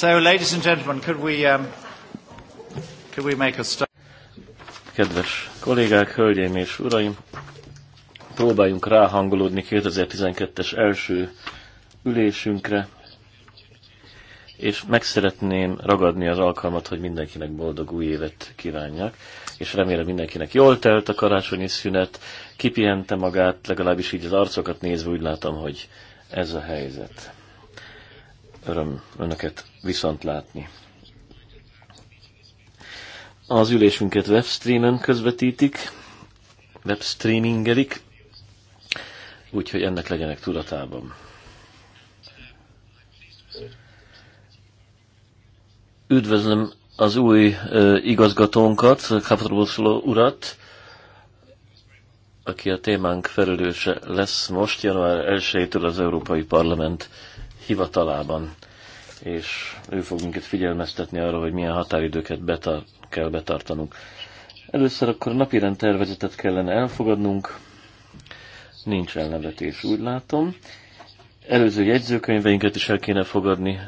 So, ladies and gentlemen, could we, um, could we make a start? Kedves kollégák, hölgyeim és uraim, próbáljunk ráhangolódni 2012-es első ülésünkre, és meg szeretném ragadni az alkalmat, hogy mindenkinek boldog új évet kívánjak, és remélem mindenkinek jól telt a karácsonyi szünet, kipihente magát, legalábbis így az arcokat nézve úgy látom, hogy ez a helyzet öröm önöket viszont látni. Az ülésünket webstreamen közvetítik, webstreamingelik, úgyhogy ennek legyenek tudatában. Üdvözlöm az új uh, igazgatónkat, Kapatoroboszló urat, aki a témánk felelőse lesz most, január 1-től az Európai Parlament hivatalában, és ő fog minket figyelmeztetni arra, hogy milyen határidőket betar- kell betartanunk. Először akkor napirend tervezetet kellene elfogadnunk, nincs elnevetés, úgy látom. Előző jegyzőkönyveinket is el kéne fogadni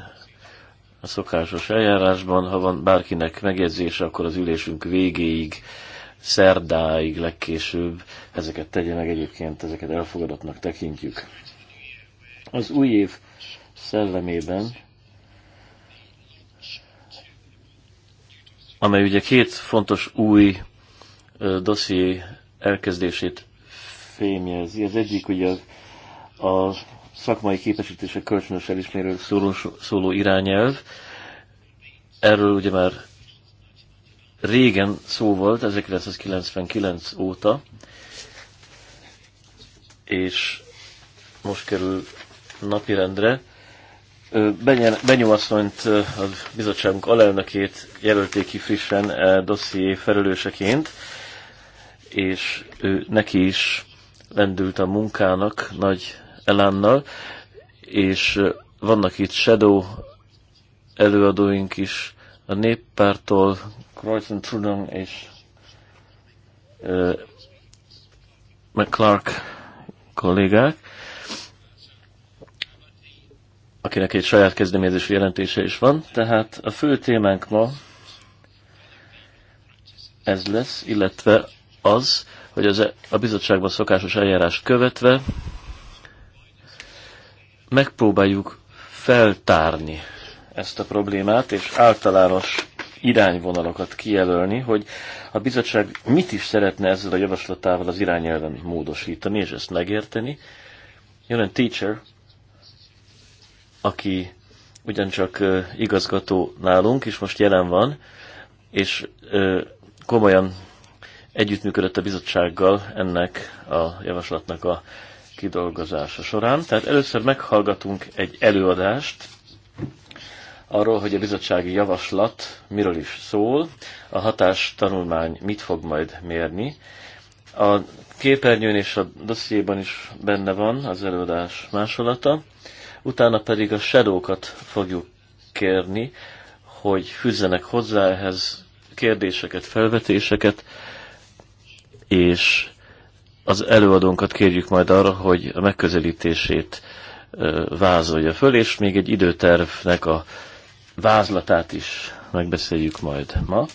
a szokásos eljárásban. Ha van bárkinek megjegyzése, akkor az ülésünk végéig, szerdáig legkésőbb ezeket tegye meg, egyébként ezeket elfogadatnak tekintjük. Az új év szellemében, amely ugye két fontos új dosszié elkezdését fémjelzi. Az egyik ugye a, a szakmai képesítések kölcsönös elismerő szóló, szóló irányelv. Erről ugye már régen szó volt, 1999 óta, és most kerül napirendre. Benyomasszonyt a bizottságunk alelnökét jelölték ki frissen e, dosszié felelőseként, és ő neki is lendült a munkának nagy elánnal, és vannak itt shadow előadóink is, a néppártól Kreuzen Trudon és uh, McClark kollégák, akinek egy saját kezdeményezés jelentése is van. Tehát a fő témánk ma ez lesz, illetve az, hogy az, e- a bizottságban szokásos eljárást követve megpróbáljuk feltárni ezt a problémát, és általános irányvonalakat kijelölni, hogy a bizottság mit is szeretne ezzel a javaslatával az irányelven módosítani, és ezt megérteni. egy teacher aki ugyancsak igazgató nálunk, és most jelen van, és komolyan együttműködött a bizottsággal ennek a javaslatnak a kidolgozása során. Tehát először meghallgatunk egy előadást arról, hogy a bizottsági javaslat miről is szól, a hatás tanulmány mit fog majd mérni. A képernyőn és a dossziéban is benne van az előadás másolata utána pedig a shadowkat fogjuk kérni, hogy fűzzenek hozzá ehhez kérdéseket, felvetéseket, és az előadónkat kérjük majd arra, hogy a megközelítését vázolja föl, és még egy időtervnek a vázlatát is megbeszéljük majd ma.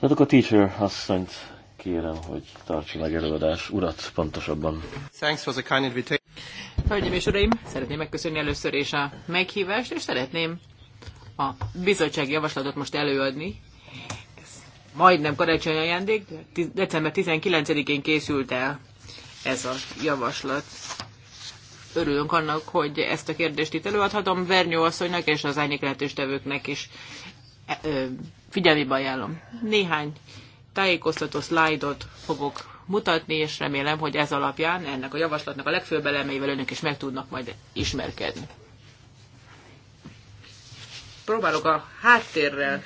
Tehát akkor Teacher asszonyt kérem, hogy tartsa meg előadás urat pontosabban. Thanks for the kind invitation. Hölgyeim és uraim, szeretném megköszönni először is a meghívást, és szeretném a bizottsági javaslatot most előadni. Ez majdnem karácsony ajándék, december 19-én készült el ez a javaslat. Örülünk annak, hogy ezt a kérdést itt előadhatom. Vernyó asszonynak és az árnyék lehetőstevőknek is e, figyelmébe ajánlom. Néhány tájékoztató szlájdot fogok mutatni, és remélem, hogy ez alapján ennek a javaslatnak a legfőbb elemeivel önök is meg tudnak majd ismerkedni. Próbálok a háttérrel,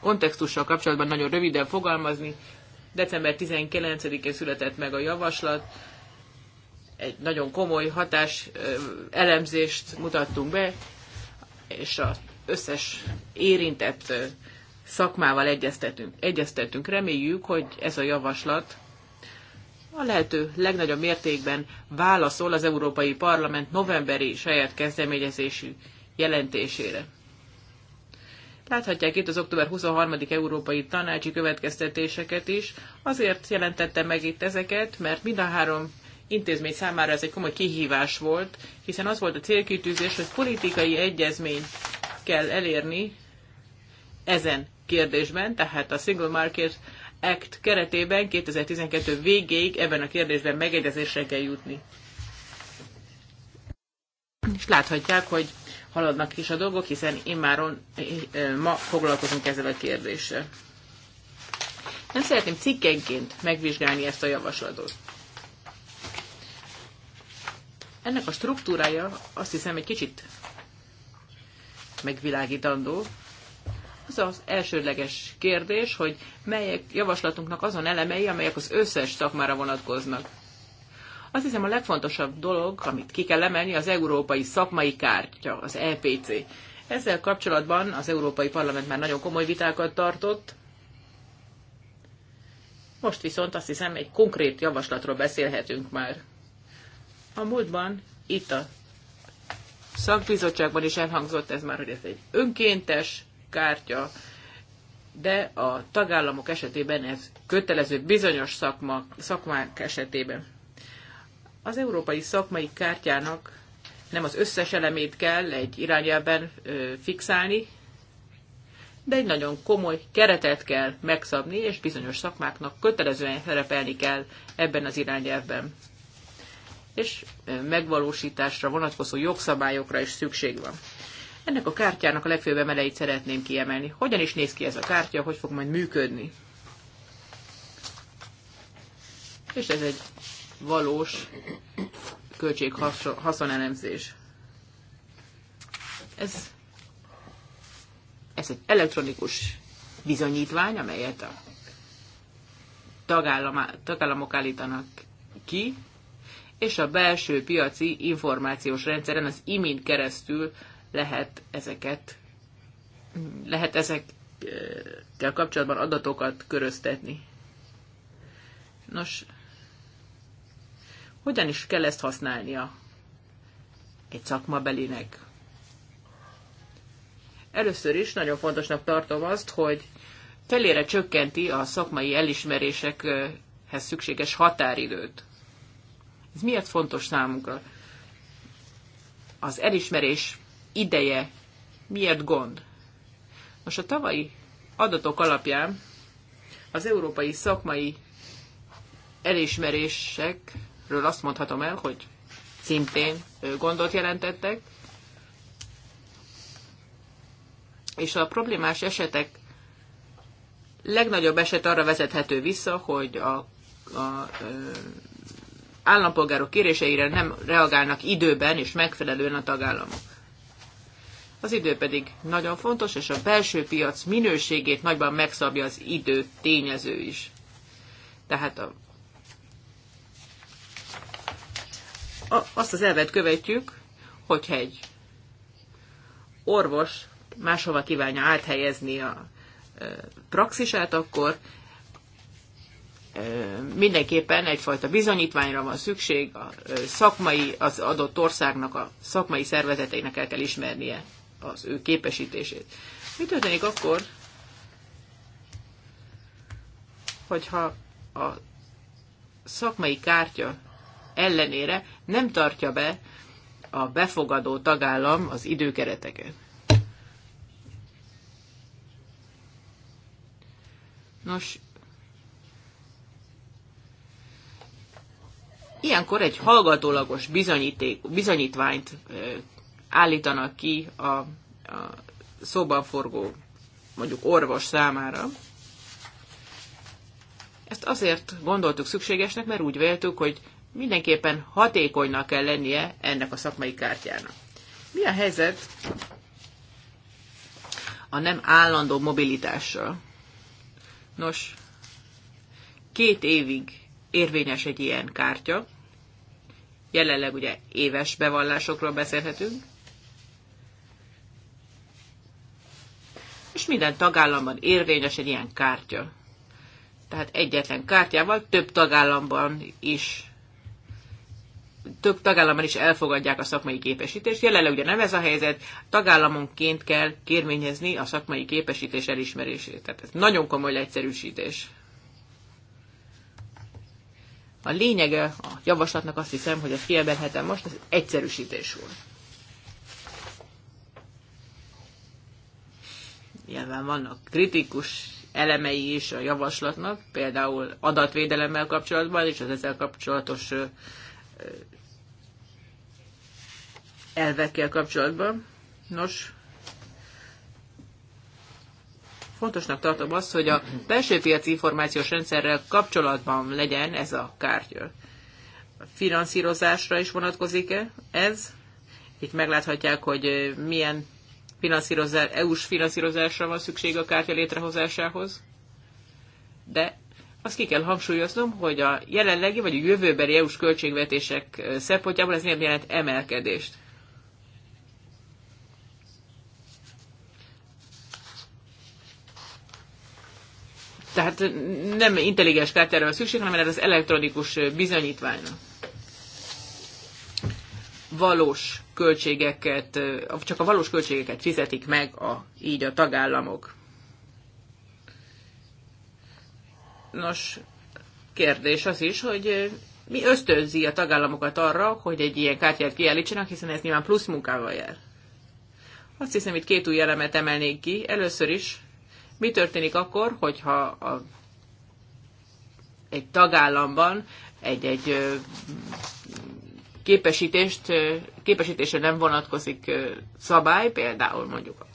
kontextussal kapcsolatban nagyon röviden fogalmazni. December 19-én született meg a javaslat, egy nagyon komoly hatás elemzést mutattunk be, és az összes érintett szakmával egyeztetünk. egyeztetünk. Reméljük, hogy ez a javaslat a lehető legnagyobb mértékben válaszol az Európai Parlament novemberi saját kezdeményezésű jelentésére. Láthatják itt az október 23. Európai Tanácsi következtetéseket is. Azért jelentettem meg itt ezeket, mert mind a három intézmény számára ez egy komoly kihívás volt, hiszen az volt a célkitűzés, hogy politikai egyezmény kell elérni ezen kérdésben, tehát a Single Market Act keretében 2012 végéig ebben a kérdésben megegyezésre kell jutni. És láthatják, hogy haladnak is a dolgok, hiszen immáron eh, eh, ma foglalkozunk ezzel a kérdéssel. Nem szeretném cikkenként megvizsgálni ezt a javaslatot. Ennek a struktúrája azt hiszem egy kicsit megvilágítandó, az az elsődleges kérdés, hogy melyek javaslatunknak azon elemei, amelyek az összes szakmára vonatkoznak. Azt hiszem a legfontosabb dolog, amit ki kell emelni, az Európai Szakmai Kártya, az EPC. Ezzel kapcsolatban az Európai Parlament már nagyon komoly vitákat tartott, most viszont azt hiszem egy konkrét javaslatról beszélhetünk már. A múltban itt a szakbizottságban is elhangzott ez már, hogy ez egy önkéntes kártya, de a tagállamok esetében ez kötelező bizonyos szakma, szakmák esetében. Az európai szakmai kártyának nem az összes elemét kell egy irányelben fixálni, de egy nagyon komoly keretet kell megszabni, és bizonyos szakmáknak kötelezően szerepelni kell ebben az irányelvben. És megvalósításra vonatkozó jogszabályokra is szükség van. Ennek a kártyának a legfőbb emeleit szeretném kiemelni. Hogyan is néz ki ez a kártya, hogy fog majd működni? És ez egy valós költséghaszonelemzés. Ez, ez egy elektronikus bizonyítvány, amelyet a tagállam, tagállamok állítanak ki, és a belső piaci információs rendszeren, az IMIN keresztül lehet ezeket, lehet ezekkel kapcsolatban adatokat köröztetni. Nos, hogyan is kell ezt használnia egy szakmabelinek? Először is nagyon fontosnak tartom azt, hogy felére csökkenti a szakmai elismerésekhez szükséges határidőt. Ez miért fontos számunkra? Az elismerés ideje? Miért gond? Most a tavalyi adatok alapján az európai szakmai elismerésekről azt mondhatom el, hogy szintén gondot jelentettek, és a problémás esetek legnagyobb eset arra vezethető vissza, hogy a, a állampolgárok kéréseire nem reagálnak időben és megfelelően a tagállamok az idő pedig nagyon fontos, és a belső piac minőségét nagyban megszabja az idő tényező is. Tehát a, a, azt az elvet követjük, hogyha egy orvos máshova kívánja áthelyezni a praxisát, akkor mindenképpen egyfajta bizonyítványra van szükség, a szakmai, az adott országnak a szakmai szervezeteinek el kell ismernie az ő képesítését. Mi történik akkor, hogyha a szakmai kártya ellenére nem tartja be a befogadó tagállam az időkereteket? Nos, ilyenkor egy hallgatólagos bizonyíték, bizonyítványt eh, állítanak ki a, a szóban forgó mondjuk orvos számára. Ezt azért gondoltuk szükségesnek, mert úgy véltük, hogy mindenképpen hatékonynak kell lennie ennek a szakmai kártyának. Mi a helyzet a nem állandó mobilitással? Nos, két évig érvényes egy ilyen kártya. Jelenleg ugye éves bevallásokról beszélhetünk. és minden tagállamban érvényes egy ilyen kártya. Tehát egyetlen kártyával több tagállamban is több tagállamban is elfogadják a szakmai képesítést. Jelenleg ugye nem ez a helyzet, tagállamonként kell kérményezni a szakmai képesítés elismerését. Tehát ez nagyon komoly egyszerűsítés. A lényege a javaslatnak azt hiszem, hogy ezt kiemelhetem most, ez egyszerűsítés volt. Nyilván vannak kritikus elemei is a javaslatnak, például adatvédelemmel kapcsolatban és az ezzel kapcsolatos elvekkel kapcsolatban. Nos, fontosnak tartom azt, hogy a belső piaci információs rendszerrel kapcsolatban legyen ez a kártya. A finanszírozásra is vonatkozik-e ez? Itt megláthatják, hogy milyen finanszírozás, EU-s finanszírozásra van szükség a kártya létrehozásához, de azt ki kell hangsúlyoznom, hogy a jelenlegi vagy a jövőbeli EU-s költségvetések szempontjából ez nem jelent emelkedést. Tehát nem intelligens kártyára van szükség, hanem erre az elektronikus bizonyítványra valós költségeket, csak a valós költségeket fizetik meg a, így a tagállamok. Nos, kérdés az is, hogy mi ösztönzi a tagállamokat arra, hogy egy ilyen kártyát kiállítsanak, hiszen ez nyilván plusz munkával jár. Azt hiszem, itt két új elemet emelnék ki. Először is, mi történik akkor, hogyha a, egy tagállamban egy-egy képesítést, képesítésre nem vonatkozik szabály, például mondjuk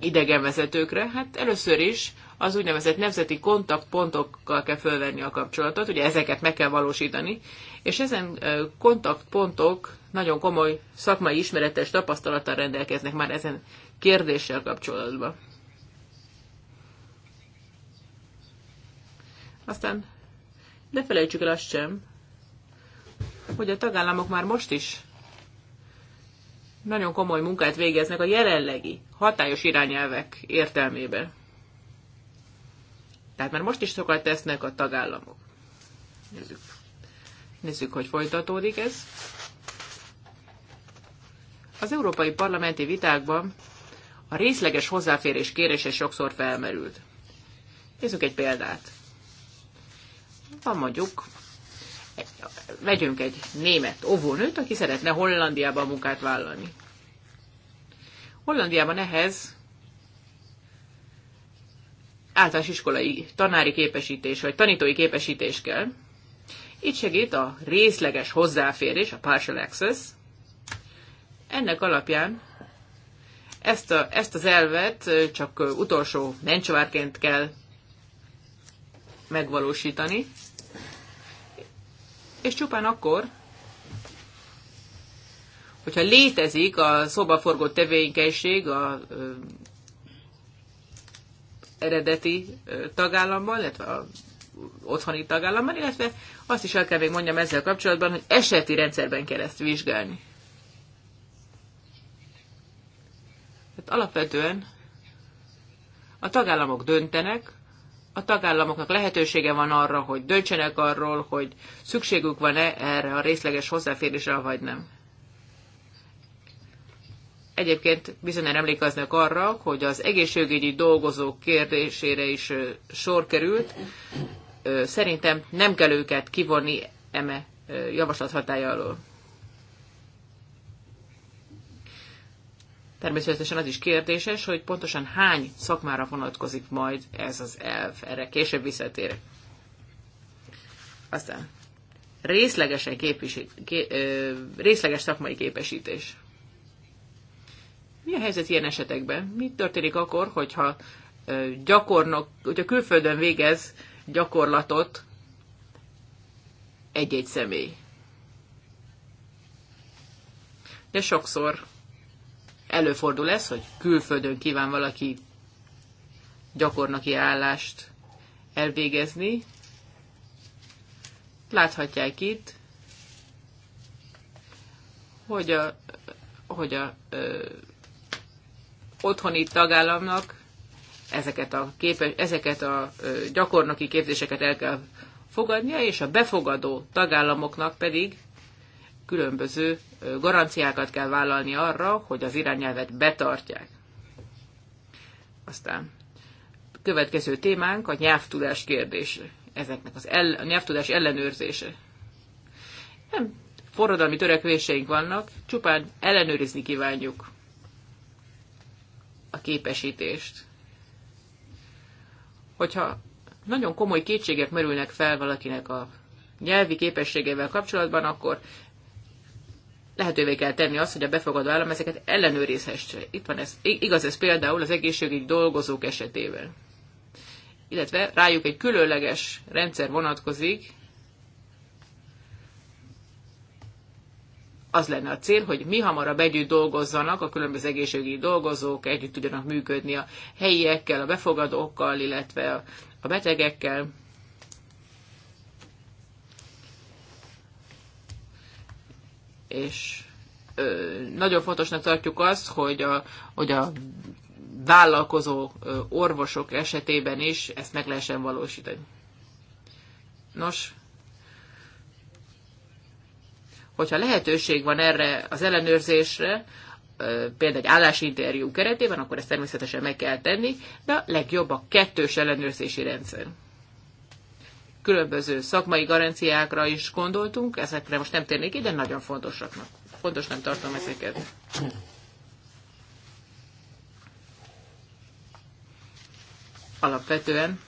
idegenvezetőkre, hát először is az úgynevezett nemzeti kontaktpontokkal kell fölvenni a kapcsolatot, ugye ezeket meg kell valósítani, és ezen kontaktpontok nagyon komoly szakmai ismeretes tapasztalattal rendelkeznek már ezen kérdéssel kapcsolatban. Aztán ne felejtsük el azt sem, hogy a tagállamok már most is nagyon komoly munkát végeznek a jelenlegi hatályos irányelvek értelmében. Tehát már most is sokat tesznek a tagállamok. Nézzük, Nézzük hogy folytatódik ez. Az európai parlamenti vitákban a részleges hozzáférés kérése sokszor felmerült. Nézzük egy példát. Van mondjuk vegyünk egy német óvónőt, aki szeretne Hollandiában munkát vállalni. Hollandiában ehhez általános iskolai tanári képesítés, vagy tanítói képesítés kell. Itt segít a részleges hozzáférés, a partial access. Ennek alapján ezt, a, ezt az elvet csak utolsó mencsvárként kell megvalósítani és csupán akkor, hogyha létezik a szobaforgó tevékenység a ö, eredeti ö, tagállamban, illetve a otthoni tagállamban, illetve azt is el kell még mondjam ezzel kapcsolatban, hogy eseti rendszerben kell ezt vizsgálni. Hát alapvetően a tagállamok döntenek, a tagállamoknak lehetősége van arra, hogy döntsenek arról, hogy szükségük van-e erre a részleges hozzáférésre, vagy nem. Egyébként bizonyan emlékeznek arra, hogy az egészségügyi dolgozók kérdésére is sor került. Szerintem nem kell őket kivonni eme javaslat hatája alól. Természetesen az is kérdéses, hogy pontosan hány szakmára vonatkozik majd ez az elv. Erre később visszatérek. Aztán részlegesen képvisi, ké, ö, részleges szakmai képesítés. Mi a helyzet ilyen esetekben? Mi történik akkor, hogyha ö, gyakornok, hogyha külföldön végez gyakorlatot egy-egy személy? De sokszor előfordul ez, hogy külföldön kíván valaki gyakornoki állást elvégezni. Láthatják itt, hogy a, hogy a ö, otthoni tagállamnak ezeket a, képe, ezeket a ö, gyakornoki képzéseket el kell fogadnia, és a befogadó tagállamoknak pedig különböző garanciákat kell vállalni arra, hogy az irányelvet betartják. Aztán a következő témánk a nyelvtudás kérdése, ezeknek az el, a nyelvtudás ellenőrzése. Nem forradalmi törekvéseink vannak, csupán ellenőrizni kívánjuk a képesítést. Hogyha nagyon komoly kétségek merülnek fel valakinek a nyelvi képességével kapcsolatban, akkor lehetővé kell tenni azt, hogy a befogadó állam ezeket ellenőrizhesse. Itt van ez. Igaz ez például az egészségügyi dolgozók esetében. Illetve rájuk egy különleges rendszer vonatkozik. Az lenne a cél, hogy mi hamarabb együtt dolgozzanak a különböző egészségügyi dolgozók, együtt tudjanak működni a helyiekkel, a befogadókkal, illetve a betegekkel és nagyon fontosnak tartjuk azt, hogy a, hogy a vállalkozó orvosok esetében is ezt meg lehessen valósítani. Nos, hogyha lehetőség van erre az ellenőrzésre, például egy állásinterjú keretében, akkor ezt természetesen meg kell tenni, de a legjobb a kettős ellenőrzési rendszer különböző szakmai garanciákra is gondoltunk, ezekre most nem térnék ide, nagyon fontosaknak. nem tartom ezeket. Alapvetően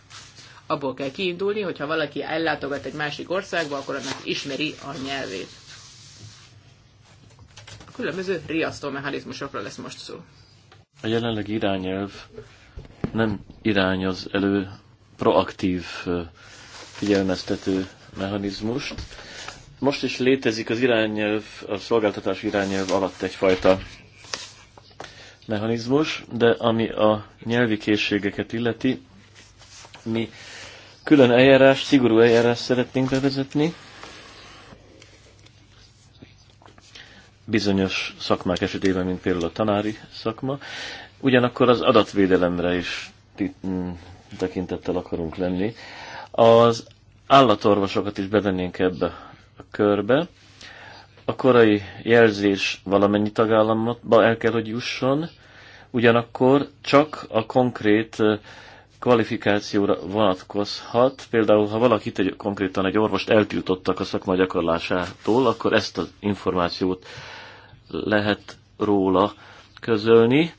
abból kell kiindulni, hogyha valaki ellátogat egy másik országba, akkor annak ismeri a nyelvét. A különböző riasztó mechanizmusokra lesz most szó. A jelenlegi irányelv nem irányoz elő proaktív figyelmeztető mechanizmust. Most is létezik az irányelv, a szolgáltatás irányelv alatt egyfajta mechanizmus, de ami a nyelvi készségeket illeti, mi külön eljárás, szigorú eljárás szeretnénk bevezetni. Bizonyos szakmák esetében, mint például a tanári szakma. Ugyanakkor az adatvédelemre is tekintettel akarunk lenni. Az állatorvosokat is bevennénk ebbe a körbe. A korai jelzés valamennyi tagállamba el kell, hogy jusson, ugyanakkor csak a konkrét kvalifikációra vonatkozhat. Például, ha valakit egy, konkrétan egy orvost eltiltottak a szakma gyakorlásától, akkor ezt az információt lehet róla közölni,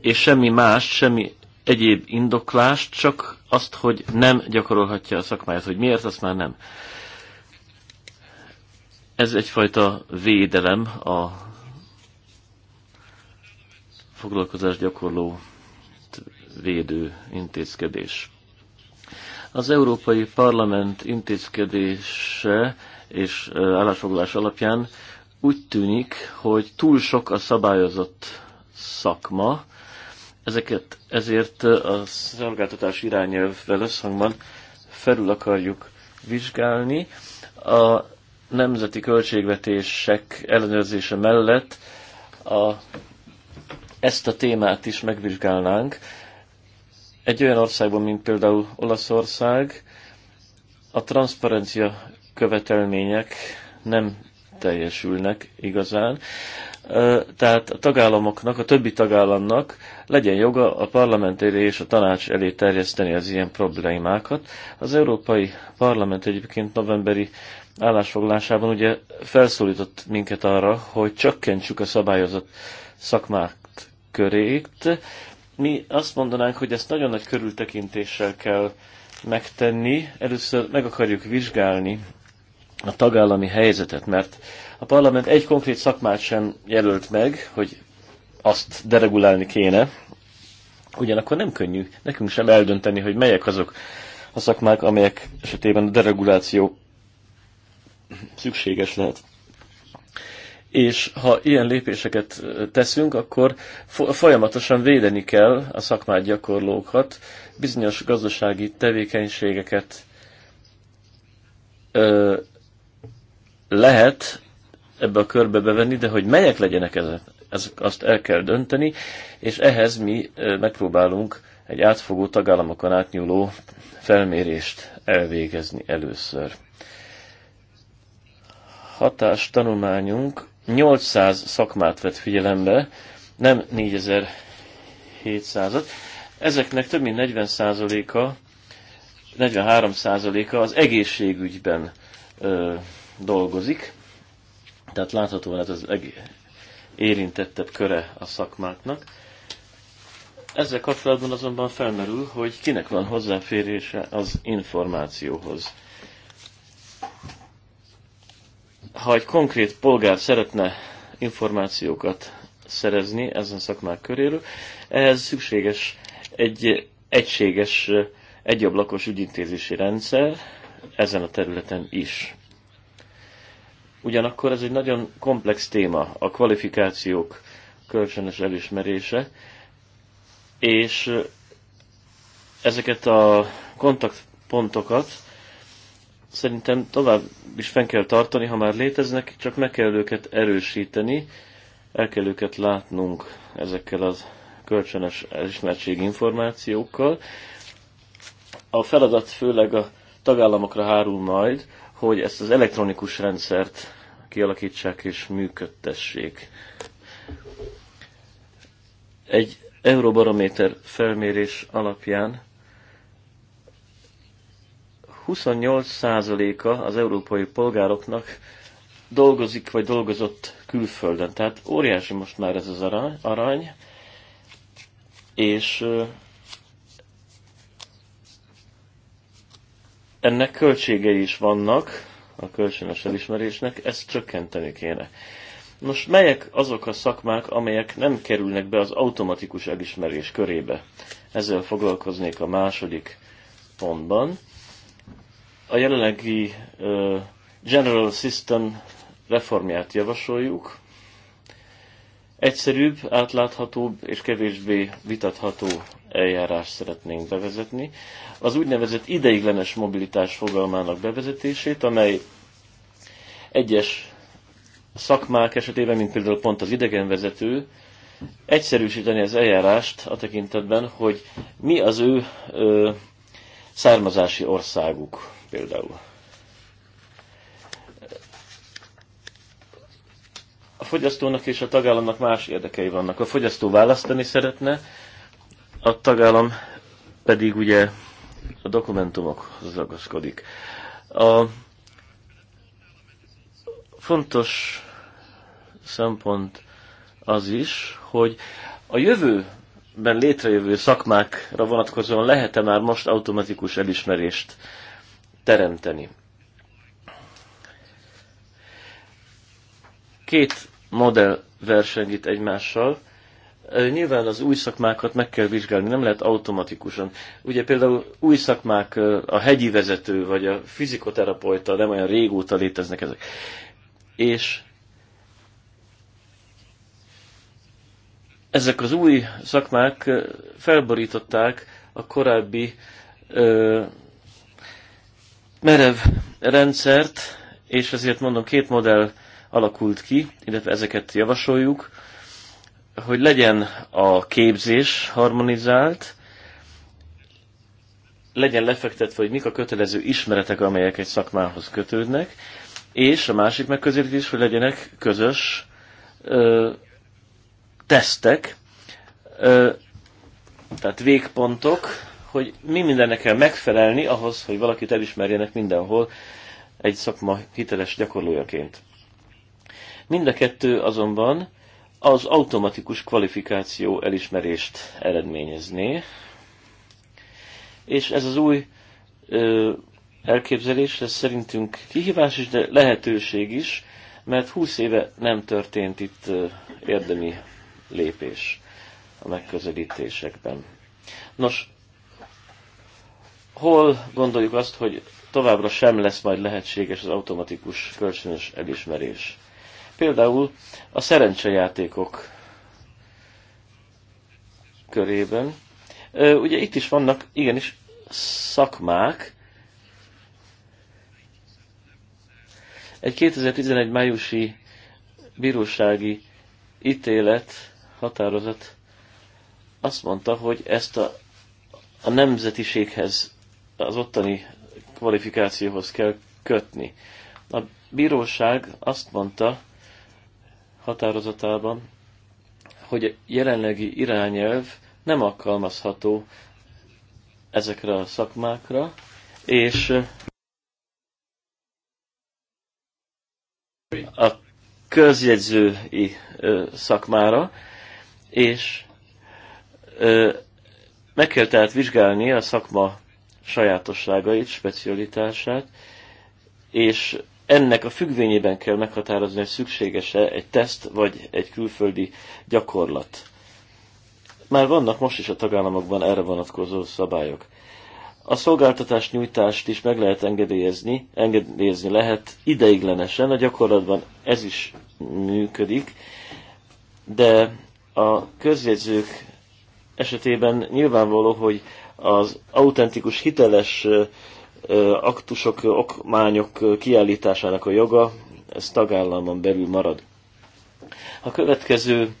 és semmi más, semmi egyéb indoklást, csak azt, hogy nem gyakorolhatja a szakmáját, hogy miért, azt már nem. Ez egyfajta védelem a foglalkozás gyakorló védő intézkedés. Az Európai Parlament intézkedése és állásfoglalás alapján úgy tűnik, hogy túl sok a szabályozott szakma, Ezeket ezért a szolgáltatás irányelvvel összhangban felül akarjuk vizsgálni. A nemzeti költségvetések ellenőrzése mellett a, ezt a témát is megvizsgálnánk. Egy olyan országban, mint például Olaszország, a transzparencia követelmények nem teljesülnek igazán tehát a tagállamoknak, a többi tagállamnak legyen joga a parlament elé és a tanács elé terjeszteni az ilyen problémákat. Az Európai Parlament egyébként novemberi állásfoglásában ugye felszólított minket arra, hogy csökkentsük a szabályozott szakmák körét. Mi azt mondanánk, hogy ezt nagyon nagy körültekintéssel kell megtenni. Először meg akarjuk vizsgálni a tagállami helyzetet, mert a parlament egy konkrét szakmát sem jelölt meg, hogy azt deregulálni kéne. Ugyanakkor nem könnyű nekünk sem eldönteni, hogy melyek azok a szakmák, amelyek esetében a dereguláció szükséges lehet. És ha ilyen lépéseket teszünk, akkor folyamatosan védeni kell a szakmát gyakorlókat, bizonyos gazdasági tevékenységeket ö, lehet ebbe a körbe bevenni, de hogy melyek legyenek ezek, ezek azt el kell dönteni, és ehhez mi megpróbálunk egy átfogó tagállamokon átnyúló felmérést elvégezni először. Hatás tanulmányunk 800 szakmát vett figyelembe, nem 4700-at. Ezeknek több mint 40%-a, 43%-a az egészségügyben ö, dolgozik, tehát láthatóan ez az érintettebb köre a szakmáknak. Ezzel kapcsolatban azonban felmerül, hogy kinek van hozzáférése az információhoz. Ha egy konkrét polgár szeretne információkat szerezni ezen szakmák köréről, ehhez szükséges egy egységes egyablakos ügyintézési rendszer ezen a területen is. Ugyanakkor ez egy nagyon komplex téma, a kvalifikációk kölcsönös elismerése, és ezeket a kontaktpontokat szerintem tovább is fenn kell tartani, ha már léteznek, csak meg kell őket erősíteni, el kell őket látnunk ezekkel az kölcsönös elismertség információkkal. A feladat főleg a tagállamokra hárul majd, hogy ezt az elektronikus rendszert kialakítsák és működtessék. Egy Euróbarométer felmérés alapján 28%-a az európai polgároknak dolgozik vagy dolgozott külföldön. Tehát óriási most már ez az arany, arány és ennek költségei is vannak, a kölcsönös elismerésnek, ezt csökkenteni kéne. Nos, melyek azok a szakmák, amelyek nem kerülnek be az automatikus elismerés körébe? Ezzel foglalkoznék a második pontban. A jelenlegi uh, General System reformját javasoljuk, egyszerűbb, átláthatóbb és kevésbé vitatható eljárást szeretnénk bevezetni. Az úgynevezett ideiglenes mobilitás fogalmának bevezetését, amely egyes szakmák esetében, mint például pont az idegenvezető, egyszerűsíteni az eljárást a tekintetben, hogy mi az ő ö, származási országuk például. fogyasztónak és a tagállamnak más érdekei vannak. A fogyasztó választani szeretne, a tagállam pedig ugye a dokumentumokhoz ragaszkodik. A fontos szempont az is, hogy a jövőben létrejövő szakmákra vonatkozóan lehet-e már most automatikus elismerést teremteni. Két modell versengít egymással. Nyilván az új szakmákat meg kell vizsgálni, nem lehet automatikusan. Ugye például új szakmák, a hegyi vezető vagy a fizikoterapeuta nem olyan régóta léteznek ezek. És ezek az új szakmák felborították a korábbi ö, merev rendszert, és ezért mondom, két modell alakult ki, illetve ezeket javasoljuk, hogy legyen a képzés harmonizált, legyen lefektetve, hogy mik a kötelező ismeretek, amelyek egy szakmához kötődnek, és a másik megközelítés, hogy legyenek közös ö, tesztek, ö, tehát végpontok, hogy mi mindennek kell megfelelni ahhoz, hogy valakit elismerjenek mindenhol egy szakma hiteles gyakorlójaként. Mind a kettő azonban az automatikus kvalifikáció elismerést eredményezné, és ez az új ö, elképzelés, ez szerintünk kihívás is, de lehetőség is, mert 20 éve nem történt itt érdemi lépés a megközelítésekben. Nos, hol gondoljuk azt, hogy továbbra sem lesz majd lehetséges az automatikus kölcsönös elismerés? például a szerencsejátékok körében. Ugye itt is vannak igenis szakmák. Egy 2011 májusi bírósági ítélet, határozat azt mondta, hogy ezt a, a nemzetiséghez, az ottani kvalifikációhoz kell kötni. A bíróság azt mondta, határozatában, hogy a jelenlegi irányelv nem alkalmazható ezekre a szakmákra, és a közjegyzői szakmára, és meg kell tehát vizsgálni a szakma sajátosságait, specialitását, és ennek a függvényében kell meghatározni, hogy szükséges-e egy teszt vagy egy külföldi gyakorlat. Már vannak most is a tagállamokban erre vonatkozó szabályok. A szolgáltatás nyújtást is meg lehet engedélyezni, engedélyezni lehet ideiglenesen, a gyakorlatban ez is működik, de a közjegyzők esetében nyilvánvaló, hogy az autentikus, hiteles aktusok, okmányok kiállításának a joga, ez tagállamon belül marad. A következő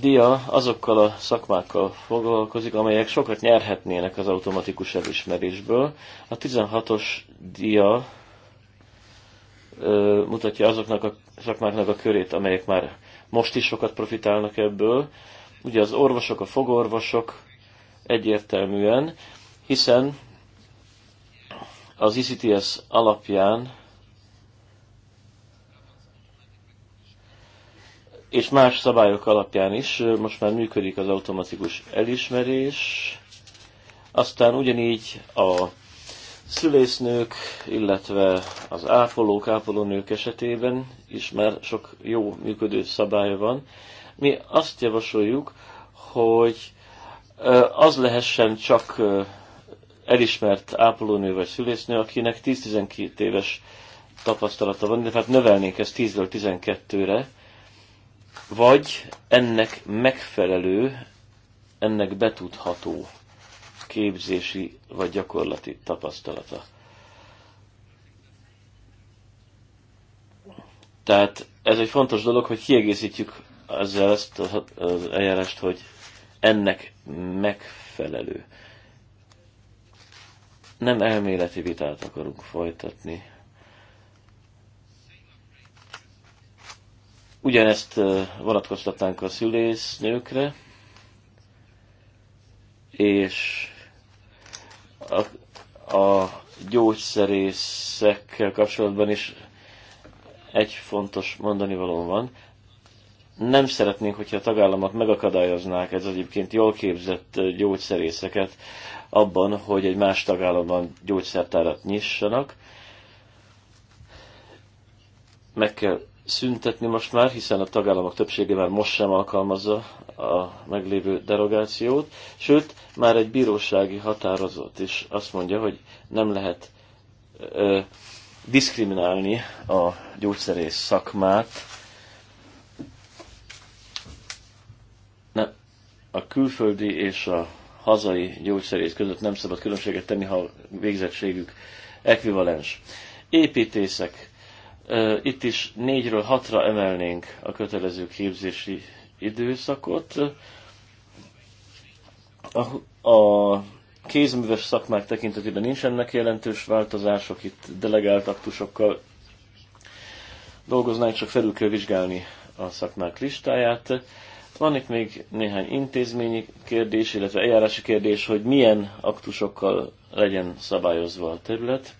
dia azokkal a szakmákkal foglalkozik, amelyek sokat nyerhetnének az automatikus elismerésből. A 16-os dia ö, mutatja azoknak a szakmáknak a körét, amelyek már most is sokat profitálnak ebből. Ugye az orvosok, a fogorvosok egyértelműen, hiszen az ICTS e alapján és más szabályok alapján is most már működik az automatikus elismerés. Aztán ugyanígy a szülésznők, illetve az ápolók, ápolónők esetében is már sok jó működő szabály van. Mi azt javasoljuk, hogy az lehessen csak elismert ápolónő vagy szülésznő, akinek 10-12 éves tapasztalata van, de hát növelnénk ezt 10-ből 12-re, vagy ennek megfelelő, ennek betudható képzési vagy gyakorlati tapasztalata. Tehát ez egy fontos dolog, hogy kiegészítjük ezzel ezt az eljárást, hogy ennek megfelelő nem elméleti vitát akarunk folytatni. Ugyanezt vonatkoztatnánk a szülésznőkre, és a, a gyógyszerészekkel kapcsolatban is egy fontos mondani való van. Nem szeretnénk, hogyha a tagállamok megakadályoznák ez egyébként jól képzett gyógyszerészeket abban, hogy egy más tagállamban gyógyszertárat nyissanak. Meg kell szüntetni most már, hiszen a tagállamok többsége már most sem alkalmazza a meglévő derogációt, sőt, már egy bírósági határozat is azt mondja, hogy nem lehet ö, diszkriminálni a gyógyszerész szakmát. Nem, a külföldi és a hazai gyógyszerész között nem szabad különbséget tenni, ha végzettségük ekvivalens. Építészek. Itt is négyről hatra emelnénk a kötelező képzési időszakot. A, a kézműves szakmák tekintetében nincsenek jelentős változások, itt delegált aktusokkal dolgoznánk, csak felül kell vizsgálni a szakmák listáját. Van itt még néhány intézményi kérdés, illetve eljárási kérdés, hogy milyen aktusokkal legyen szabályozva a terület.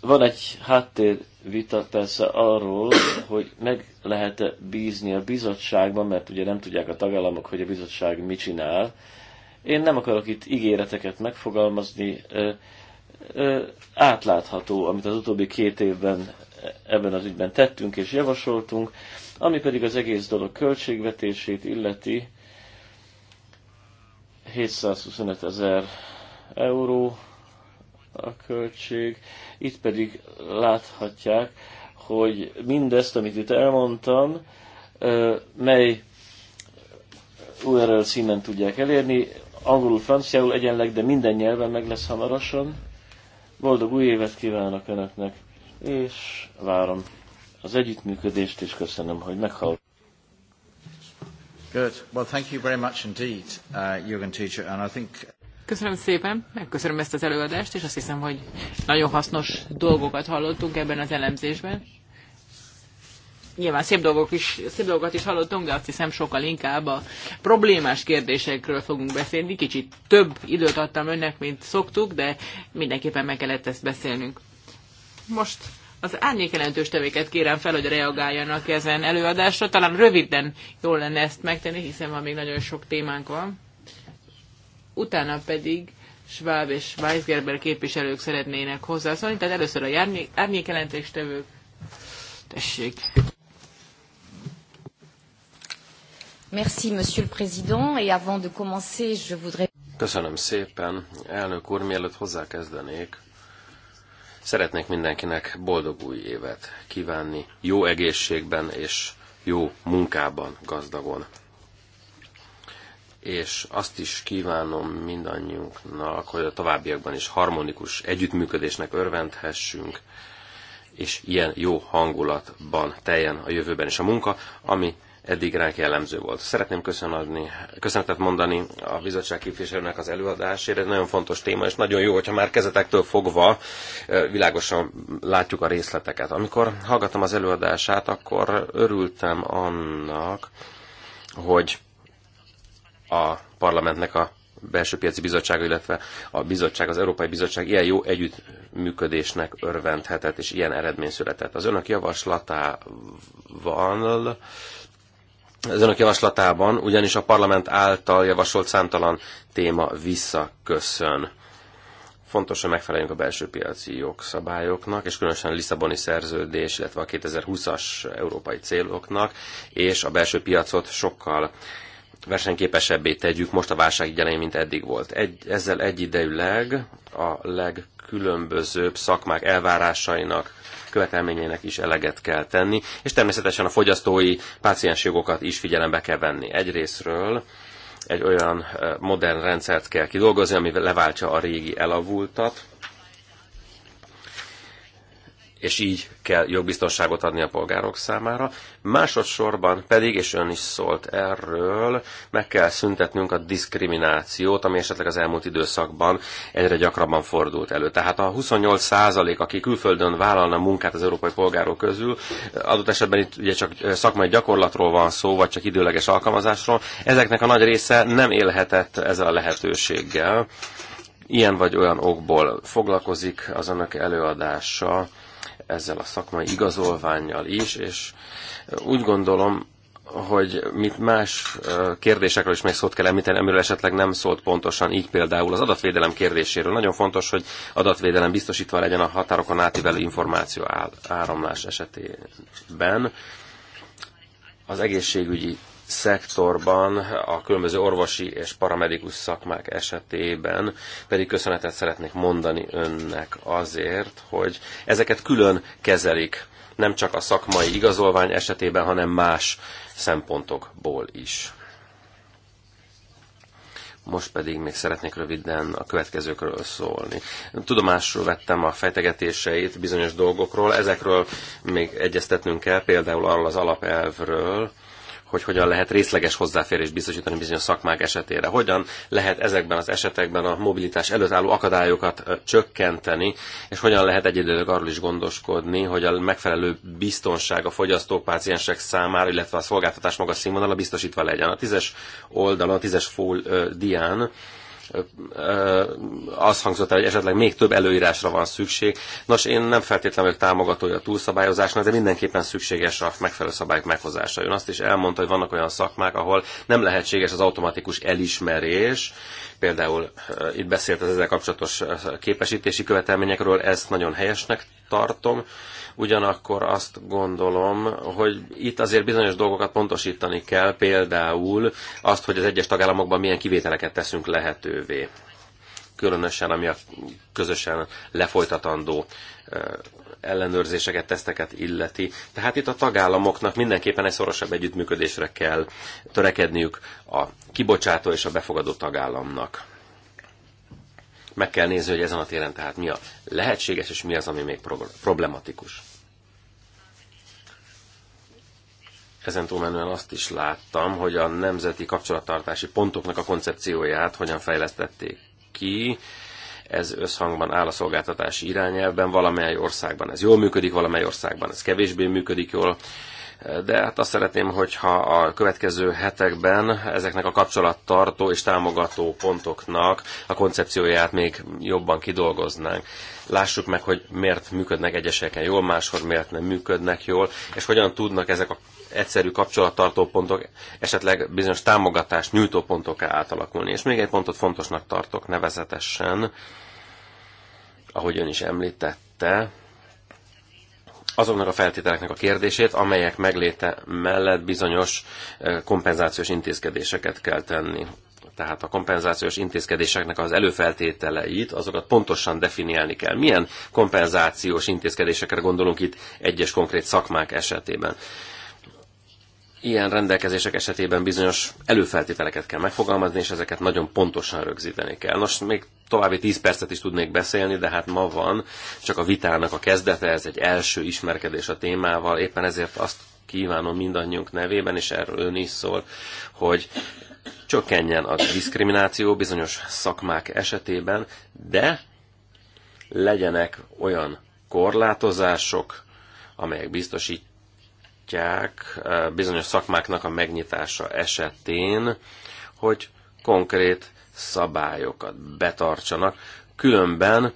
Van egy háttérvita persze arról, hogy meg lehet-e bízni a bizottságban, mert ugye nem tudják a tagállamok, hogy a bizottság mit csinál. Én nem akarok itt ígéreteket megfogalmazni, ö, ö, átlátható, amit az utóbbi két évben ebben az ügyben tettünk és javasoltunk, ami pedig az egész dolog költségvetését illeti 725 ezer euró a költség. Itt pedig láthatják, hogy mindezt, amit itt elmondtam, mely URL színen tudják elérni, angolul, franciául egyenleg, de minden nyelven meg lesz hamarosan. Boldog új évet kívánok Önöknek! és várom az együttműködést, és köszönöm, hogy meghallgattam. Good. Well, thank you very much indeed, uh, Jürgen teacher, and I think... Köszönöm szépen, megköszönöm ezt az előadást, és azt hiszem, hogy nagyon hasznos dolgokat hallottunk ebben az elemzésben. Nyilván szép, dolgok is, szép dolgokat is hallottunk, de azt hiszem sokkal inkább a problémás kérdésekről fogunk beszélni. Kicsit több időt adtam önnek, mint szoktuk, de mindenképpen meg kellett ezt beszélnünk. Most az árnyék jelentős tevéket kérem fel, hogy reagáljanak ezen előadásra. Talán röviden jól lenne ezt megtenni, hiszen van még nagyon sok témánk van. Utána pedig Schwab és Weisgerber képviselők szeretnének hozzászólni, tehát először a árnyék tevők. Tessék! Merci, Monsieur le Président, et avant de commencer, je voudrais... Köszönöm szépen, elnök úr, mielőtt hozzákezdenék, Szeretnék mindenkinek boldog új évet kívánni, jó egészségben és jó munkában gazdagon. És azt is kívánom mindannyiunknak, hogy a továbbiakban is harmonikus együttműködésnek örvendhessünk, és ilyen jó hangulatban teljen a jövőben is a munka, ami eddig ránk jellemző volt. Szeretném köszönadni, köszönetet mondani a bizottság képviselőnek az előadásért. Ez nagyon fontos téma, és nagyon jó, hogyha már kezetektől fogva világosan látjuk a részleteket. Amikor hallgattam az előadását, akkor örültem annak, hogy a parlamentnek a belső piaci bizottsága, illetve a bizottság, az Európai Bizottság ilyen jó együttműködésnek örvendhetett, és ilyen eredmény született. Az önök javaslatával az önök javaslatában, ugyanis a parlament által javasolt számtalan téma visszaköszön. Fontos, hogy megfeleljünk a belső piaci jogszabályoknak, és különösen a Lisszaboni szerződés, illetve a 2020-as európai céloknak, és a belső piacot sokkal versenyképesebbé tegyük most a válság idején, mint eddig volt. Egy, ezzel egyidejűleg a legkülönbözőbb szakmák elvárásainak követelményeinek is eleget kell tenni, és természetesen a fogyasztói páciensjogokat is figyelembe kell venni. Egyrésztről egy olyan eh, modern rendszert kell kidolgozni, ami leváltja a régi elavultat, és így kell jogbiztonságot adni a polgárok számára. Másodszorban pedig, és ön is szólt erről, meg kell szüntetnünk a diszkriminációt, ami esetleg az elmúlt időszakban egyre gyakrabban fordult elő. Tehát a 28 százalék, aki külföldön vállalna munkát az európai polgárok közül, adott esetben itt ugye csak szakmai gyakorlatról van szó, vagy csak időleges alkalmazásról, ezeknek a nagy része nem élhetett ezzel a lehetőséggel. Ilyen vagy olyan okból foglalkozik az önök előadása ezzel a szakmai igazolványjal is, és úgy gondolom, hogy mit más kérdésekről is még szót kell említeni, amiről esetleg nem szólt pontosan, így például az adatvédelem kérdéséről. Nagyon fontos, hogy adatvédelem biztosítva legyen a határokon átívelő információ áramlás esetében. Az egészségügyi szektorban, a különböző orvosi és paramedikus szakmák esetében pedig köszönetet szeretnék mondani önnek azért, hogy ezeket külön kezelik, nem csak a szakmai igazolvány esetében, hanem más szempontokból is. Most pedig még szeretnék röviden a következőkről szólni. Tudomásról vettem a fejtegetéseit bizonyos dolgokról, ezekről még egyeztetnünk kell, például arról az alapelvről, hogy hogyan lehet részleges hozzáférést biztosítani bizonyos szakmák esetére. Hogyan lehet ezekben az esetekben a mobilitás előtt álló akadályokat csökkenteni, és hogyan lehet egyedül arról is gondoskodni, hogy a megfelelő biztonság a fogyasztók, páciensek számára, illetve a szolgáltatás magas színvonala biztosítva legyen. A tízes oldalon, a tízes full dián az hangzott el, hogy esetleg még több előírásra van szükség. Nos, én nem feltétlenül támogatója a túlszabályozásnak, de mindenképpen szükséges a megfelelő szabályok meghozása. Ön azt is elmondta, hogy vannak olyan szakmák, ahol nem lehetséges az automatikus elismerés, például itt beszélt az ezzel kapcsolatos képesítési követelményekről, ezt nagyon helyesnek tartom. Ugyanakkor azt gondolom, hogy itt azért bizonyos dolgokat pontosítani kell, például azt, hogy az egyes tagállamokban milyen kivételeket teszünk lehetővé. Különösen, ami a közösen lefolytatandó ellenőrzéseket, teszteket illeti. Tehát itt a tagállamoknak mindenképpen egy szorosabb együttműködésre kell törekedniük a kibocsátó és a befogadó tagállamnak. Meg kell nézni, hogy ezen a téren tehát mi a lehetséges, és mi az, ami még problematikus. Ezen túlmenően azt is láttam, hogy a nemzeti kapcsolattartási pontoknak a koncepcióját hogyan fejlesztették ki. Ez összhangban áll a szolgáltatási irányelvben, valamely országban ez jól működik, valamely országban ez kevésbé működik jól. De hát azt szeretném, hogyha a következő hetekben ezeknek a kapcsolattartó és támogató pontoknak a koncepcióját még jobban kidolgoznánk. Lássuk meg, hogy miért működnek egyeseken jól, máshol miért nem működnek jól, és hogyan tudnak ezek a egyszerű kapcsolattartó pontok, esetleg bizonyos támogatást nyújtó pontok átalakulni. És még egy pontot fontosnak tartok nevezetesen, ahogy ön is említette, azoknak a feltételeknek a kérdését, amelyek megléte mellett bizonyos eh, kompenzációs intézkedéseket kell tenni. Tehát a kompenzációs intézkedéseknek az előfeltételeit, azokat pontosan definiálni kell. Milyen kompenzációs intézkedésekre gondolunk itt egyes konkrét szakmák esetében? ilyen rendelkezések esetében bizonyos előfeltételeket kell megfogalmazni, és ezeket nagyon pontosan rögzíteni kell. Nos, még további 10 percet is tudnék beszélni, de hát ma van csak a vitának a kezdete, ez egy első ismerkedés a témával, éppen ezért azt kívánom mindannyiunk nevében, és erről ön is szól, hogy csökkenjen a diszkrimináció bizonyos szakmák esetében, de legyenek olyan korlátozások, amelyek biztosít látják bizonyos szakmáknak a megnyitása esetén, hogy konkrét szabályokat betartsanak, különben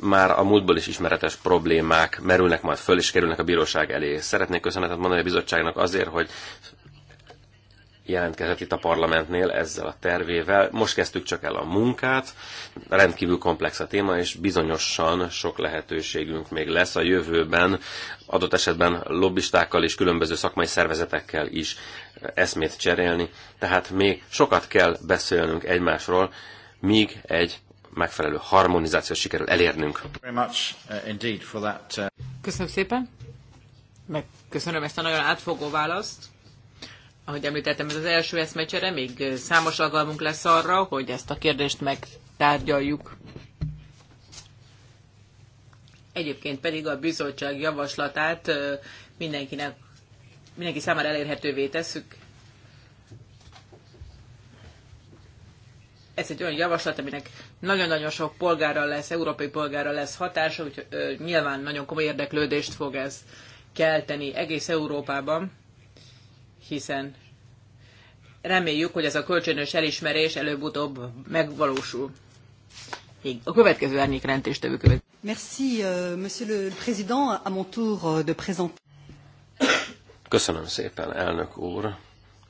már a múltból is ismeretes problémák merülnek majd föl, és kerülnek a bíróság elé. Szeretnék köszönetet mondani a bizottságnak azért, hogy jelentkezett itt a parlamentnél ezzel a tervével. Most kezdtük csak el a munkát, rendkívül komplex a téma, és bizonyosan sok lehetőségünk még lesz a jövőben, adott esetben lobbistákkal és különböző szakmai szervezetekkel is eszmét cserélni. Tehát még sokat kell beszélnünk egymásról, míg egy megfelelő harmonizációt sikerül elérnünk. Uh, uh, Köszönöm szépen. Megköszönöm ezt a nagyon átfogó választ ahogy említettem, ez az első eszmecsere, még számos alkalmunk lesz arra, hogy ezt a kérdést megtárgyaljuk. Egyébként pedig a bizottság javaslatát mindenkinek, mindenki számára elérhetővé tesszük. Ez egy olyan javaslat, aminek nagyon-nagyon sok polgára lesz, európai polgára lesz hatása, úgyhogy nyilván nagyon komoly érdeklődést fog ez kelteni egész Európában hiszen reméljük, hogy ez a kölcsönös elismerés előbb-utóbb megvalósul. A következő árnyék jelentéstevő következő. Merci, euh, monsieur le président, à mon tour euh, de présenter. Köszönöm szépen, elnök úr.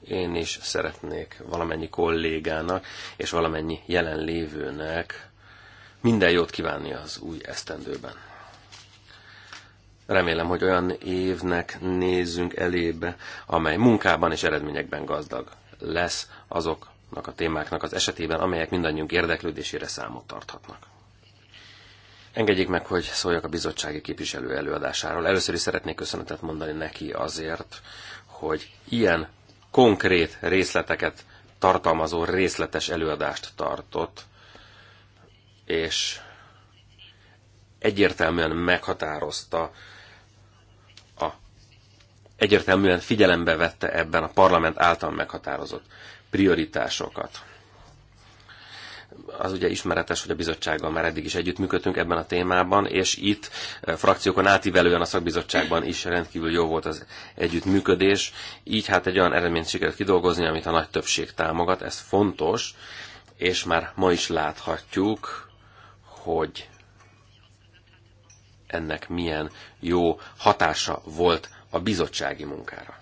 Én is szeretnék valamennyi kollégának és valamennyi jelenlévőnek minden jót kívánni az új esztendőben. Remélem, hogy olyan évnek nézzünk elébe, amely munkában és eredményekben gazdag lesz azoknak a témáknak az esetében, amelyek mindannyiunk érdeklődésére számot tarthatnak. Engedjék meg, hogy szóljak a bizottsági képviselő előadásáról. Először is szeretnék köszönetet mondani neki azért, hogy ilyen konkrét részleteket tartalmazó részletes előadást tartott, és egyértelműen meghatározta egyértelműen figyelembe vette ebben a parlament által meghatározott prioritásokat. Az ugye ismeretes, hogy a bizottsággal már eddig is együttműködtünk ebben a témában, és itt eh, frakciókon átívelően a szakbizottságban is rendkívül jó volt az együttműködés. Így hát egy olyan eredményt sikerült kidolgozni, amit a nagy többség támogat, ez fontos, és már ma is láthatjuk, hogy ennek milyen jó hatása volt a bizottsági munkára.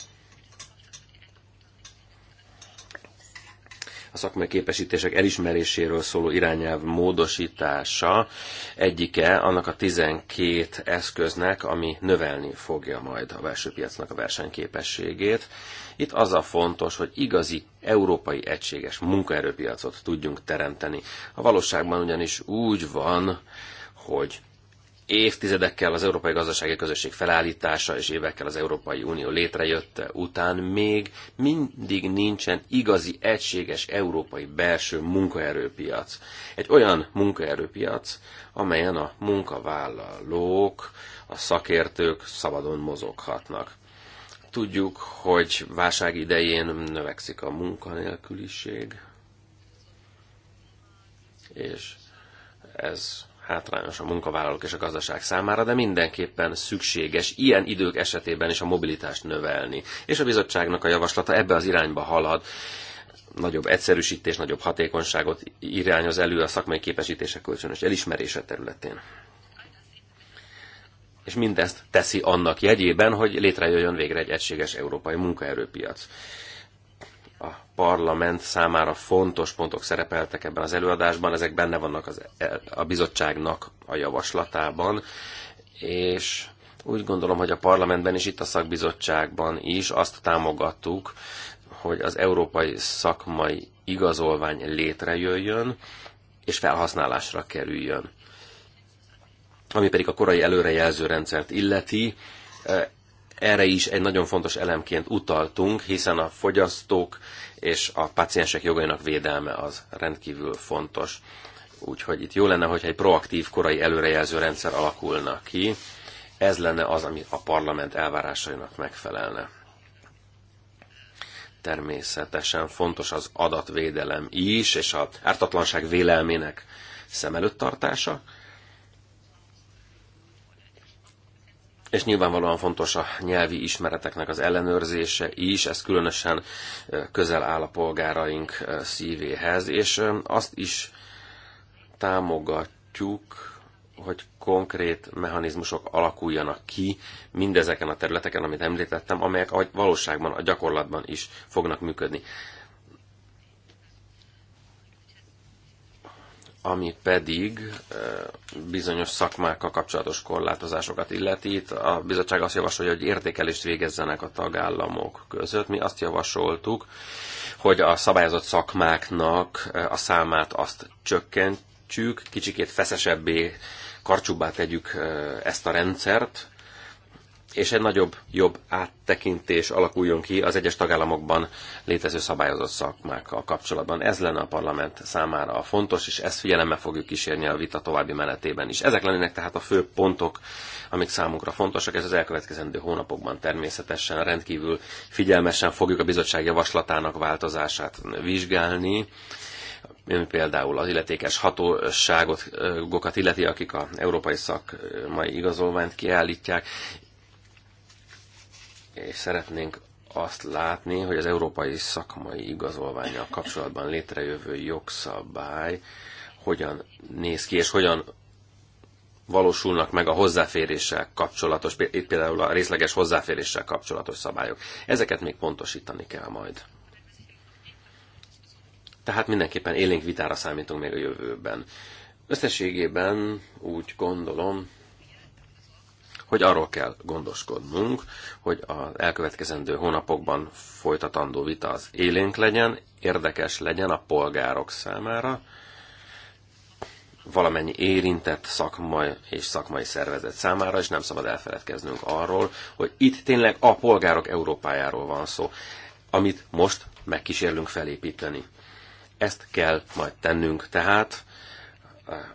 a szakmai képesítések elismeréséről szóló irányelv módosítása egyike annak a 12 eszköznek, ami növelni fogja majd a belső piacnak a versenyképességét. Itt az a fontos, hogy igazi európai egységes munkaerőpiacot tudjunk teremteni. A valóságban ugyanis úgy van, hogy évtizedekkel az Európai Gazdasági Közösség felállítása és évekkel az Európai Unió létrejötte után még mindig nincsen igazi egységes európai belső munkaerőpiac. Egy olyan munkaerőpiac, amelyen a munkavállalók, a szakértők szabadon mozoghatnak. Tudjuk, hogy válság idején növekszik a munkanélküliség, és ez hátrányos a munkavállalók és a gazdaság számára, de mindenképpen szükséges ilyen idők esetében is a mobilitást növelni. És a bizottságnak a javaslata ebbe az irányba halad nagyobb egyszerűsítés, nagyobb hatékonyságot irányoz elő a szakmai képesítések kölcsönös elismerése területén. És mindezt teszi annak jegyében, hogy létrejöjjön végre egy egységes európai munkaerőpiac a parlament számára fontos pontok szerepeltek ebben az előadásban, ezek benne vannak az, e, a bizottságnak a javaslatában, és úgy gondolom, hogy a parlamentben is itt a szakbizottságban is azt támogattuk, hogy az európai szakmai igazolvány létrejöjjön és felhasználásra kerüljön. Ami pedig a korai előrejelző rendszert illeti, erre is egy nagyon fontos elemként utaltunk, hiszen a fogyasztók és a paciensek jogainak védelme az rendkívül fontos. Úgyhogy itt jó lenne, hogyha egy proaktív korai előrejelző rendszer alakulna ki. Ez lenne az, ami a parlament elvárásainak megfelelne. Természetesen fontos az adatvédelem is, és a ártatlanság vélelmének szem előtt tartása, és nyilvánvalóan fontos a nyelvi ismereteknek az ellenőrzése is, ez különösen közel áll a polgáraink szívéhez, és azt is támogatjuk, hogy konkrét mechanizmusok alakuljanak ki mindezeken a területeken, amit említettem, amelyek a valóságban, a gyakorlatban is fognak működni. ami pedig bizonyos szakmákkal kapcsolatos korlátozásokat illeti. Itt a bizottság azt javasolja, hogy értékelést végezzenek a tagállamok között. Mi azt javasoltuk, hogy a szabályozott szakmáknak a számát azt csökkentsük, kicsikét feszesebbé, karcsúbbá tegyük ezt a rendszert, és egy nagyobb, jobb áttekintés alakuljon ki az egyes tagállamokban létező szabályozott szakmákkal kapcsolatban. Ez lenne a parlament számára a fontos, és ezt figyelemmel fogjuk kísérni a vita további menetében is. Ezek lennének tehát a fő pontok, amik számunkra fontosak, és az elkövetkezendő hónapokban természetesen rendkívül figyelmesen fogjuk a bizottság javaslatának változását vizsgálni például az illetékes hatóságokat illeti, akik a európai szakmai igazolványt kiállítják, és szeretnénk azt látni, hogy az európai szakmai igazolványjal kapcsolatban létrejövő jogszabály hogyan néz ki, és hogyan valósulnak meg a hozzáféréssel kapcsolatos, itt például a részleges hozzáféréssel kapcsolatos szabályok. Ezeket még pontosítani kell majd. Tehát mindenképpen élénk vitára számítunk még a jövőben. Összességében úgy gondolom, hogy arról kell gondoskodnunk, hogy az elkövetkezendő hónapokban folytatandó vita az élénk legyen, érdekes legyen a polgárok számára, valamennyi érintett szakmai és szakmai szervezet számára, és nem szabad elfeledkeznünk arról, hogy itt tényleg a polgárok Európájáról van szó, amit most megkísérlünk felépíteni. Ezt kell majd tennünk tehát,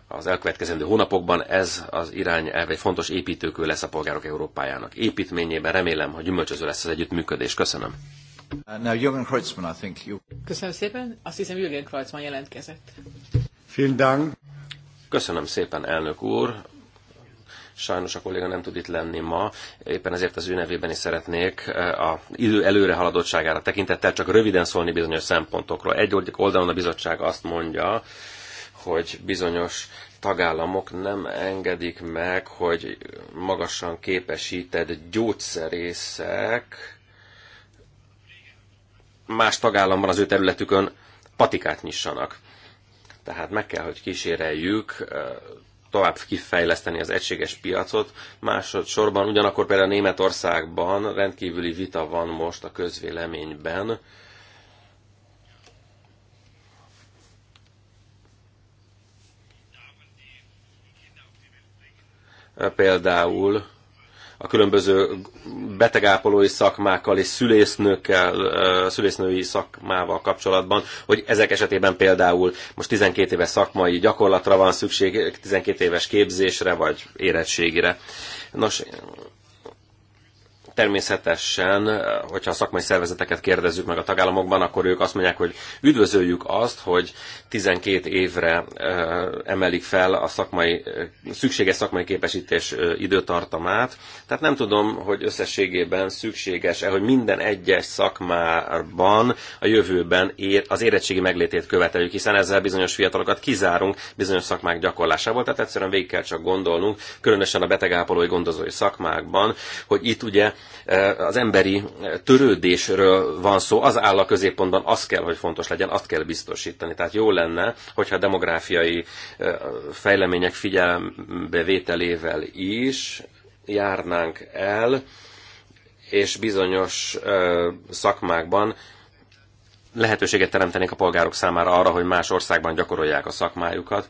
az elkövetkezendő hónapokban ez az irány egy fontos építőkő lesz a polgárok Európájának. Építményében remélem, hogy gyümölcsöző lesz az együttműködés. Köszönöm. Uh, now, Jürgen Kreutzmann, I think you... Köszönöm szépen. Azt hiszem, Jürgen Kreuzmann jelentkezett. Vielen Dank. Köszönöm szépen, elnök úr. Sajnos a kolléga nem tud itt lenni ma, éppen ezért az ő nevében is szeretnék uh, a idő előre haladottságára tekintettel csak röviden szólni bizonyos szempontokról. Egy oldalon a bizottság azt mondja, hogy bizonyos tagállamok nem engedik meg, hogy magasan képesített gyógyszerészek más tagállamban az ő területükön patikát nyissanak. Tehát meg kell, hogy kíséreljük tovább kifejleszteni az egységes piacot. Másodszorban ugyanakkor például Németországban rendkívüli vita van most a közvéleményben például a különböző betegápolói szakmákkal és szülésznőkkel, szülésznői szakmával kapcsolatban, hogy ezek esetében például most 12 éves szakmai gyakorlatra van szükség, 12 éves képzésre vagy érettségire. Nos, Természetesen, hogyha a szakmai szervezeteket kérdezzük meg a tagállamokban, akkor ők azt mondják, hogy üdvözöljük azt, hogy 12 évre emelik fel a szakmai, szükséges szakmai képesítés időtartamát. Tehát nem tudom, hogy összességében szükséges-e, hogy minden egyes szakmában a jövőben az érettségi meglétét követeljük, hiszen ezzel bizonyos fiatalokat kizárunk bizonyos szakmák gyakorlásából, tehát egyszerűen végig kell csak gondolnunk, különösen a betegápolói gondozói szakmákban, hogy itt ugye Eh, az emberi eh, törődésről van szó, az áll a középpontban, az kell, hogy fontos legyen, azt kell biztosítani. Tehát jó lenne, hogyha demográfiai eh, fejlemények figyelbevételével is járnánk el, és bizonyos szakmákban lehetőséget teremtenék a polgárok számára arra, hogy más országban gyakorolják a szakmájukat.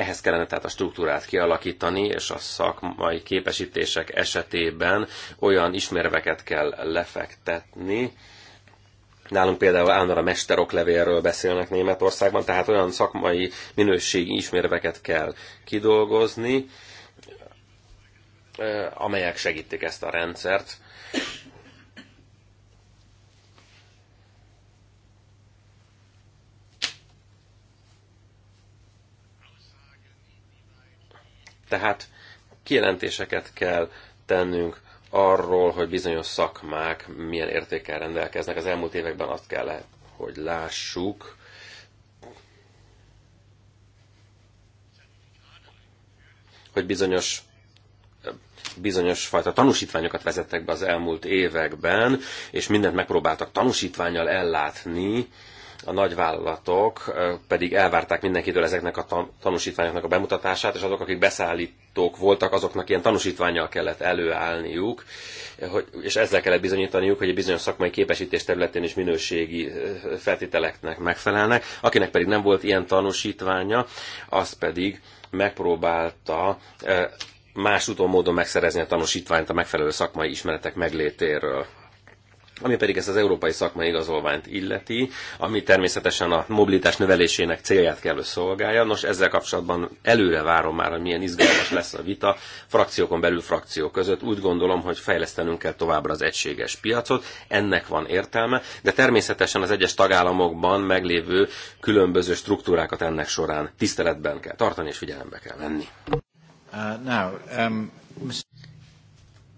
Ehhez kellene tehát a struktúrát kialakítani, és a szakmai képesítések esetében olyan ismerveket kell lefektetni, Nálunk például állandóan a mesteroklevéről beszélnek Németországban, tehát olyan szakmai minőségi ismérveket kell kidolgozni, eh, amelyek segítik ezt a rendszert. Tehát kijelentéseket kell tennünk arról, hogy bizonyos szakmák milyen értékkel rendelkeznek. Az elmúlt években azt kell, hogy lássuk, hogy bizonyos bizonyos fajta tanúsítványokat vezettek be az elmúlt években, és mindent megpróbáltak tanúsítványjal ellátni, a nagyvállalatok pedig elvárták mindenkitől ezeknek a tanúsítványoknak a bemutatását, és azok, akik beszállítók voltak, azoknak ilyen tanúsítványjal kellett előállniuk, és ezzel kellett bizonyítaniuk, hogy egy bizonyos szakmai képesítés területén is minőségi feltételeknek megfelelnek. Akinek pedig nem volt ilyen tanúsítványa, az pedig megpróbálta más úton módon megszerezni a tanúsítványt a megfelelő szakmai ismeretek meglétéről. Ami pedig ezt az európai szakmai igazolványt illeti, ami természetesen a mobilitás növelésének célját kell, szolgálja. Nos, ezzel kapcsolatban előre várom már, hogy milyen izgalmas lesz a vita frakciókon belül frakciók között. Úgy gondolom, hogy fejlesztenünk kell továbbra az egységes piacot, ennek van értelme, de természetesen az egyes tagállamokban meglévő különböző struktúrákat ennek során tiszteletben kell tartani és figyelembe kell venni. Uh, now, um,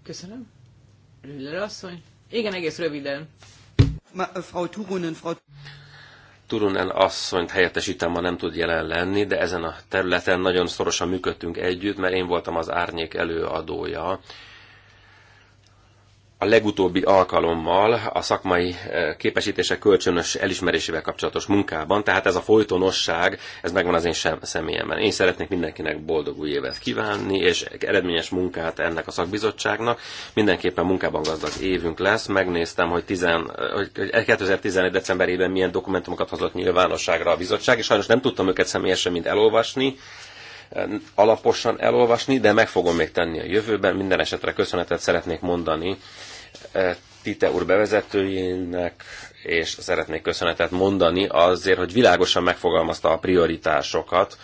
Köszönöm. Lüller asszony. Igen, egész röviden. Ma, eh, Frau Turunen, Frau... Turunen asszonyt helyettesítem, ma nem tud jelen lenni, de ezen a területen nagyon szorosan működtünk együtt, mert én voltam az árnyék előadója a legutóbbi alkalommal a szakmai eh, képesítése kölcsönös elismerésével kapcsolatos munkában, tehát ez a folytonosság, ez megvan az én sem, személyemben. Én szeretnék mindenkinek boldog új évet kívánni, és eredményes munkát ennek a szakbizottságnak. Mindenképpen munkában gazdag évünk lesz. Megnéztem, hogy, 10, hogy 2011. decemberében milyen dokumentumokat hozott nyilvánosságra a bizottság, és sajnos nem tudtam őket személyesen mind elolvasni, eh, alaposan elolvasni, de meg fogom még tenni a jövőben. Minden esetre köszönetet szeretnék mondani E, Tite úr bevezetőjének, és szeretnék köszönetet mondani azért, hogy világosan megfogalmazta a prioritásokat,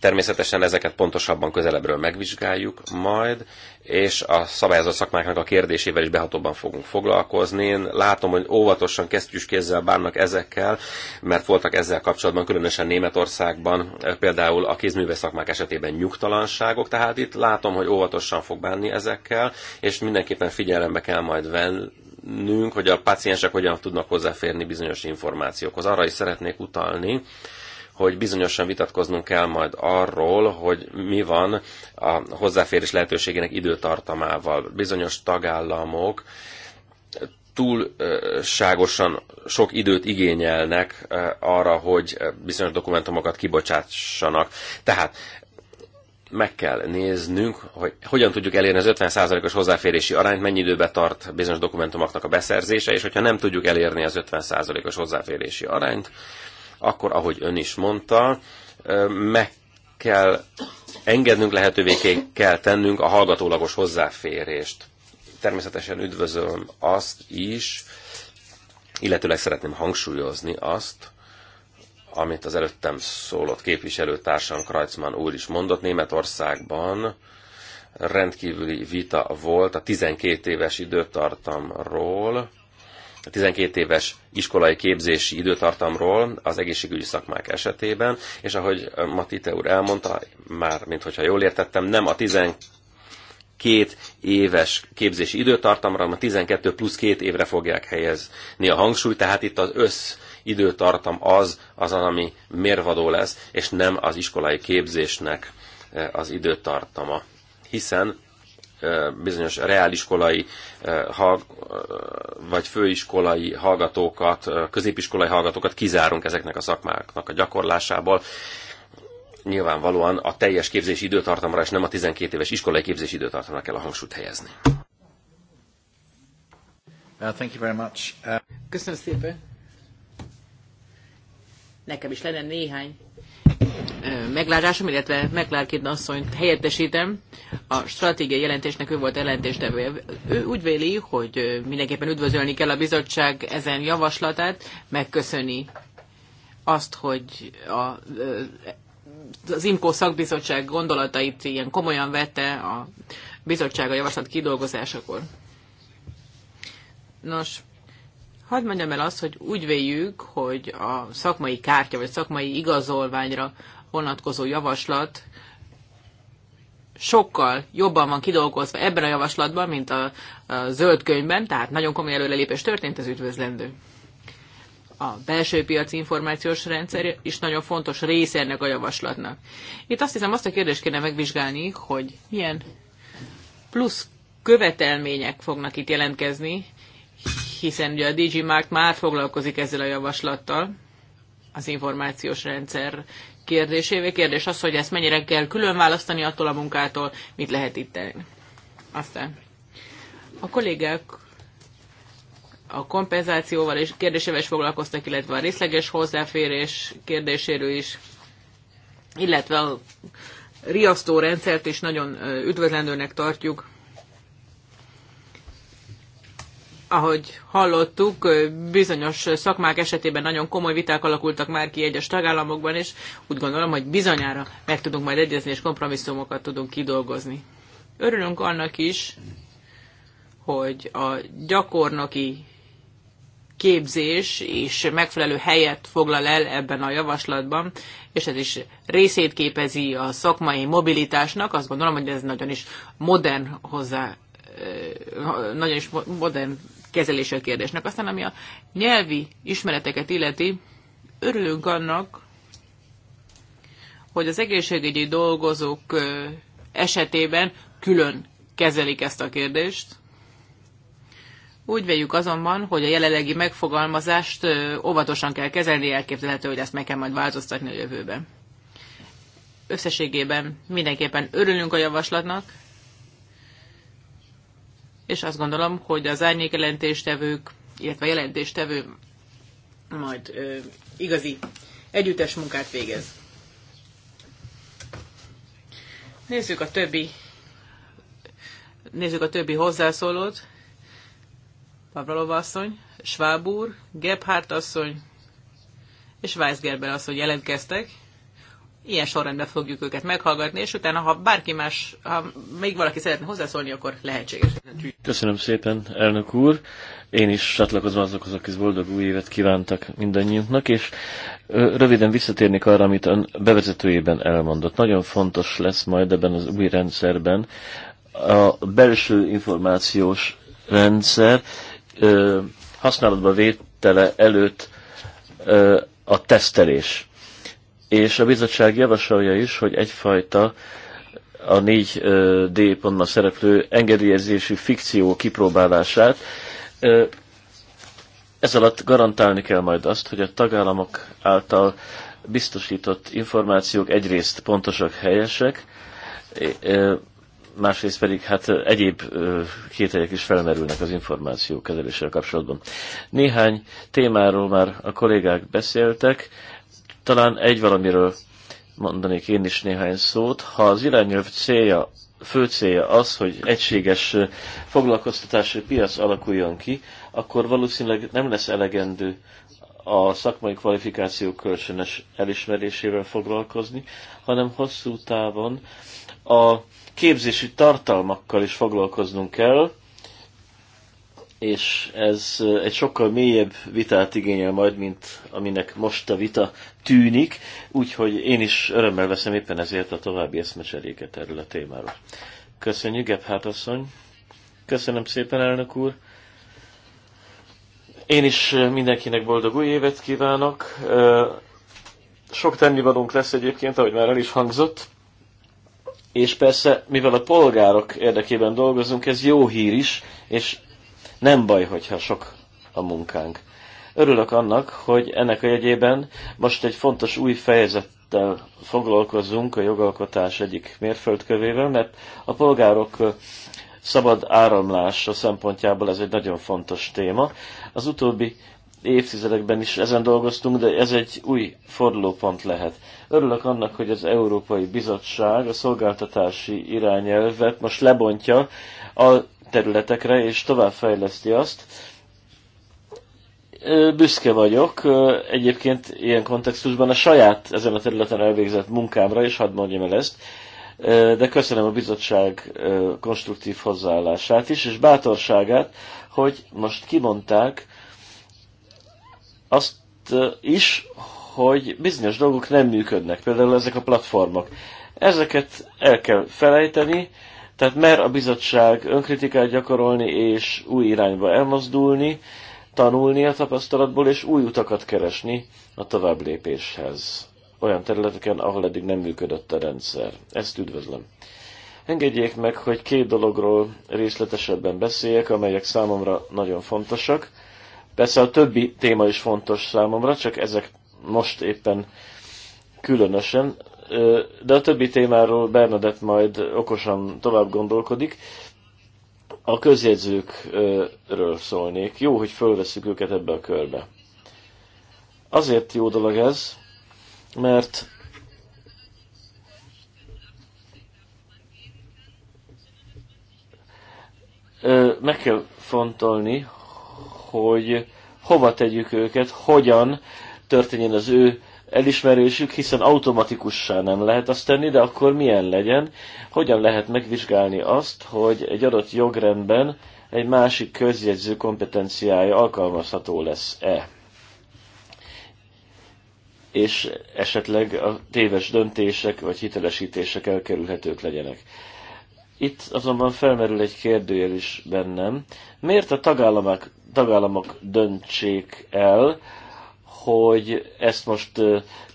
Természetesen ezeket pontosabban közelebbről megvizsgáljuk majd, és a szabályozó szakmáknak a kérdésével is behatóban fogunk foglalkozni. Én látom, hogy óvatosan kesztyűs kézzel bánnak ezekkel, mert voltak ezzel kapcsolatban, különösen Németországban, például a kézműves szakmák esetében nyugtalanságok, tehát itt látom, hogy óvatosan fog bánni ezekkel, és mindenképpen figyelembe kell majd vennünk, hogy a paciensek hogyan tudnak hozzáférni bizonyos információkhoz. Arra is szeretnék utalni, hogy bizonyosan vitatkoznunk kell majd arról, hogy mi van a hozzáférés lehetőségének időtartamával. Bizonyos tagállamok túlságosan sok időt igényelnek arra, hogy bizonyos dokumentumokat kibocsátsanak. Tehát meg kell néznünk, hogy hogyan tudjuk elérni az 50%-os hozzáférési arányt, mennyi időbe tart bizonyos dokumentumoknak a beszerzése, és hogyha nem tudjuk elérni az 50%-os hozzáférési arányt, akkor, ahogy ön is mondta, meg kell engednünk lehetővé kell tennünk a hallgatólagos hozzáférést. Természetesen üdvözölöm azt is, illetőleg szeretném hangsúlyozni azt, amit az előttem szólott képviselőtársam Krajcman úr is mondott, Németországban rendkívüli vita volt a 12 éves időtartamról, a 12 éves iskolai képzési időtartamról az egészségügyi szakmák esetében, és ahogy Matite úr elmondta, már mint hogyha jól értettem, nem a 12 éves képzési időtartamra, hanem a 12 plusz 2 évre fogják helyezni a hangsúlyt, tehát itt az össz időtartam az, az, ami mérvadó lesz, és nem az iskolai képzésnek eh, az időtartama. Hiszen bizonyos reáliskolai vagy főiskolai hallgatókat, középiskolai hallgatókat kizárunk ezeknek a szakmáknak a gyakorlásából. Nyilvánvalóan a teljes képzési időtartamra és nem a 12 éves iskolai képzési időtartamra kell a hangsúlyt helyezni. Uh, uh, Köszönöm szépen. Nekem is lenne néhány meglátásom, illetve McLarkin asszonyt helyettesítem. A stratégiai jelentésnek ő volt ellentéstevő. Ő úgy véli, hogy mindenképpen üdvözölni kell a bizottság ezen javaslatát, megköszöni azt, hogy a, az IMCO szakbizottság gondolatait ilyen komolyan vette a bizottság a javaslat kidolgozásakor. Nos, Hadd mondjam el azt, hogy úgy véljük, hogy a szakmai kártya vagy szakmai igazolványra vonatkozó javaslat sokkal jobban van kidolgozva ebben a javaslatban, mint a, a zöld könyvben, tehát nagyon komoly előrelépés történt, ez üdvözlendő. A belső piaci információs rendszer is nagyon fontos része ennek a javaslatnak. Itt azt hiszem azt a kérdést kéne megvizsgálni, hogy milyen plusz követelmények fognak itt jelentkezni, hiszen ugye a DG Mark már foglalkozik ezzel a javaslattal, az információs rendszer kérdésével. Kérdés az, hogy ezt mennyire kell külön választani attól a munkától, mit lehet itt tenni. Aztán a kollégák a kompenzációval és kérdésével is foglalkoztak, illetve a részleges hozzáférés kérdéséről is, illetve a riasztó rendszert is nagyon üdvözlendőnek tartjuk. ahogy hallottuk, bizonyos szakmák esetében nagyon komoly viták alakultak már ki egyes tagállamokban, és úgy gondolom, hogy bizonyára meg tudunk majd egyezni, és kompromisszumokat tudunk kidolgozni. Örülünk annak is, hogy a gyakornoki képzés és megfelelő helyet foglal el ebben a javaslatban, és ez is részét képezi a szakmai mobilitásnak. Azt gondolom, hogy ez nagyon is modern hozzá nagyon is modern kezelése a kérdésnek. Aztán, ami a nyelvi ismereteket illeti, örülünk annak, hogy az egészségügyi dolgozók esetében külön kezelik ezt a kérdést. Úgy vegyük azonban, hogy a jelenlegi megfogalmazást óvatosan kell kezelni, elképzelhető, hogy ezt meg kell majd változtatni a jövőben. Összességében mindenképpen örülünk a javaslatnak, és azt gondolom, hogy az árnyék jelentéstevők, illetve jelentéstevő majd ö, igazi együttes munkát végez. Nézzük a többi nézzük a többi hozzászólót. Pavralov asszony, Schwab úr, Gebhardt asszony és Weisgerber asszony jelentkeztek ilyen sorrendben fogjuk őket meghallgatni, és utána, ha bárki más, ha még valaki szeretne hozzászólni, akkor lehetséges. Köszönöm szépen, elnök úr. Én is csatlakozom azokhoz, akik boldog új évet kívántak mindannyiunknak, és röviden visszatérnék arra, amit a bevezetőjében elmondott. Nagyon fontos lesz majd ebben az új rendszerben a belső információs rendszer használatba vétele előtt a tesztelés és a bizottság javasolja is, hogy egyfajta a 4D pontban szereplő engedélyezési fikció kipróbálását. Ez alatt garantálni kell majd azt, hogy a tagállamok által biztosított információk egyrészt pontosak, helyesek, másrészt pedig hát egyéb kételyek is felmerülnek az információ kezeléssel kapcsolatban. Néhány témáról már a kollégák beszéltek, talán egy valamiről mondanék én is néhány szót. Ha az irányelv célja, fő célja az, hogy egységes foglalkoztatási piac alakuljon ki, akkor valószínűleg nem lesz elegendő a szakmai kvalifikációk kölcsönös elismerésével foglalkozni, hanem hosszú távon a képzési tartalmakkal is foglalkoznunk kell, és ez egy sokkal mélyebb vitát igényel majd, mint aminek most a vita tűnik, úgyhogy én is örömmel veszem éppen ezért a további eszmecseréket erről a témáról. Köszönjük, Gebhardt asszony! Köszönöm szépen, elnök úr! Én is mindenkinek boldog új évet kívánok! Sok tennivalónk lesz egyébként, ahogy már el is hangzott, és persze, mivel a polgárok érdekében dolgozunk, ez jó hír is, és nem baj, hogyha sok a munkánk. Örülök annak, hogy ennek a jegyében most egy fontos új fejezettel foglalkozunk a jogalkotás egyik mérföldkövével, mert a polgárok szabad áramlása szempontjából ez egy nagyon fontos téma. Az utóbbi évtizedekben is ezen dolgoztunk, de ez egy új fordulópont lehet. Örülök annak, hogy az Európai Bizottság a szolgáltatási irányelvet most lebontja a területekre, és továbbfejleszti azt. Büszke vagyok egyébként ilyen kontextusban a saját ezen a területen elvégzett munkámra, és hadd mondjam el ezt, de köszönöm a bizottság konstruktív hozzáállását is, és bátorságát, hogy most kimondták azt is, hogy bizonyos dolgok nem működnek, például ezek a platformok. Ezeket el kell felejteni, tehát mer a bizottság önkritikát gyakorolni és új irányba elmozdulni, tanulni a tapasztalatból és új utakat keresni a tovább lépéshez olyan területeken, ahol eddig nem működött a rendszer. Ezt üdvözlöm. Engedjék meg, hogy két dologról részletesebben beszéljek, amelyek számomra nagyon fontosak. Persze a többi téma is fontos számomra, csak ezek most éppen különösen de a többi témáról Bernadett majd okosan tovább gondolkodik. A közjegyzőkről szólnék. Jó, hogy fölveszük őket ebbe a körbe. Azért jó dolog ez, mert meg kell fontolni, hogy hova tegyük őket, hogyan történjen az ő elismerésük, hiszen automatikussá nem lehet azt tenni, de akkor milyen legyen, hogyan lehet megvizsgálni azt, hogy egy adott jogrendben egy másik közjegyző kompetenciája alkalmazható lesz-e. És esetleg a téves döntések vagy hitelesítések elkerülhetők legyenek. Itt azonban felmerül egy kérdőjel is bennem. Miért a tagállamok, tagállamok döntsék el, hogy ezt most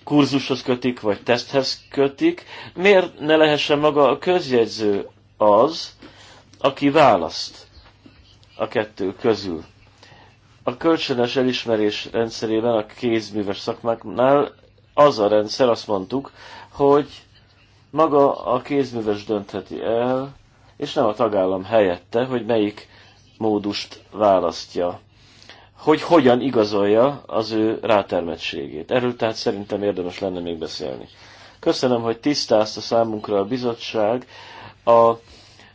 kurzushoz kötik, vagy teszthez kötik, miért ne lehessen maga a közjegyző az, aki választ a kettő közül? A kölcsönös elismerés rendszerében a kézműves szakmáknál az a rendszer, azt mondtuk, hogy maga a kézműves döntheti el, és nem a tagállam helyette, hogy melyik módust választja hogy hogyan igazolja az ő rátermettségét. Erről tehát szerintem érdemes lenne még beszélni. Köszönöm, hogy tisztázta számunkra a bizottság a,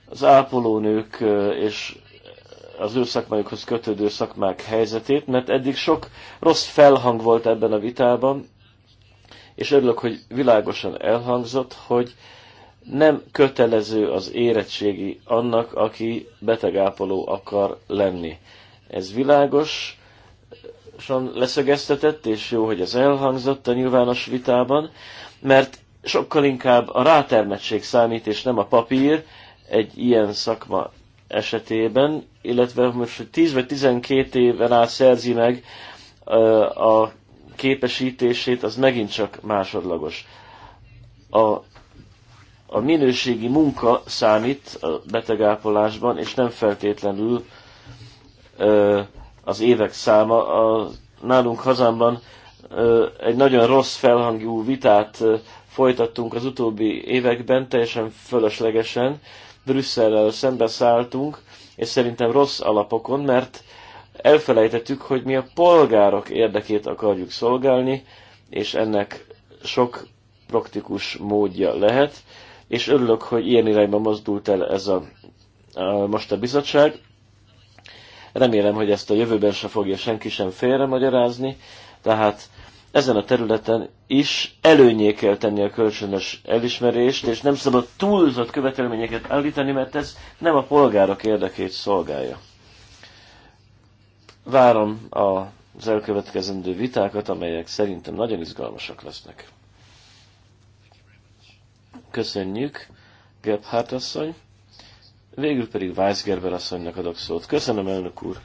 az ápolónők és az ő szakmájukhoz kötődő szakmák helyzetét, mert eddig sok rossz felhang volt ebben a vitában, és örülök, hogy világosan elhangzott, hogy nem kötelező az érettségi annak, aki betegápoló akar lenni. Ez világos, leszögeztetett, és jó, hogy ez elhangzott a nyilvános vitában, mert sokkal inkább a rátermettség számít, és nem a papír egy ilyen szakma esetében, illetve most, hogy 10 vagy 12 éven át szerzi meg a képesítését, az megint csak másodlagos. A, a minőségi munka számít a betegápolásban, és nem feltétlenül az évek száma. A, nálunk hazámban egy nagyon rossz felhangú vitát folytattunk az utóbbi években, teljesen fölöslegesen. Brüsszellel szembeszálltunk, és szerintem rossz alapokon, mert elfelejtettük, hogy mi a polgárok érdekét akarjuk szolgálni, és ennek sok praktikus módja lehet, és örülök, hogy ilyen irányba mozdult el ez a, a most a bizottság. Remélem, hogy ezt a jövőben se fogja senki sem félremagyarázni, tehát ezen a területen is előnyé kell tenni a kölcsönös elismerést, és nem szabad túlzott követelményeket állítani, mert ez nem a polgárok érdekét szolgálja. Várom az elkövetkezendő vitákat, amelyek szerintem nagyon izgalmasak lesznek. Köszönjük, Gebhardt asszony. Végül pedig Weisgerber asszonynak adok szót. Köszönöm, elnök úr!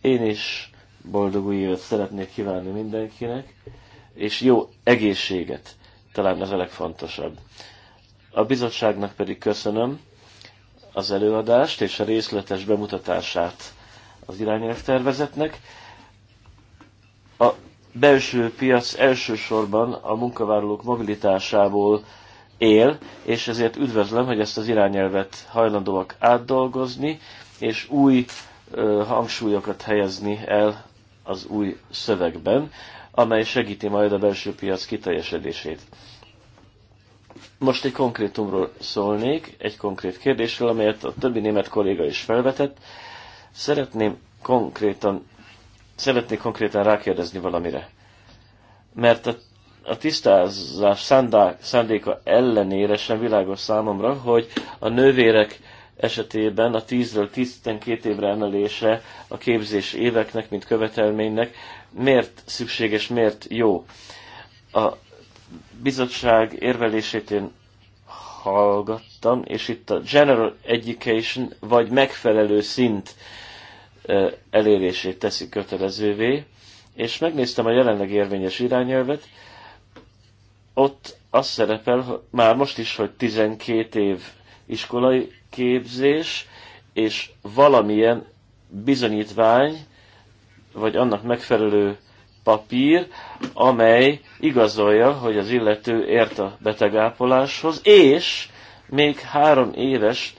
Én is boldog új évet szeretnék kívánni mindenkinek, és jó egészséget, talán ez a legfontosabb. A bizottságnak pedig köszönöm az előadást és a részletes bemutatását az irányelvtervezetnek. A belső piac elsősorban a munkavállalók mobilitásából él, és ezért üdvözlöm, hogy ezt az irányelvet hajlandóak átdolgozni, és új ö, hangsúlyokat helyezni el az új szövegben, amely segíti majd a belső piac kiteljesedését. Most egy konkrétumról szólnék, egy konkrét kérdésről, amelyet a többi német kolléga is felvetett. Szeretném konkrétan, szeretnék konkrétan rákérdezni valamire. Mert a a tisztázás szándéka ellenére sem világos számomra, hogy a nővérek esetében a 10-ről 12 évre emelése a képzés éveknek, mint követelménynek miért szükséges, miért jó. A bizottság érvelését én hallgattam, és itt a General Education vagy megfelelő szint elérését teszi kötelezővé, és megnéztem a jelenleg érvényes irányelvet, ott az szerepel már most is, hogy 12 év iskolai képzés, és valamilyen bizonyítvány, vagy annak megfelelő papír, amely igazolja, hogy az illető ért a betegápoláshoz, és még három éves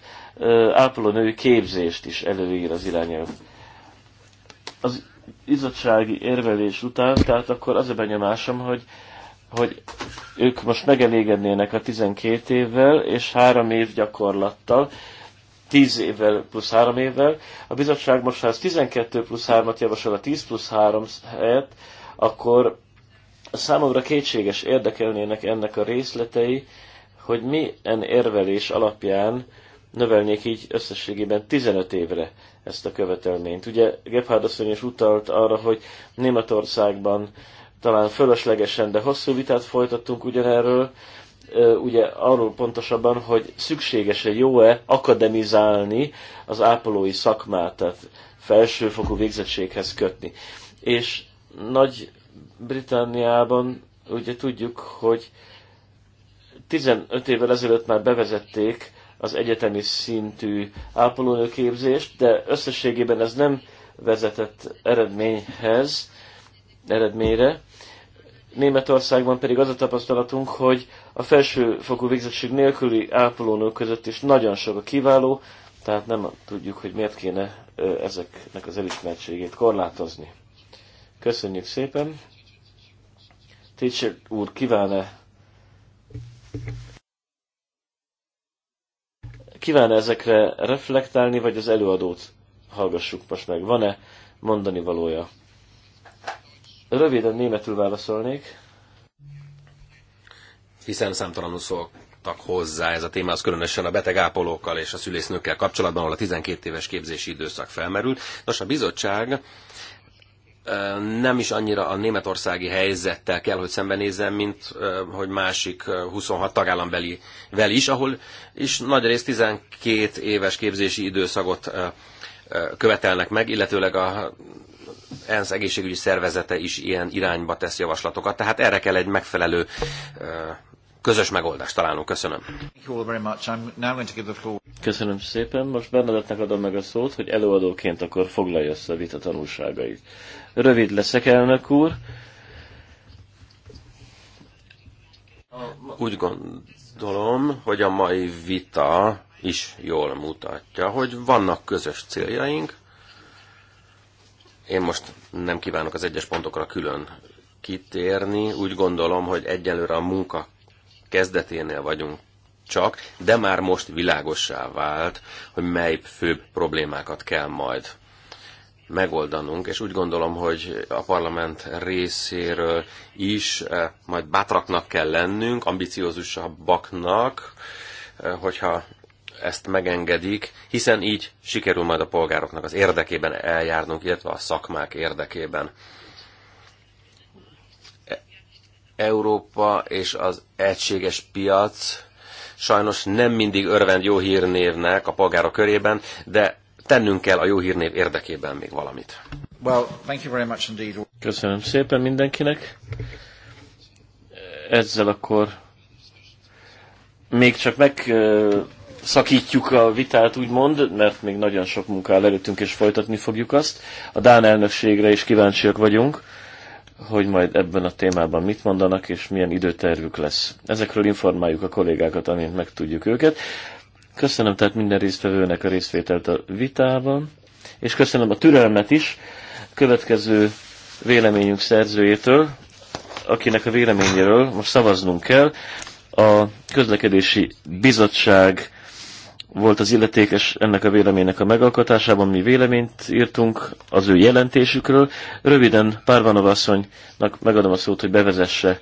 ápolónői képzést is előír az irányelv. Az izottsági érvelés után, tehát akkor az a benyomásom, hogy hogy ők most megelégednének a 12 évvel és 3 év gyakorlattal, 10 évvel plusz 3 évvel. A bizottság most, ha ez 12 plusz 3-at javasol a 10 plusz 3 helyett, akkor számomra kétséges érdekelnének ennek a részletei, hogy milyen érvelés alapján növelnék így összességében 15 évre ezt a követelményt. Ugye Gebhard asszony is utalt arra, hogy Németországban talán fölöslegesen, de hosszú vitát folytattunk ugyanerről, ugye arról pontosabban, hogy szükséges-e, jó-e akademizálni az ápolói szakmát, tehát felsőfokú végzettséghez kötni. És Nagy-Britanniában ugye tudjuk, hogy 15 évvel ezelőtt már bevezették az egyetemi szintű ápolónőképzést, de összességében ez nem vezetett eredményhez, eredményre, Németországban pedig az a tapasztalatunk, hogy a felsőfokú végzettség nélküli ápolónők között is nagyon sok a kiváló, tehát nem tudjuk, hogy miért kéne ezeknek az elismertségét korlátozni. Köszönjük szépen! Teacher úr, kíván-e kíván -e ezekre reflektálni, vagy az előadót hallgassuk most meg? Van-e mondani valója? Röviden németül válaszolnék. Hiszen számtalanul szóltak hozzá ez a téma, az különösen a betegápolókkal és a szülésznőkkel kapcsolatban, ahol a 12 éves képzési időszak felmerült. Nos, a bizottság nem is annyira a németországi helyzettel kell, hogy szembenézzen, mint hogy másik 26 tagállambeli vel is, ahol is nagy rész 12 éves képzési időszakot követelnek meg, illetőleg a ENSZ egészségügyi szervezete is ilyen irányba tesz javaslatokat, tehát erre kell egy megfelelő közös megoldást találnunk. Köszönöm. Köszönöm szépen. Most Bernadettnek adom meg a szót, hogy előadóként akkor foglalja össze a vita tanulságait. Rövid leszek, elnök úr. Úgy gondolom, hogy a mai vita is jól mutatja, hogy vannak közös céljaink, én most nem kívánok az egyes pontokra külön kitérni. Úgy gondolom, hogy egyelőre a munka kezdeténél vagyunk csak, de már most világossá vált, hogy mely főbb problémákat kell majd megoldanunk, és úgy gondolom, hogy a parlament részéről is eh, majd bátraknak kell lennünk, ambiciózusabbaknak, eh, hogyha ezt megengedik, hiszen így sikerül majd a polgároknak az érdekében eljárnunk, illetve a szakmák érdekében. E- Európa és az egységes piac sajnos nem mindig örvend jó hírnévnek a polgárok körében, de tennünk kell a jó hírnév érdekében még valamit. Well, thank you very much indeed. Köszönöm szépen mindenkinek. Ezzel akkor még csak meg szakítjuk a vitát, úgymond, mert még nagyon sok munka áll előttünk, és folytatni fogjuk azt. A Dán elnökségre is kíváncsiak vagyunk, hogy majd ebben a témában mit mondanak, és milyen időtervük lesz. Ezekről informáljuk a kollégákat, amint megtudjuk őket. Köszönöm tehát minden résztvevőnek a részvételt a vitában, és köszönöm a türelmet is következő véleményünk szerzőjétől, akinek a véleményéről most szavaznunk kell. A közlekedési bizottság volt az illetékes ennek a véleménynek a megalkotásában, mi véleményt írtunk az ő jelentésükről. Röviden Párvanov asszonynak megadom a szót, hogy bevezesse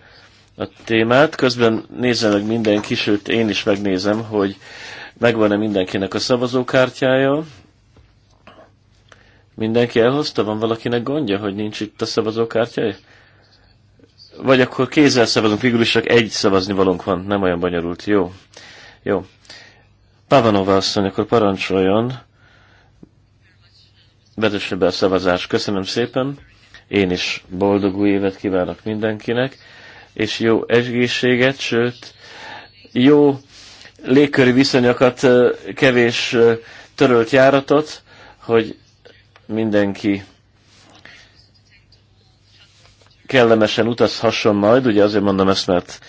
a témát. Közben nézze meg mindenki, sőt én is megnézem, hogy megvan-e mindenkinek a szavazókártyája. Mindenki elhozta? Van valakinek gondja, hogy nincs itt a szavazókártyája? Vagy akkor kézzel szavazunk, végül is csak egy szavazni valónk van, nem olyan bonyolult. Jó. Jó. Pavanova asszony, akkor parancsoljon. Vezesse be a szavazás. Köszönöm szépen. Én is boldog új évet kívánok mindenkinek, és jó egészséget, sőt, jó légköri viszonyokat, kevés törölt járatot, hogy mindenki kellemesen utazhasson majd, ugye azért mondom ezt, mert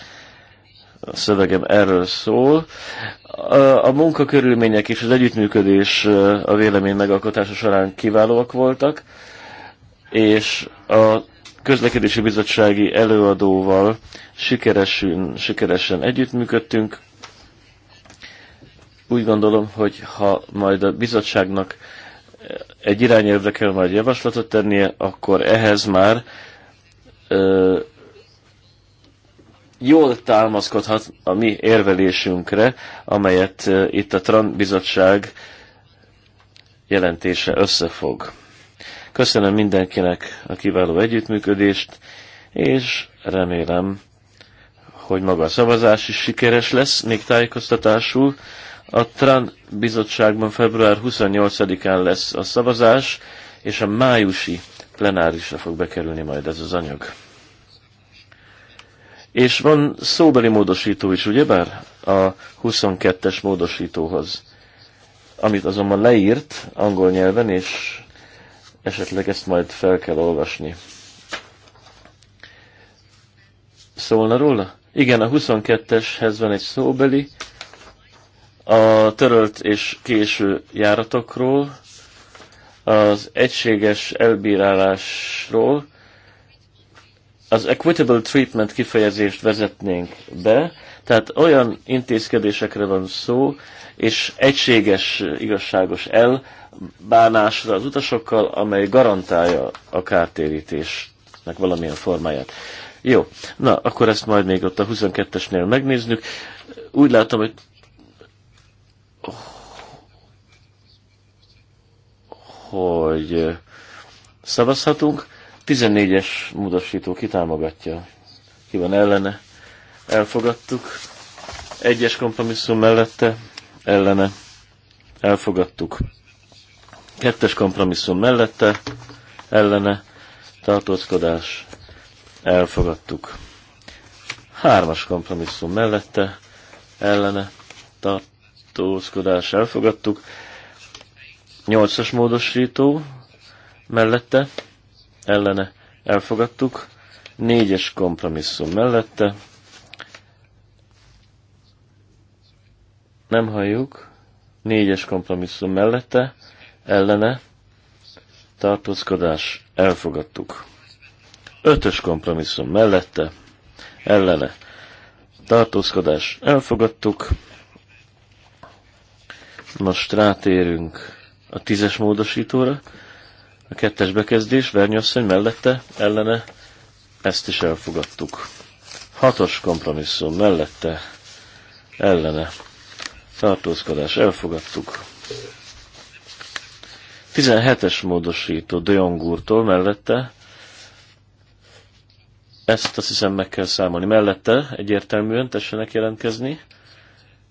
a szövegem erről szól. A munkakörülmények és az együttműködés a vélemény megalkotása során kiválóak voltak, és a közlekedési bizottsági előadóval sikeresen, sikeresen együttműködtünk. Úgy gondolom, hogy ha majd a bizottságnak egy irányelvre kell majd javaslatot tennie, akkor ehhez már jól támaszkodhat a mi érvelésünkre, amelyet eh, itt a TRAN bizottság jelentése összefog. Köszönöm mindenkinek a kiváló együttműködést, és remélem, hogy maga a szavazás is sikeres lesz, még tájékoztatású: A TRAN bizottságban február 28-án lesz a szavazás, és a májusi plenárisra fog bekerülni majd ez az anyag. És van szóbeli módosító is, ugyebár? A 22-es módosítóhoz, amit azonban leírt angol nyelven, és esetleg ezt majd fel kell olvasni. Szólna róla? Igen, a 22-eshez van egy szóbeli, a törölt és késő járatokról, az egységes elbírálásról, az equitable treatment kifejezést vezetnénk be, tehát olyan intézkedésekre van szó, és egységes, igazságos elbánásra az utasokkal, amely garantálja a kártérítésnek valamilyen formáját. Jó, na, akkor ezt majd még ott a 22-esnél megnézzük. Úgy látom, hogy hogy szavazhatunk. 14-es módosító kitámogatja. Ki van ellene? Elfogadtuk. Egyes kompromisszum mellette ellene. Elfogadtuk. Kettes kompromisszum mellette ellene. Tartózkodás. Elfogadtuk. Hármas kompromisszum mellette ellene. Tartózkodás. Elfogadtuk. Nyolcas módosító mellette ellene elfogadtuk, négyes kompromisszum mellette. Nem halljuk. Négyes kompromisszum mellette, ellene, tartózkodás, elfogadtuk. Ötös kompromisszum mellette, ellene, tartózkodás, elfogadtuk. Most rátérünk a tízes módosítóra a kettes bekezdés, Vernyasszony mellette, ellene, ezt is elfogadtuk. Hatos kompromisszum mellette, ellene, tartózkodás, elfogadtuk. 17-es módosító De Jong mellette, ezt azt hiszem meg kell számolni. Mellette egyértelműen tessenek jelentkezni.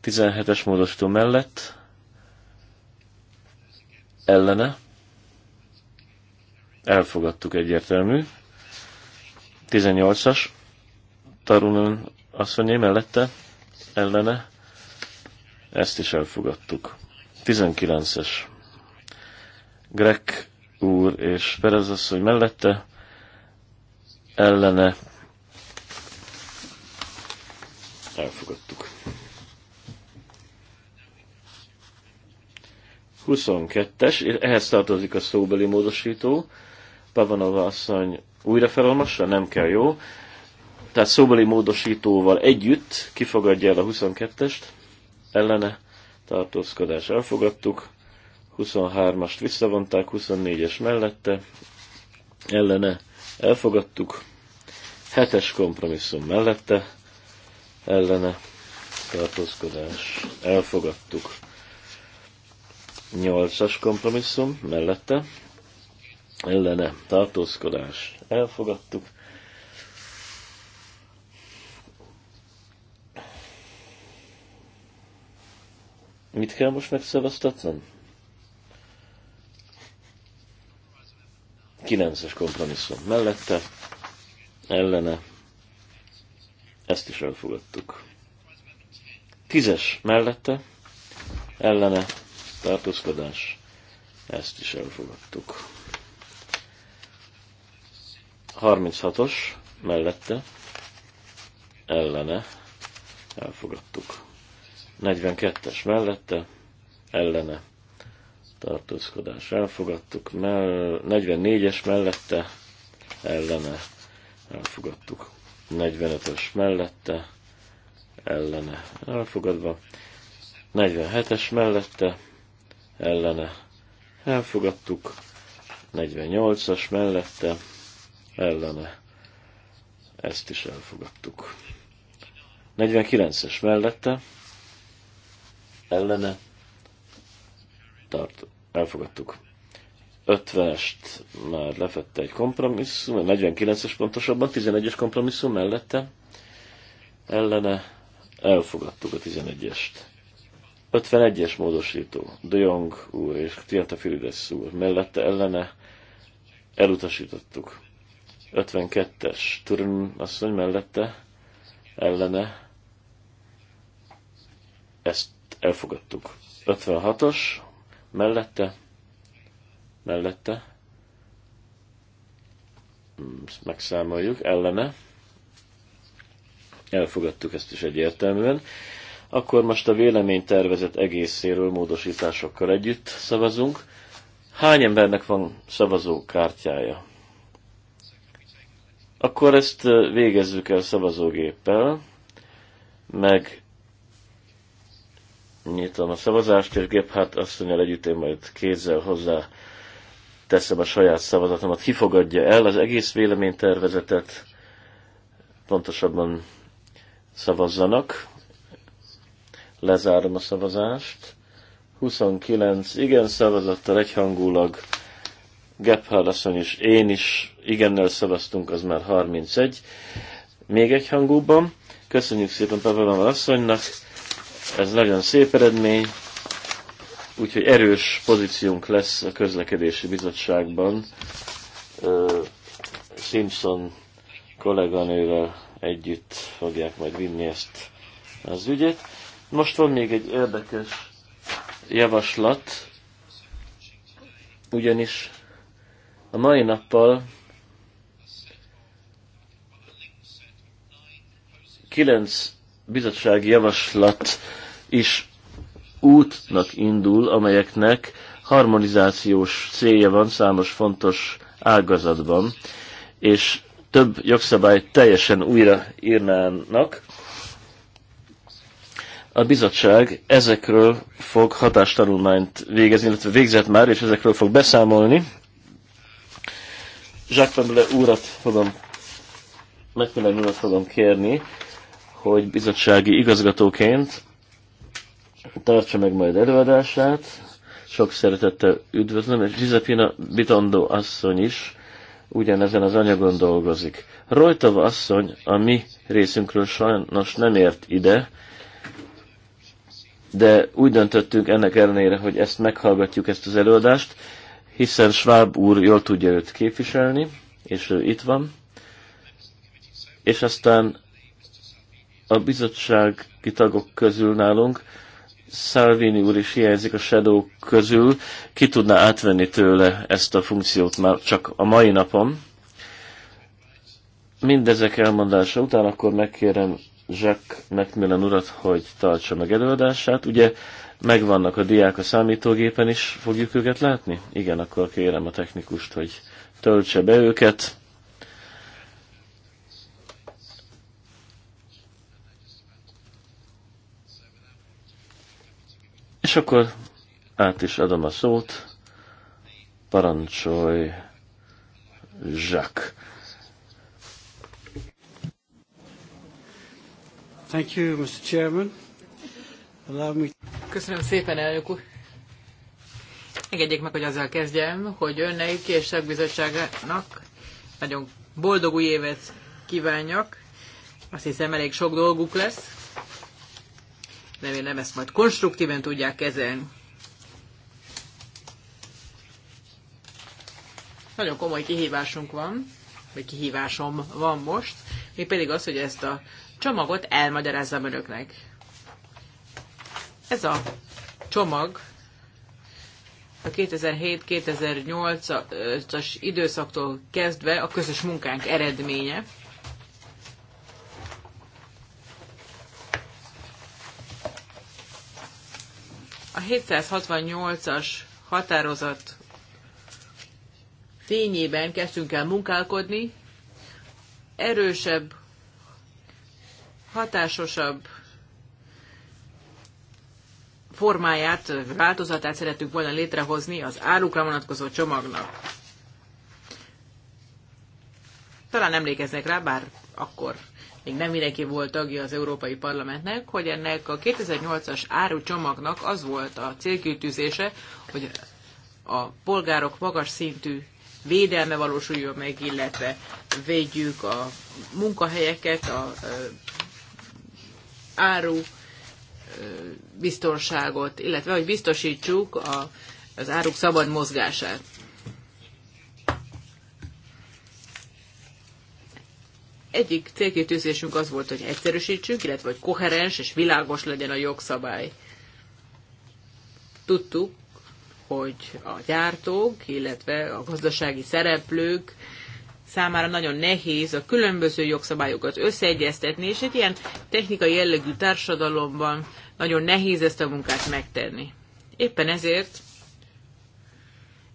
17-es módosító mellett. Ellene. Elfogadtuk egyértelmű. 18-as. azt asszonyé mellette, ellene. Ezt is elfogadtuk. 19-es. Greg úr és Perez asszony mellette, ellene. Elfogadtuk. 22-es, ehhez tartozik a szóbeli módosító, Pavanova asszony újra felolmassa? Nem kell, jó? Tehát szóbeli módosítóval együtt kifogadja el a 22-est, ellene tartózkodás elfogadtuk, 23-ast visszavonták, 24-es mellette, ellene elfogadtuk, 7-es kompromisszum mellette, ellene tartózkodás elfogadtuk. 8-as kompromisszum mellette, ellene tartózkodás elfogadtuk. Mit kell most megszavaztatnom? 9-es kompromisszum mellette, ellene, ezt is elfogadtuk. 10-es mellette, ellene, tartózkodás, ezt is elfogadtuk. 36-os mellette ellene elfogadtuk. 42-es mellette ellene tartózkodás elfogadtuk. Mell 44-es mellette ellene elfogadtuk. 45-ös mellette ellene elfogadva. 47-es mellette ellene elfogadtuk. 48-as mellette ellene. Ezt is elfogadtuk. 49-es mellette ellene tart, elfogadtuk. 50-est már lefette egy kompromisszum, 49-es pontosabban, 11-es kompromisszum mellette ellene elfogadtuk a 11-est. 51-es módosító, De Jong úr és Tiata Filides úr mellette ellene elutasítottuk. 52-es Turun asszony mellette ellene ezt elfogadtuk. 56-os mellette mellette hmm, ezt megszámoljuk, ellene elfogadtuk ezt is egyértelműen. Akkor most a véleménytervezet egészéről módosításokkal együtt szavazunk. Hány embernek van szavazókártyája? Akkor ezt végezzük el szavazógéppel, meg nyitom a szavazást, és Gebhardt asszonyjal együtt én majd kézzel hozzá teszem a saját szavazatomat, kifogadja el az egész véleménytervezetet, pontosabban szavazzanak. Lezárom a szavazást. 29 igen szavazattal egyhangulag Gephardt asszony és én is igennel szavaztunk, az már 31. Még egy hangúban. Köszönjük szépen Pavelova asszonynak, ez nagyon szép eredmény, úgyhogy erős pozíciónk lesz a közlekedési bizottságban Simpson kolléganővel együtt fogják majd vinni ezt az ügyet. Most van még egy érdekes javaslat, ugyanis a mai nappal kilenc bizottsági javaslat is útnak indul, amelyeknek harmonizációs célja van számos fontos ágazatban, és több jogszabályt teljesen újra írnának. A bizottság ezekről fog hatástanulmányt végezni, illetve végzett már, és ezekről fog beszámolni. Zsákfemle úrat fogom, megfelelően úrat fogom kérni, hogy bizottsági igazgatóként tartsa meg majd előadását. Sok szeretettel üdvözlöm, és Gizepina Bitondo asszony is ugyanezen az anyagon dolgozik. Rojtov asszony a mi részünkről sajnos nem ért ide, de úgy döntöttünk ennek ellenére, hogy ezt meghallgatjuk, ezt az előadást, hiszen Schwab úr jól tudja őt képviselni, és ő itt van. És aztán a bizottság tagok közül nálunk Salvini úr is hiányzik a Shadow közül. Ki tudná átvenni tőle ezt a funkciót már csak a mai napon? Mindezek elmondása után akkor megkérem Jack McMillan urat, hogy tartsa meg előadását. Ugye Megvannak a diák a számítógépen is, fogjuk őket látni? Igen, akkor kérem a technikust, hogy töltse be őket. És akkor át is adom a szót. Parancsolj, Jacques. Thank you, Mr. Chairman. Köszönöm szépen, elnök úr. Engedjék meg, hogy azzal kezdjem, hogy önnek és szakbizottságának nagyon boldog új évet kívánjak. Azt hiszem, elég sok dolguk lesz. Remélem, ezt majd konstruktíven tudják kezelni. Nagyon komoly kihívásunk van, vagy kihívásom van most, még pedig az, hogy ezt a csomagot elmagyarázzam önöknek ez a csomag a 2007-2008-as időszaktól kezdve a közös munkánk eredménye. A 768-as határozat fényében kezdtünk el munkálkodni, erősebb, hatásosabb formáját, változatát szeretünk volna létrehozni az árukra vonatkozó csomagnak. Talán emlékeznek rá, bár akkor még nem mindenki volt tagja az Európai Parlamentnek, hogy ennek a 2008-as árucsomagnak az volt a célkültűzése, hogy a polgárok magas szintű védelme valósuljon meg, illetve védjük a munkahelyeket, a áru biztonságot, illetve hogy biztosítsuk a, az áruk szabad mozgását. Egyik célkitűzésünk az volt, hogy egyszerűsítsünk, illetve hogy koherens és világos legyen a jogszabály. Tudtuk, hogy a gyártók, illetve a gazdasági szereplők számára nagyon nehéz a különböző jogszabályokat összeegyeztetni, és egy ilyen technikai jellegű társadalomban nagyon nehéz ezt a munkát megtenni. Éppen ezért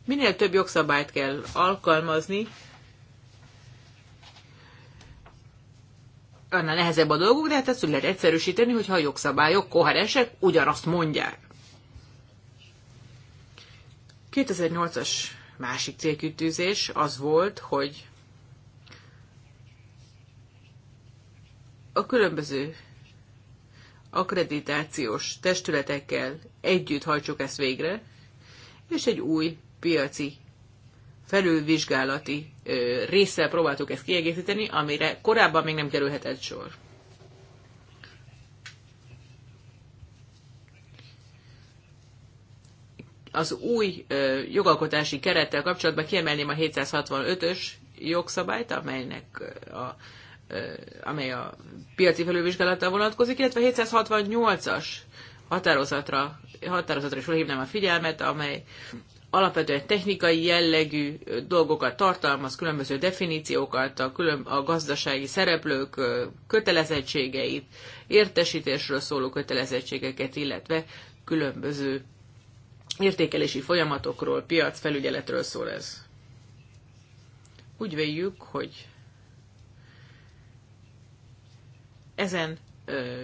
minél több jogszabályt kell alkalmazni, annál nehezebb a dolguk, de hát ezt lehet egyszerűsíteni, hogyha a jogszabályok koherensek, ugyanazt mondják. 2008-as másik célkütőzés az volt, hogy a különböző akkreditációs testületekkel együtt hajtsuk ezt végre, és egy új piaci felülvizsgálati ö, résszel próbáltuk ezt kiegészíteni, amire korábban még nem kerülhetett sor. Az új ö, jogalkotási kerettel kapcsolatban kiemelném a 765-ös jogszabályt, amelynek a amely a piaci felülvizsgálata vonatkozik, illetve 768-as határozatra, határozatra is felhívnám a figyelmet, amely alapvetően technikai jellegű dolgokat tartalmaz, különböző definíciókat, a, külön, a gazdasági szereplők kötelezettségeit, értesítésről szóló kötelezettségeket, illetve különböző értékelési folyamatokról, piacfelügyeletről szól ez. Úgy véljük, hogy ezen ö,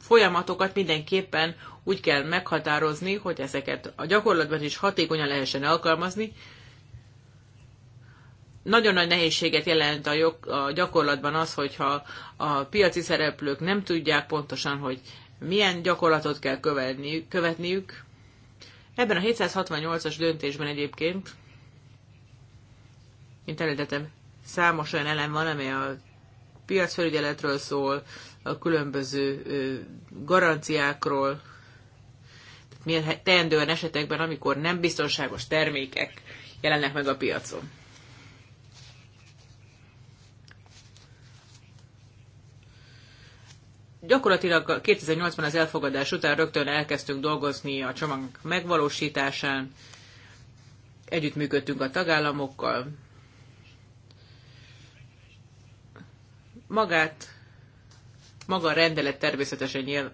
folyamatokat mindenképpen úgy kell meghatározni, hogy ezeket a gyakorlatban is hatékonyan lehessen alkalmazni. Nagyon nagy nehézséget jelent a, jog, a gyakorlatban az, hogyha a piaci szereplők nem tudják pontosan, hogy milyen gyakorlatot kell követni, követniük. Ebben a 768-as döntésben egyébként, mint említettem, számos olyan elem van, amely a piacfelügyeletről szól, a különböző garanciákról, milyen teendően esetekben, amikor nem biztonságos termékek jelennek meg a piacon. Gyakorlatilag 2008-ban az elfogadás után rögtön elkezdtünk dolgozni a csomag megvalósításán, együttműködtünk a tagállamokkal, magát, maga a rendelet természetesen nyil,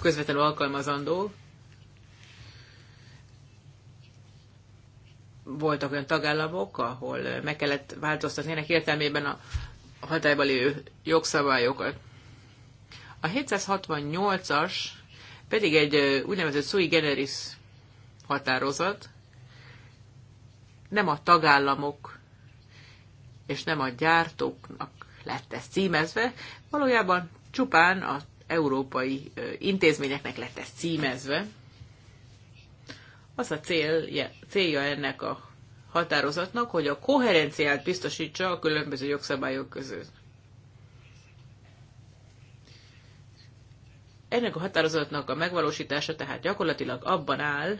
közvetlenül alkalmazandó. Voltak olyan tagállamok, ahol meg kellett változtatni ennek értelmében a hatályban lévő jogszabályokat. A 768-as pedig egy úgynevezett sui generis határozat, nem a tagállamok és nem a gyártóknak lett ez címezve, valójában csupán az európai intézményeknek lett ez címezve. Az a célja, célja ennek a határozatnak, hogy a koherenciát biztosítsa a különböző jogszabályok között. Ennek a határozatnak a megvalósítása tehát gyakorlatilag abban áll,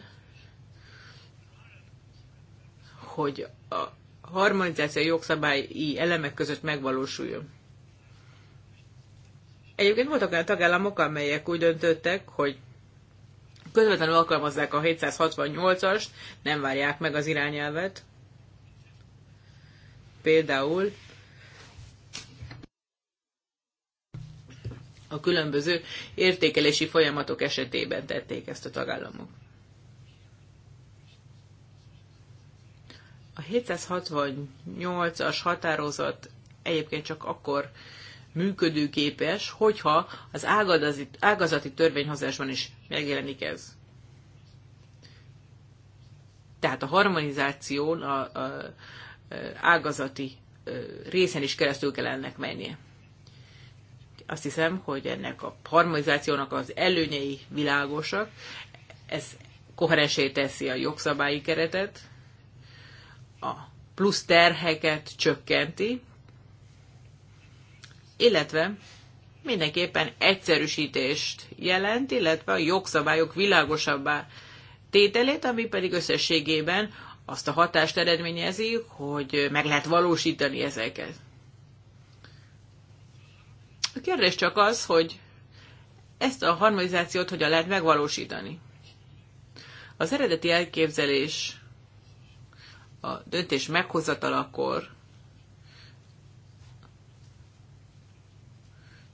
hogy a harmonizáció jogszabályi elemek között megvalósuljon. Egyébként voltak olyan tagállamok, amelyek úgy döntöttek, hogy közvetlenül alkalmazzák a 768-ast, nem várják meg az irányelvet. Például a különböző értékelési folyamatok esetében tették ezt a tagállamok. A 768-as határozat egyébként csak akkor működőképes, hogyha az ágazati, ágazati törvényhozásban is megjelenik ez. Tehát a harmonizáción a, a, a ágazati részen is keresztül kell ennek mennie. Azt hiszem, hogy ennek a harmonizációnak az előnyei világosak, ez koherensé teszi a jogszabályi keretet, a plusz terheket csökkenti, illetve mindenképpen egyszerűsítést jelent, illetve a jogszabályok világosabbá tételét, ami pedig összességében azt a hatást eredményezi, hogy meg lehet valósítani ezeket. A kérdés csak az, hogy ezt a harmonizációt hogyan lehet megvalósítani. Az eredeti elképzelés a döntés meghozatalakor,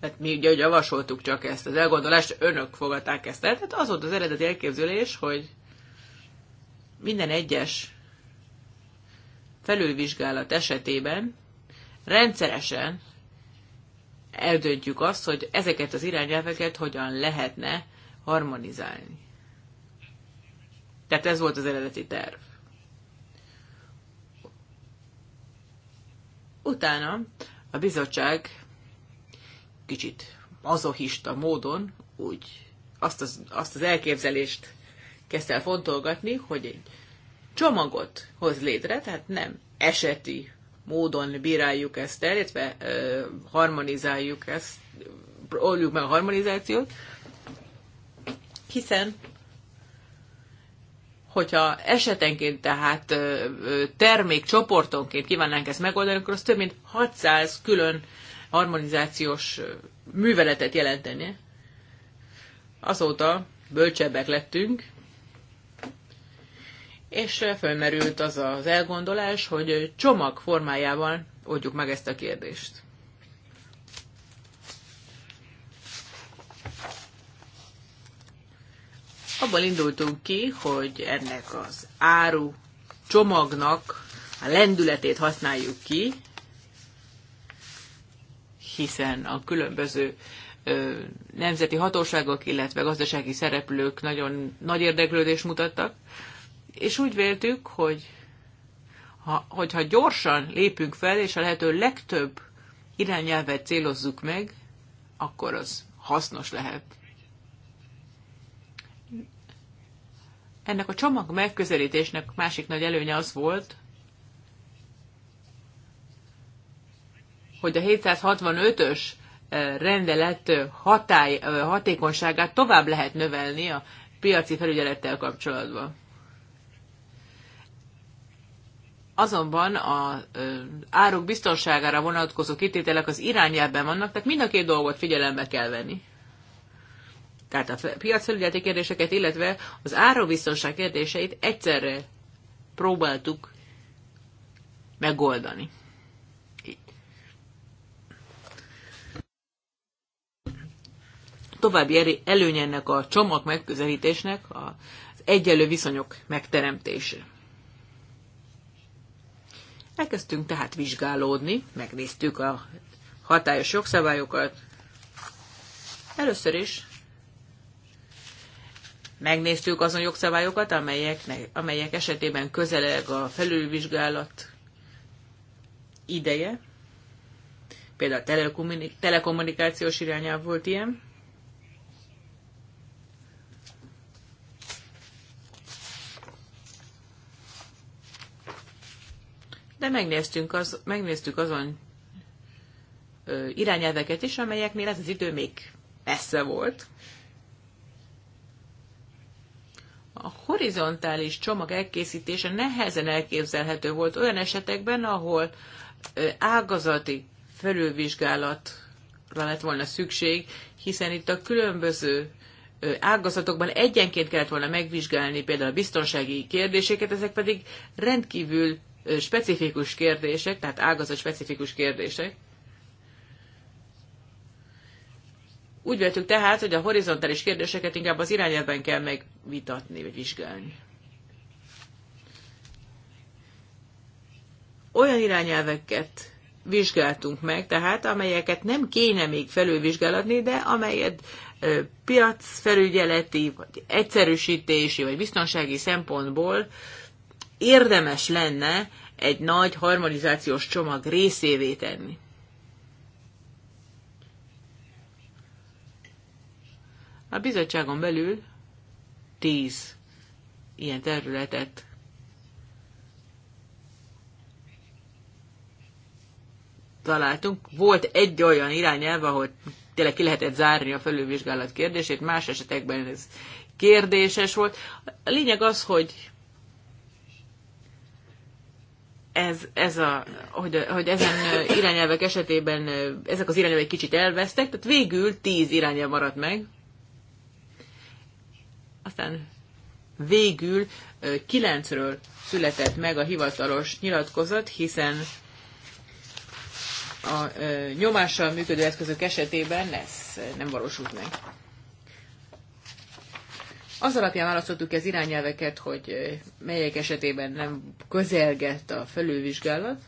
tehát mi ugye javasoltuk csak ezt az elgondolást, önök fogadták ezt el, tehát az volt az eredeti elképzelés, hogy minden egyes felülvizsgálat esetében rendszeresen eldöntjük azt, hogy ezeket az irányelveket hogyan lehetne harmonizálni. Tehát ez volt az eredeti terv. Utána a bizottság kicsit azohista módon úgy azt az, azt az elképzelést kezdte el fontolgatni, hogy egy csomagot hoz létre, tehát nem eseti módon bíráljuk ezt el, illetve uh, harmonizáljuk ezt, oljuk meg a harmonizációt, hiszen hogyha esetenként, tehát termékcsoportonként kívánnánk ezt megoldani, akkor az több mint 600 külön harmonizációs műveletet jelenteni. Azóta bölcsebbek lettünk, és fölmerült az az elgondolás, hogy csomag formájában oldjuk meg ezt a kérdést. Abból indultunk ki, hogy ennek az áru csomagnak a lendületét használjuk ki, hiszen a különböző nemzeti hatóságok, illetve gazdasági szereplők nagyon nagy érdeklődést mutattak, és úgy véltük, hogy ha, hogyha gyorsan lépünk fel, és a lehető legtöbb irányelvet célozzuk meg, akkor az hasznos lehet Ennek a csomag megközelítésnek másik nagy előnye az volt, hogy a 765-ös eh, rendelet eh, hatály, eh, hatékonyságát tovább lehet növelni a piaci felügyelettel kapcsolatban. Azonban az áruk biztonságára vonatkozó kitételek az irányelben vannak, tehát mind a két dolgot figyelembe kell venni tehát a piacfelügyeleti kérdéseket, illetve az áróbiztonság kérdéseit egyszerre próbáltuk megoldani. További előny ennek a csomag megközelítésnek az egyenlő viszonyok megteremtése. Elkezdtünk tehát vizsgálódni, megnéztük a hatályos jogszabályokat. Először is Megnéztük azon jogszabályokat, amelyeknek, amelyek esetében közeleg a felülvizsgálat ideje. Például a telekommunik- telekommunikációs irányában volt ilyen. De megnéztünk az, megnéztük azon ö, irányelveket is, amelyeknél ez az idő még messze volt, a horizontális csomag elkészítése nehezen elképzelhető volt olyan esetekben, ahol ágazati felülvizsgálatra lett volna szükség, hiszen itt a különböző ágazatokban egyenként kellett volna megvizsgálni például a biztonsági kérdéseket, ezek pedig rendkívül specifikus kérdések, tehát ágazat specifikus kérdések. Úgy vettük tehát, hogy a horizontális kérdéseket inkább az irányelben kell megvitatni, vagy vizsgálni. Olyan irányelveket vizsgáltunk meg, tehát amelyeket nem kéne még felülvizsgálatni, de amelyet ö, piacfelügyeleti, vagy egyszerűsítési, vagy biztonsági szempontból érdemes lenne egy nagy harmonizációs csomag részévé tenni. A bizottságon belül tíz ilyen területet találtunk. Volt egy olyan irányelv, ahol tényleg ki lehetett zárni a felülvizsgálat kérdését, más esetekben ez kérdéses volt. A lényeg az, hogy ez, ez a, hogy, hogy ezen irányelvek esetében ezek az irányelvek kicsit elvesztek, tehát végül tíz irányelv maradt meg aztán végül kilencről született meg a hivatalos nyilatkozat, hiszen a nyomással működő eszközök esetében ez nem valósult meg. Az alapján választottuk az irányelveket, hogy melyek esetében nem közelgett a felülvizsgálat.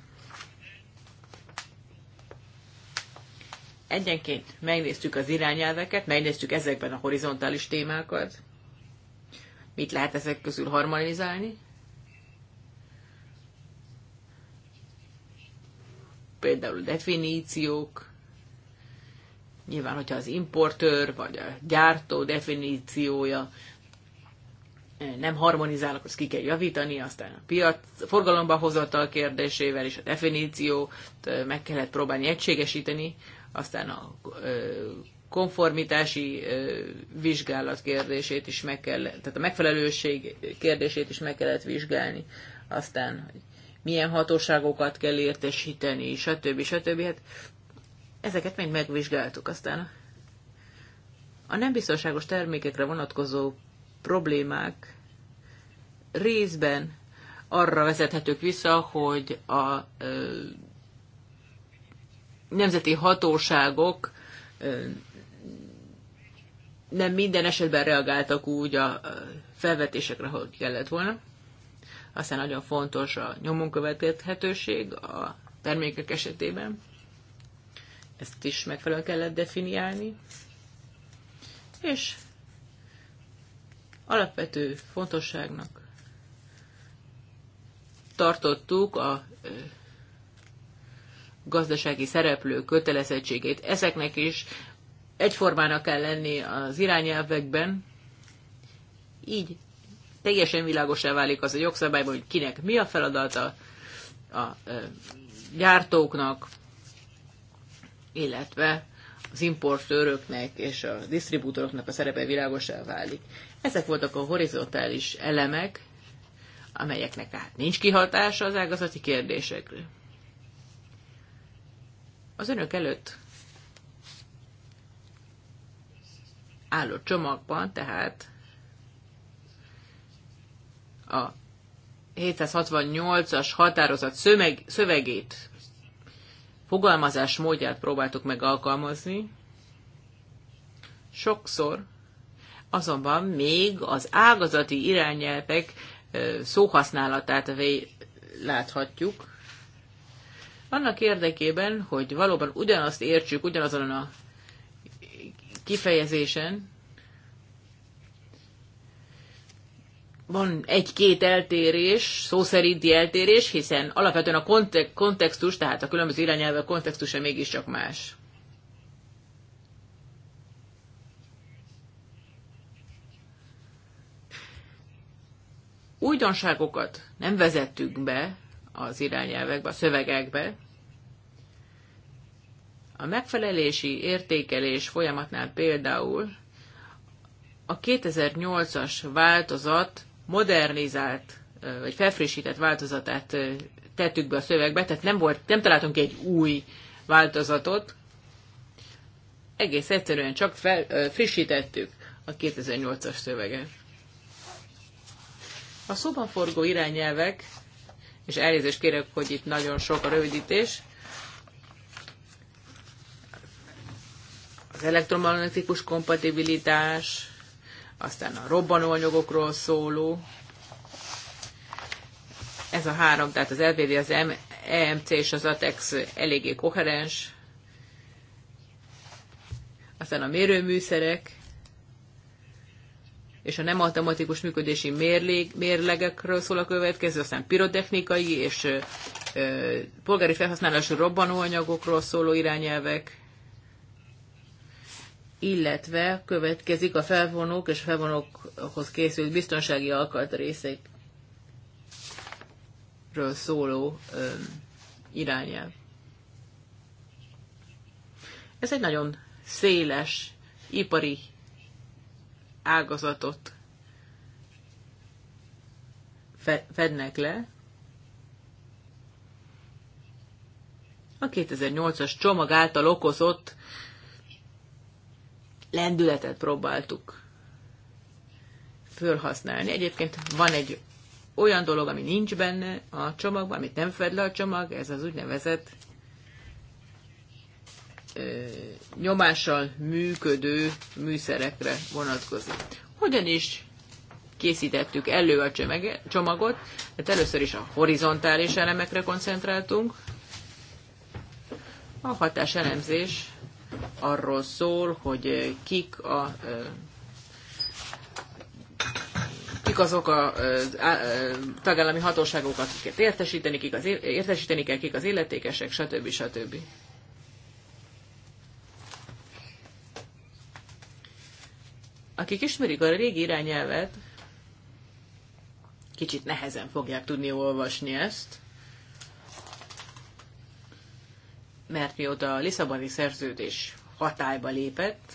Egyenként megnéztük az irányelveket, megnéztük ezekben a horizontális témákat, Mit lehet ezek közül harmonizálni? Például definíciók, nyilván, hogyha az importőr vagy a gyártó definíciója nem akkor ezt ki kell javítani, aztán a piac a forgalomba hozatal kérdésével és a definíciót meg kellett próbálni egységesíteni, aztán a konformitási vizsgálat kérdését is meg kell, tehát a megfelelőség kérdését is meg kellett vizsgálni. Aztán, hogy milyen hatóságokat kell értesíteni, stb. stb. Hát ezeket mind megvizsgáltuk. Aztán a nem biztonságos termékekre vonatkozó problémák részben arra vezethetők vissza, hogy a ö, nemzeti hatóságok ö, nem minden esetben reagáltak úgy a felvetésekre, hogy kellett volna. Aztán nagyon fontos a nyomon követhetőség a termékek esetében. Ezt is megfelelően kellett definiálni. És alapvető fontosságnak tartottuk a gazdasági szereplő kötelezettségét. Ezeknek is egyformának kell lenni az irányelvekben, így teljesen világosá válik az a jogszabályban, hogy kinek mi a feladata a gyártóknak, illetve az importőröknek és a disztribútoroknak a szerepe világosá válik. Ezek voltak a horizontális elemek, amelyeknek hát nincs kihatása az ágazati kérdésekre. Az önök előtt álló csomagban, tehát a 768-as határozat szöveg, szövegét, fogalmazás módját próbáltuk meg alkalmazni. Sokszor azonban még az ágazati irányelvek szóhasználatát láthatjuk. Annak érdekében, hogy valóban ugyanazt értsük ugyanazon a kifejezésen van egy-két eltérés, szó szerinti eltérés, hiszen alapvetően a kontextus, tehát a különböző irányelvek kontextusa mégiscsak más. Újdonságokat nem vezettük be az irányelvekbe, a szövegekbe, a megfelelési értékelés folyamatnál például a 2008-as változat modernizált, vagy felfrissített változatát tettük be a szövegbe, tehát nem, volt, nem találtunk egy új változatot, egész egyszerűen csak fel, frissítettük a 2008-as szöveget. A szóban forgó irányelvek, és elnézést kérek, hogy itt nagyon sok a rövidítés, az elektromagnetikus kompatibilitás, aztán a robbanóanyagokról szóló, ez a három, tehát az LVV, az EMC és az ATEX eléggé koherens, aztán a mérőműszerek, és a nem automatikus működési mérlég, mérlegekről szól a következő, aztán pirotechnikai és ö, polgári felhasználású robbanóanyagokról szóló irányelvek, illetve következik a felvonók és felvonókhoz készült biztonsági alkatrészekről szóló irányel. Ez egy nagyon széles ipari ágazatot fednek le. A 2008-as csomag által okozott lendületet próbáltuk fölhasználni. Egyébként van egy olyan dolog, ami nincs benne a csomagban, amit nem fed le a csomag, ez az úgynevezett ö, nyomással működő műszerekre vonatkozik. Hogyan is készítettük elő a csomagot? Hát először is a horizontális elemekre koncentráltunk. A hatáselemzés arról szól, hogy kik a kik azok a tagállami hatóságokat, akiket értesíteni, kik az, értesíteni kell, kik az illetékesek, stb. stb. Akik ismerik a régi irányelvet, kicsit nehezen fogják tudni olvasni ezt, mert mióta a Lisszaboni szerződés hatályba lépett,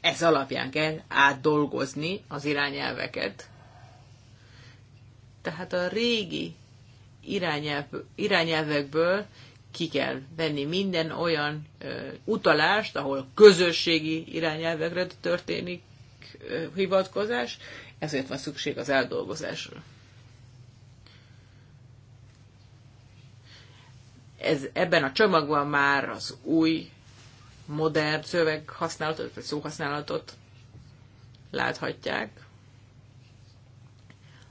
ez alapján kell átdolgozni az irányelveket. Tehát a régi irányelv, irányelvekből ki kell venni minden olyan ö, utalást, ahol közösségi irányelvekre történik ö, hivatkozás, ezért van szükség az eldolgozásra. ez, ebben a csomagban már az új, modern szöveghasználatot, vagy szóhasználatot láthatják.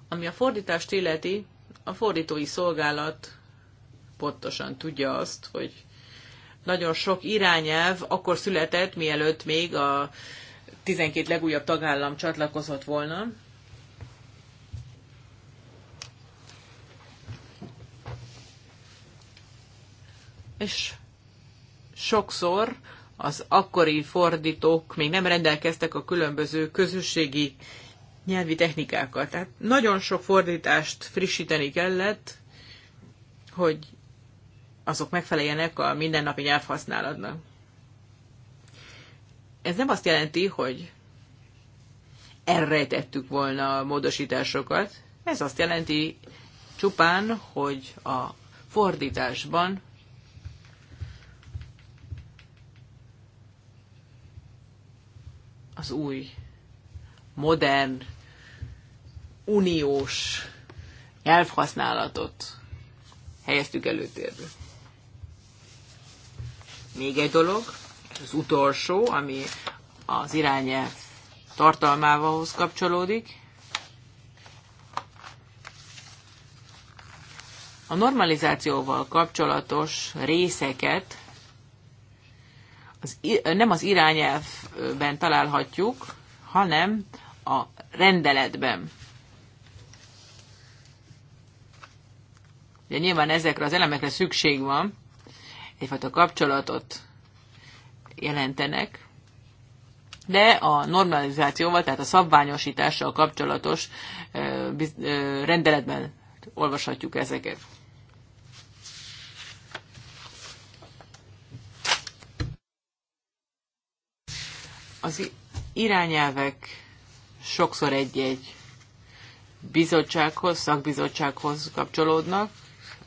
Ami a fordítást illeti, a fordítói szolgálat pontosan tudja azt, hogy nagyon sok irányelv akkor született, mielőtt még a 12 legújabb tagállam csatlakozott volna. és sokszor az akkori fordítók még nem rendelkeztek a különböző közösségi nyelvi technikákkal. Tehát nagyon sok fordítást frissíteni kellett, hogy azok megfeleljenek a mindennapi nyelvhasználatnak. Ez nem azt jelenti, hogy elrejtettük volna a módosításokat. Ez azt jelenti csupán, hogy a fordításban az új, modern, uniós nyelvhasználatot helyeztük előtérbe. Még egy dolog, az utolsó, ami az irányelv tartalmához kapcsolódik. A normalizációval kapcsolatos részeket az, nem az irányelvben találhatjuk, hanem a rendeletben. Ugye nyilván ezekre az elemekre szükség van, egyfajta kapcsolatot jelentenek, de a normalizációval, tehát a szabványosítással kapcsolatos rendeletben olvashatjuk ezeket. Az irányelvek sokszor egy-egy bizottsághoz, szakbizottsághoz kapcsolódnak,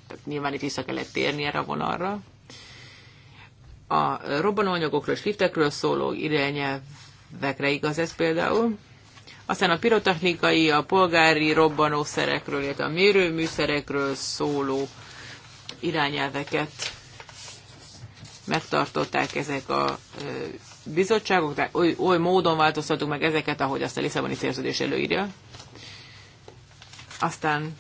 tehát nyilván itt vissza kellett térni erre a vonalra. A robbanóanyagokról és liftekről szóló irányelvekre igaz ez például. Aztán a pirotechnikai, a polgári robbanószerekről, illetve a mérőműszerekről szóló irányelveket megtartották ezek a bizottságok, tehát oly, oly módon változtatunk meg ezeket, ahogy azt a Lisszaboni szerződés előírja. Aztán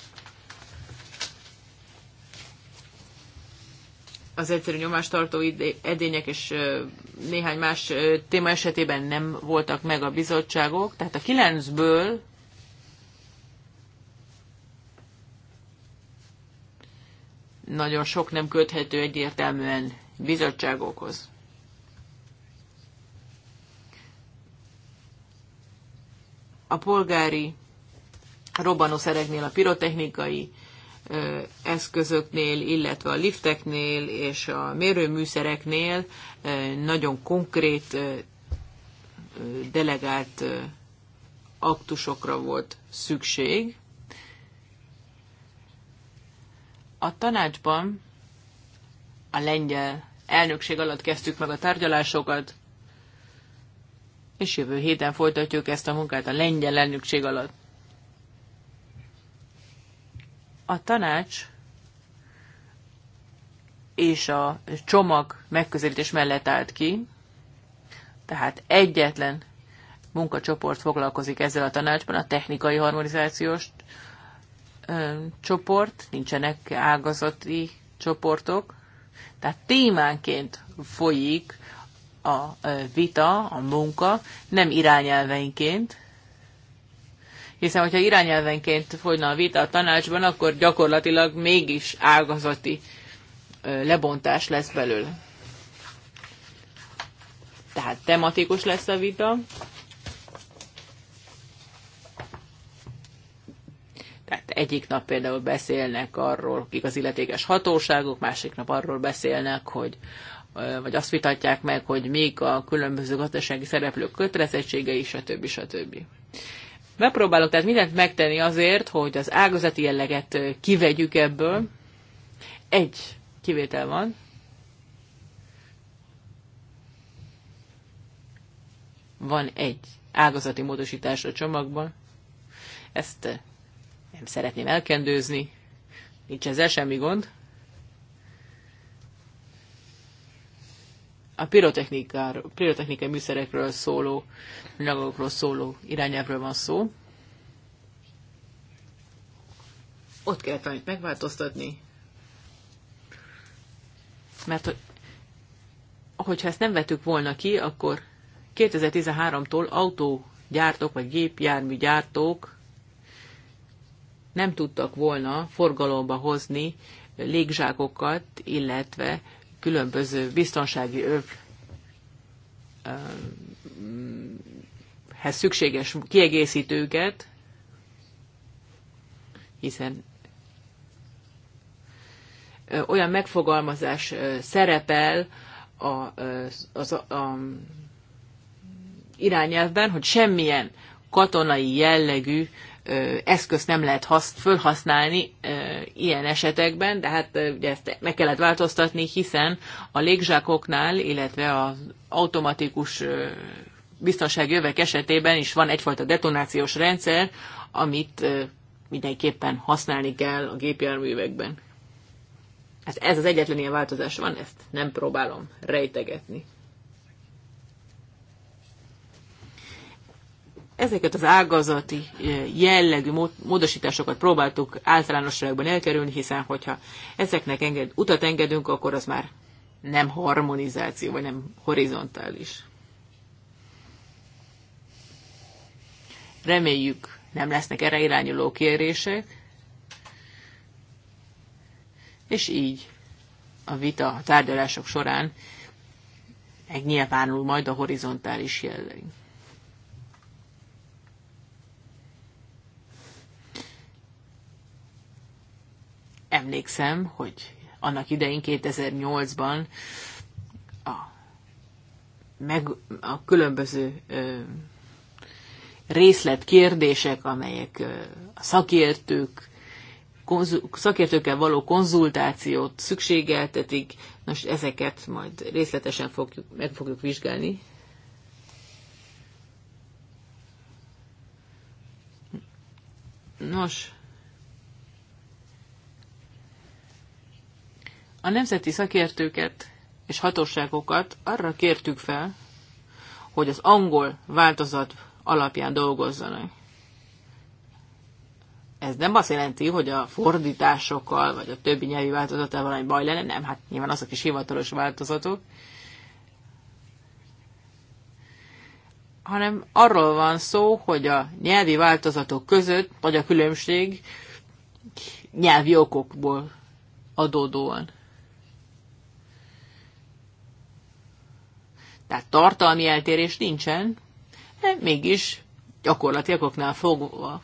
az egyszerű nyomástartó edények és néhány más téma esetében nem voltak meg a bizottságok, tehát a kilencből nagyon sok nem köthető egyértelműen bizottságokhoz. a polgári robbanószereknél, a pirotechnikai eszközöknél, illetve a lifteknél és a mérőműszereknél nagyon konkrét delegált aktusokra volt szükség. A tanácsban a lengyel elnökség alatt kezdtük meg a tárgyalásokat, és jövő héten folytatjuk ezt a munkát a lengyel elnökség alatt. A tanács és a csomag megközelítés mellett állt ki, tehát egyetlen munkacsoport foglalkozik ezzel a tanácsban, a technikai harmonizációs csoport, nincsenek ágazati csoportok, tehát témánként folyik a vita, a munka nem irányelveinként, hiszen hogyha irányelvenként folyna a vita a tanácsban, akkor gyakorlatilag mégis ágazati lebontás lesz belőle. Tehát tematikus lesz a vita. Tehát egyik nap például beszélnek arról, kik az illetékes hatóságok, másik nap arról beszélnek, hogy vagy azt vitatják meg, hogy még a különböző gazdasági szereplők is, stb. stb. Megpróbálok tehát mindent megtenni azért, hogy az ágazati jelleget kivegyük ebből. Egy kivétel van. Van egy ágazati módosítás a csomagban. Ezt nem szeretném elkendőzni. Nincs ezzel semmi gond. a pirotechnikai műszerekről szóló, anyagokról szóló irányelvről van szó. Ott kell valamit megváltoztatni, mert hogyha ezt nem vettük volna ki, akkor 2013-tól autógyártók vagy gépjárműgyártók nem tudtak volna forgalomba hozni légzsákokat, illetve különböző biztonsági övhez szükséges kiegészítőket, hiszen olyan megfogalmazás szerepel a, az, a, a irányelvben, hogy semmilyen katonai jellegű eszközt nem lehet haszt, fölhasználni ilyen esetekben, de hát ugye ezt meg kellett változtatni, hiszen a légzsákoknál, illetve az automatikus biztonsági övek esetében is van egyfajta detonációs rendszer, amit mindenképpen használni kell a gépjárművekben. Hát ez az egyetlen ilyen változás van, ezt nem próbálom rejtegetni. Ezeket az ágazati jellegű módosításokat próbáltuk általánosságban elkerülni, hiszen hogyha ezeknek enged, utat engedünk, akkor az már nem harmonizáció, vagy nem horizontális. Reméljük, nem lesznek erre irányuló kérések, és így a vita, a tárgyalások során megnyilvánul majd a horizontális jelleg. emlékszem, hogy annak idején 2008-ban a, meg, a különböző ö, részletkérdések, amelyek ö, a szakértők, konzul, szakértőkkel való konzultációt szükségeltetik, most ezeket majd részletesen fogjuk, meg fogjuk vizsgálni. Nos, A nemzeti szakértőket és hatóságokat arra kértük fel, hogy az angol változat alapján dolgozzanak. Ez nem azt jelenti, hogy a fordításokkal, vagy a többi nyelvi változatával valami baj lenne, nem, hát nyilván azok is hivatalos változatok, hanem arról van szó, hogy a nyelvi változatok között vagy a különbség nyelvi okokból adódóan. Tehát tartalmi eltérés nincsen, de mégis gyakorlati okoknál fogva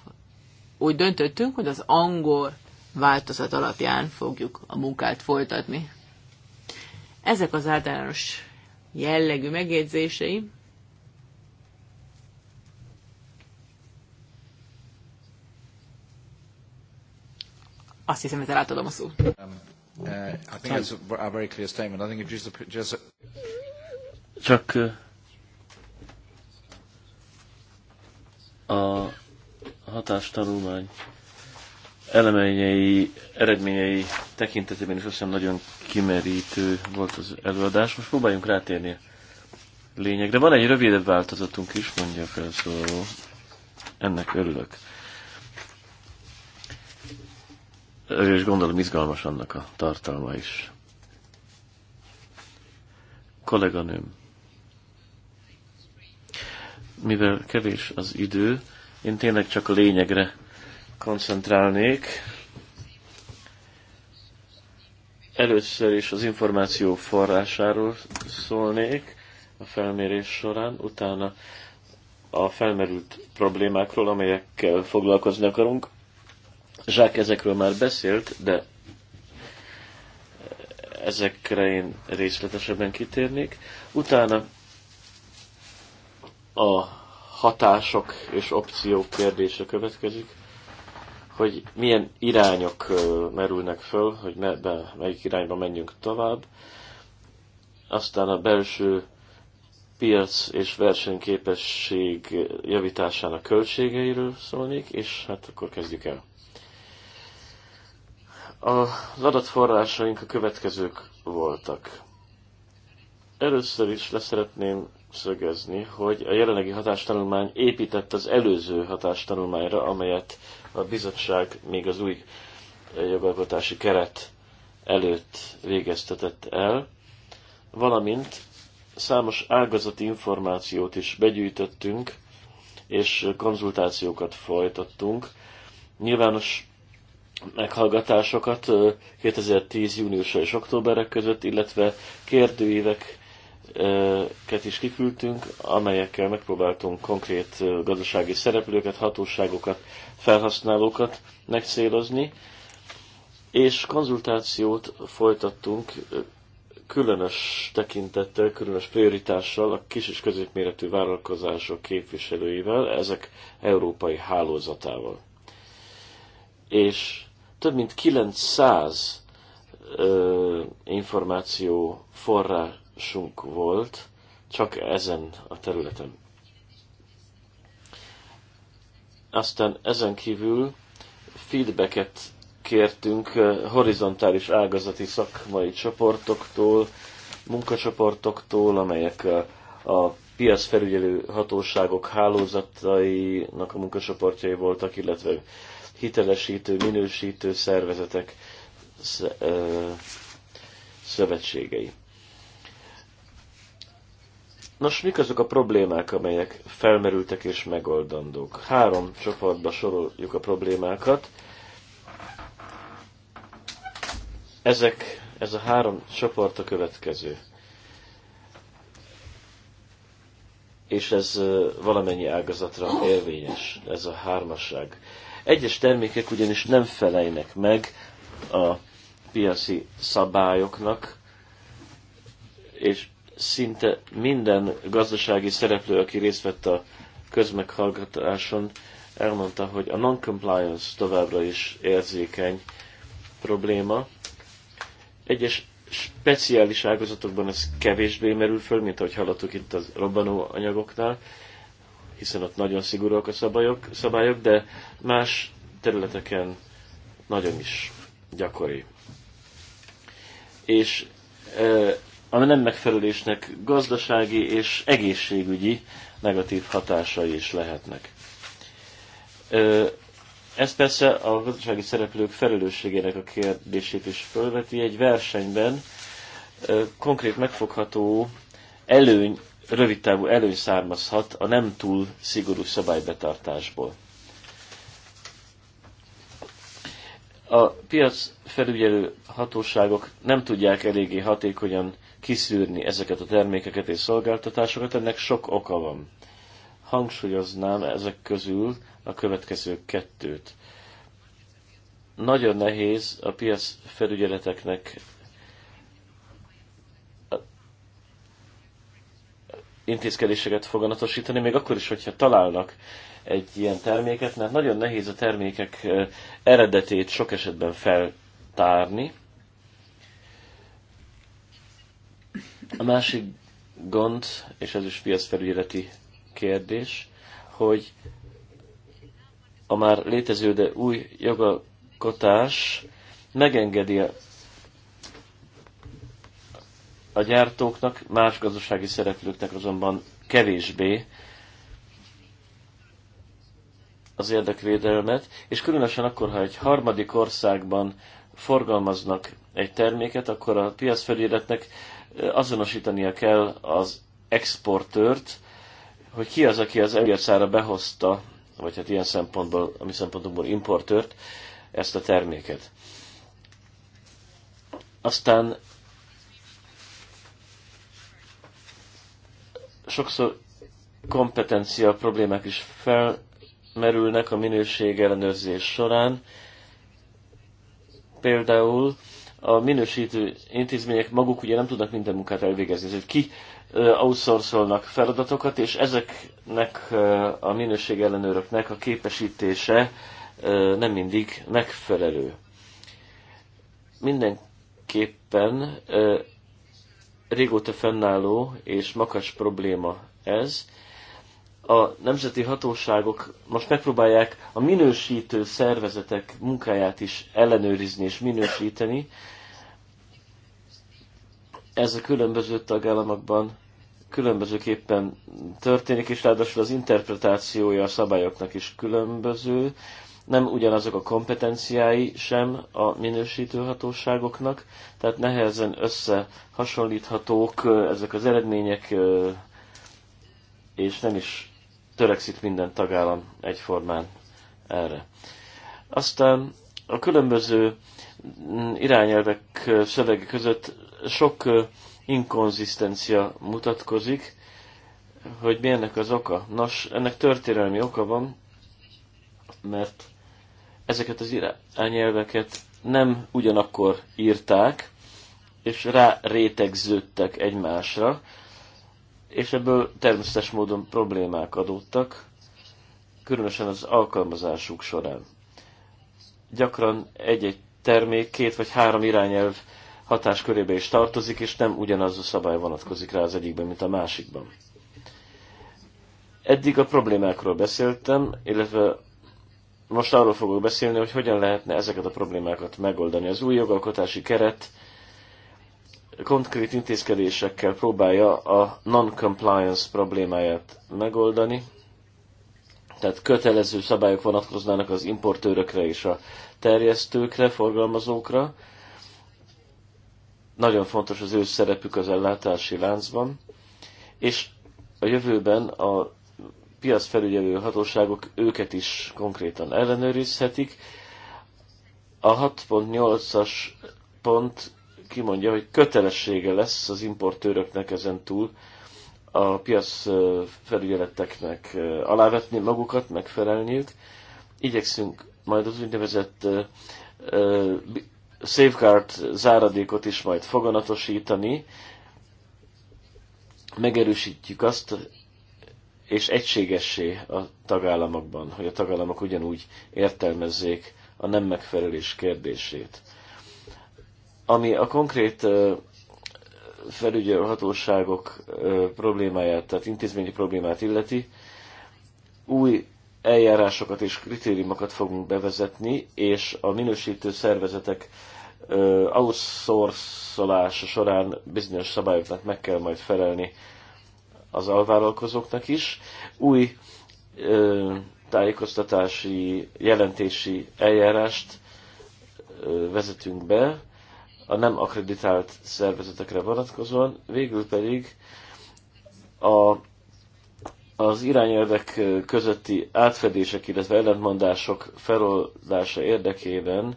úgy döntöttünk, hogy az angol változat alapján fogjuk a munkát folytatni. Ezek az általános jellegű megjegyzéseim. Azt hiszem, ezzel átadom a szót. Um, uh, I think a very clear statement. I think if just, just csak a hatástanulmány elemeinyei, eredményei tekintetében is azt hiszem nagyon kimerítő volt az előadás. Most próbáljunk rátérni a lényegre. Van egy rövidebb változatunk is, mondja a felszólaló. Ennek örülök. És gondolom izgalmas annak a tartalma is. Kolléganőm mivel kevés az idő, én tényleg csak a lényegre koncentrálnék. Először is az információ forrásáról szólnék a felmérés során, utána a felmerült problémákról, amelyekkel foglalkozni akarunk. Zsák ezekről már beszélt, de ezekre én részletesebben kitérnék. Utána a hatások és opciók kérdése következik, hogy milyen irányok merülnek föl, hogy mebe, melyik irányba menjünk tovább. Aztán a belső piac és versenyképesség javításának költségeiről szólnék, és hát akkor kezdjük el. Az adatforrásaink a következők voltak. Először is leszeretném szögezni, hogy a jelenlegi hatástanulmány épített az előző hatástanulmányra, amelyet a bizottság még az új eh, jogalkotási keret előtt végeztetett el, valamint számos ágazati információt is begyűjtöttünk, és konzultációkat folytattunk. Nyilvános meghallgatásokat 2010. Eh, júniusa és októberek között, illetve kérdőívek ket is kiküldtünk, amelyekkel megpróbáltunk konkrét gazdasági szereplőket, hatóságokat, felhasználókat megcélozni, és konzultációt folytattunk különös tekintettel, különös prioritással a kis és középméretű vállalkozások képviselőivel, ezek európai hálózatával. És több mint 900 ö, információ forrás hatásunk volt csak ezen a területen. Aztán ezen kívül feedbacket kértünk eh, horizontális ágazati szakmai csoportoktól, munkacsoportoktól, amelyek eh, a piacfelügyelő hatóságok hálózatainak a munkacsoportjai voltak, illetve hitelesítő, minősítő szervezetek eh, szövetségei. Nos, mik azok a problémák, amelyek felmerültek és megoldandók? Három csoportba soroljuk a problémákat. Ezek, ez a három csoport a következő. És ez valamennyi ágazatra érvényes, ez a hármasság. Egyes termékek ugyanis nem felejnek meg a piaci szabályoknak, és szinte minden gazdasági szereplő, aki részt vett a közmeghallgatáson, elmondta, hogy a non-compliance továbbra is érzékeny probléma. Egyes speciális ágazatokban ez kevésbé merül föl, mint ahogy hallottuk itt az robbanó anyagoknál, hiszen ott nagyon szigorúak a szabályok, szabályok, de más területeken nagyon is gyakori. És e, a nem megfelelésnek gazdasági és egészségügyi negatív hatásai is lehetnek. Ez persze a gazdasági szereplők felelősségének a kérdését is felveti. Egy versenyben konkrét megfogható előny, rövidtávú előny származhat a nem túl szigorú szabálybetartásból. A piac felügyelő hatóságok nem tudják eléggé hatékonyan kiszűrni ezeket a termékeket és szolgáltatásokat, ennek sok oka van. Hangsúlyoznám ezek közül a következő kettőt. Nagyon nehéz a piac felügyeleteknek intézkedéseket foganatosítani, még akkor is, hogyha találnak egy ilyen terméket, mert nagyon nehéz a termékek eh, eredetét sok esetben feltárni, A másik gond, és ez is piacfelügyeleti kérdés, hogy a már létező, de új jogalkotás megengedi a, a gyártóknak, más gazdasági szereplőknek azonban kevésbé az érdekvédelmet, és különösen akkor, ha egy harmadik országban forgalmaznak egy terméket, akkor a piacfelületnek azonosítania kell az exportőrt, hogy ki az, aki az elérszára behozta, vagy hát ilyen szempontból, ami szempontból importőrt, ezt a terméket. Aztán sokszor kompetencia problémák is felmerülnek a minőség ellenőrzés során. Például a minősítő intézmények maguk ugye nem tudnak minden munkát elvégezni, ezért ki outsourcolnak feladatokat, és ezeknek a minőség ellenőröknek a képesítése nem mindig megfelelő. Mindenképpen régóta fennálló és makacs probléma ez. A nemzeti hatóságok most megpróbálják a minősítő szervezetek munkáját is ellenőrizni és minősíteni, ez a különböző tagállamokban különbözőképpen történik, és ráadásul az interpretációja a szabályoknak is különböző. Nem ugyanazok a kompetenciái sem a minősítő hatóságoknak, tehát nehezen összehasonlíthatók ezek az eredmények, és nem is törekszik minden tagállam egyformán erre. Aztán a különböző mm, irányelvek szövege között sok inkonzisztencia mutatkozik, hogy mi ennek az oka. Nos, ennek történelmi oka van, mert ezeket az irányelveket nem ugyanakkor írták, és rá rétegződtek egymásra, és ebből természetes módon problémák adódtak, különösen az alkalmazásuk során. Gyakran egy-egy termék két vagy három irányelv hatáskörébe is tartozik, és nem ugyanaz a szabály vonatkozik rá az egyikben, mint a másikban. Eddig a problémákról beszéltem, illetve most arról fogok beszélni, hogy hogyan lehetne ezeket a problémákat megoldani. Az új jogalkotási keret konkrét intézkedésekkel próbálja a non-compliance problémáját megoldani, tehát kötelező szabályok vonatkoznának az importőrökre és a terjesztőkre, forgalmazókra, nagyon fontos az ő szerepük az ellátási láncban, és a jövőben a piacfelügyelő hatóságok őket is konkrétan ellenőrizhetik. A 6.8-as pont kimondja, hogy kötelessége lesz az importőröknek ezen túl a piac felügyeleteknek alávetni magukat, megfelelniük. Igyekszünk majd az úgynevezett safeguard záradékot is majd foganatosítani. Megerősítjük azt, és egységessé a tagállamokban, hogy a tagállamok ugyanúgy értelmezzék a nem megfelelés kérdését. Ami a konkrét felügyelhatóságok problémáját, tehát intézményi problémát illeti, új eljárásokat és kritériumokat fogunk bevezetni, és a minősítő szervezetek outsourcolása során bizonyos szabályoknak meg kell majd felelni az alvállalkozóknak is. Új ö, tájékoztatási, jelentési eljárást ö, vezetünk be a nem akreditált szervezetekre vonatkozóan, végül pedig a, az irányelvek közötti átfedések, illetve ellentmondások feloldása érdekében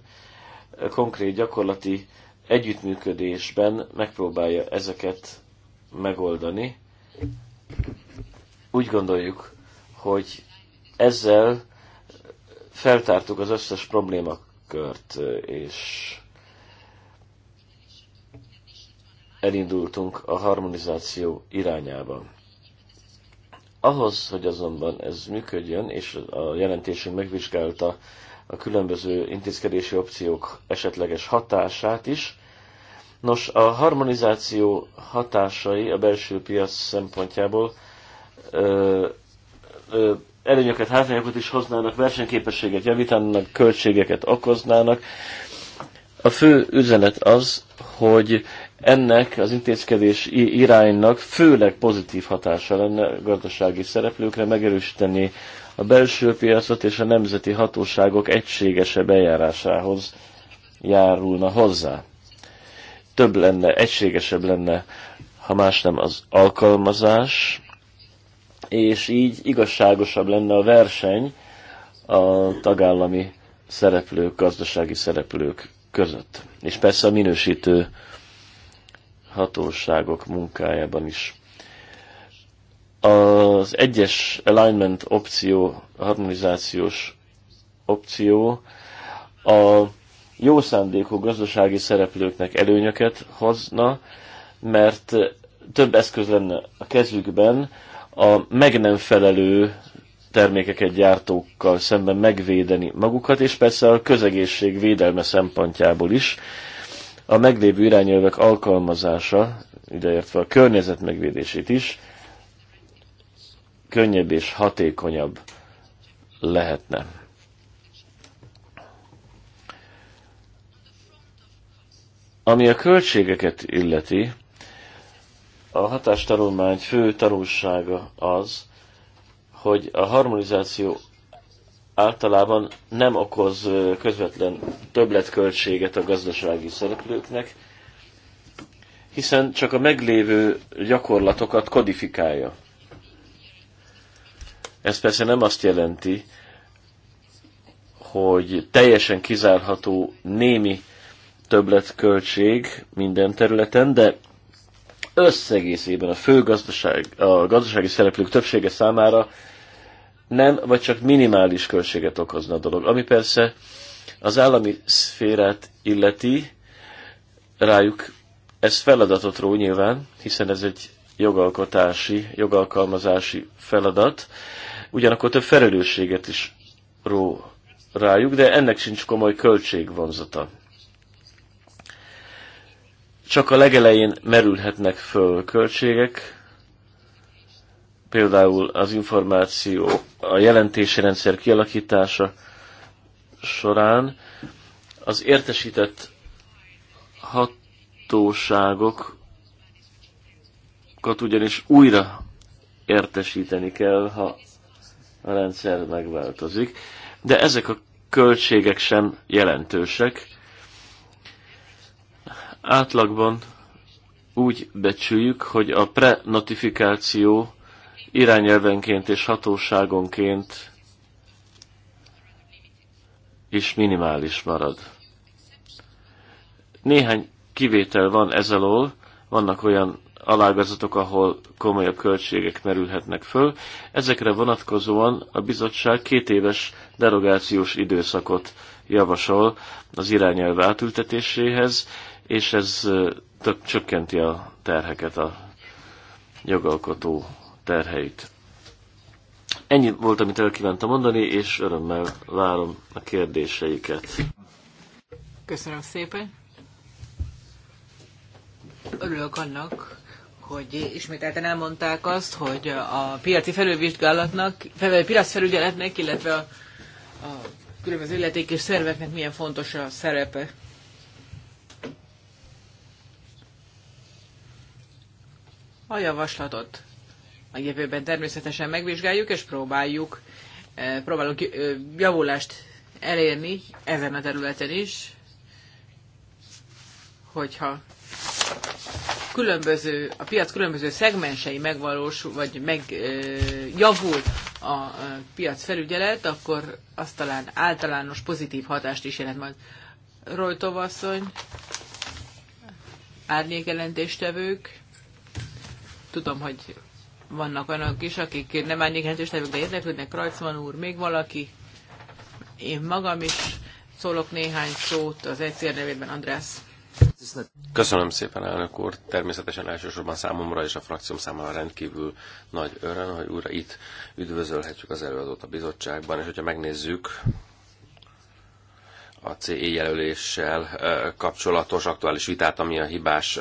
konkrét gyakorlati együttműködésben megpróbálja ezeket megoldani. Úgy gondoljuk, hogy ezzel feltártuk az összes problémakört, és elindultunk a harmonizáció irányába. Ahhoz, hogy azonban ez működjön, és a jelentésünk megvizsgálta a különböző intézkedési opciók esetleges hatását is. Nos, a harmonizáció hatásai a belső piac szempontjából ö, ö, előnyöket, hátrányokat is hoznának, versenyképességet javítanának, költségeket okoznának. A fő üzenet az, hogy ennek az intézkedés iránynak főleg pozitív hatása lenne a gazdasági szereplőkre, megerősíteni a belső piacot és a nemzeti hatóságok egységesebb eljárásához járulna hozzá. Több lenne, egységesebb lenne, ha más nem az alkalmazás, és így igazságosabb lenne a verseny a tagállami szereplők, gazdasági szereplők között. És persze a minősítő hatóságok munkájában is. Az egyes alignment opció, harmonizációs opció a jó szándékú gazdasági szereplőknek előnyöket hozna, mert több eszköz lenne a kezükben a meg nem felelő termékeket gyártókkal szemben megvédeni magukat, és persze a közegészség védelme szempontjából is. A meglévő irányelvek alkalmazása, ideértve a környezet megvédését is, könnyebb és hatékonyabb lehetne. Ami a költségeket illeti, a hatástanulmány fő tanulsága az, hogy a harmonizáció általában nem okoz közvetlen többletköltséget a gazdasági szereplőknek, hiszen csak a meglévő gyakorlatokat kodifikálja. Ez persze nem azt jelenti, hogy teljesen kizárható némi többletköltség minden területen, de összegészében a fő gazdaság, a gazdasági szereplők többsége számára nem, vagy csak minimális költséget okozna a dolog. Ami persze az állami szférát illeti, rájuk ez feladatot ró nyilván, hiszen ez egy jogalkotási, jogalkalmazási feladat, ugyanakkor több felelősséget is ró rájuk, de ennek sincs komoly költségvonzata. Csak a legelején merülhetnek föl költségek, például az információ, a jelentési rendszer kialakítása során az értesített hatóságokat ugyanis újra értesíteni kell, ha a rendszer megváltozik, de ezek a költségek sem jelentősek. Átlagban úgy becsüljük, hogy a pre-notifikáció irányelvenként és hatóságonként is minimális marad. Néhány kivétel van ez alól, vannak olyan alágazatok, ahol komolyabb költségek merülhetnek föl. Ezekre vonatkozóan a bizottság két éves derogációs időszakot javasol az irányelv átültetéséhez, és ez több csökkenti a terheket, a jogalkotó terheit. Ennyi volt, amit el kívántam mondani, és örömmel várom a kérdéseiket. Köszönöm szépen! örülök annak, hogy ismételten elmondták azt, hogy a piaci felülvizsgálatnak, piac felügyeletnek, illetve a, a különböző illetékes szerveknek milyen fontos a szerepe. A javaslatot a jövőben természetesen megvizsgáljuk, és próbáljuk, e, próbálunk javulást elérni ezen a területen is, hogyha különböző, a piac különböző szegmensei megvalósul, vagy megjavul a piac felügyelet, akkor az talán általános pozitív hatást is jelent majd. Rojtov asszony, árnyékjelentéstevők, tudom, hogy vannak olyanok is, akik nem árnyékjelentéstevők, de érdeklődnek, Rajcman úr, még valaki, én magam is szólok néhány szót az egyszer nevében, András. Köszönöm szépen, elnök úr. Természetesen elsősorban számomra és a frakcióm számára rendkívül nagy öröm, hogy újra itt üdvözölhetjük az előadót a bizottságban, és hogyha megnézzük a CE jelöléssel kapcsolatos aktuális vitát, ami a hibás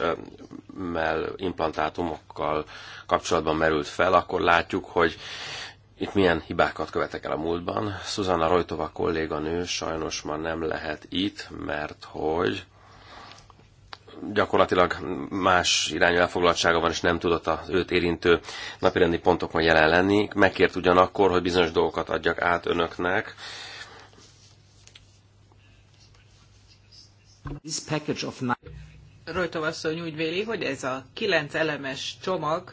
mell implantátumokkal kapcsolatban merült fel, akkor látjuk, hogy itt milyen hibákat követek el a múltban. Szuzanna Rojtova kolléganő sajnos ma nem lehet itt, mert hogy gyakorlatilag más irányú elfoglaltsága van, és nem tudott az őt érintő napirendi pontokon jelen lenni. Megkért ugyanakkor, hogy bizonyos dolgokat adjak át önöknek. This package of Rojtov asszony úgy véli, hogy ez a kilenc elemes csomag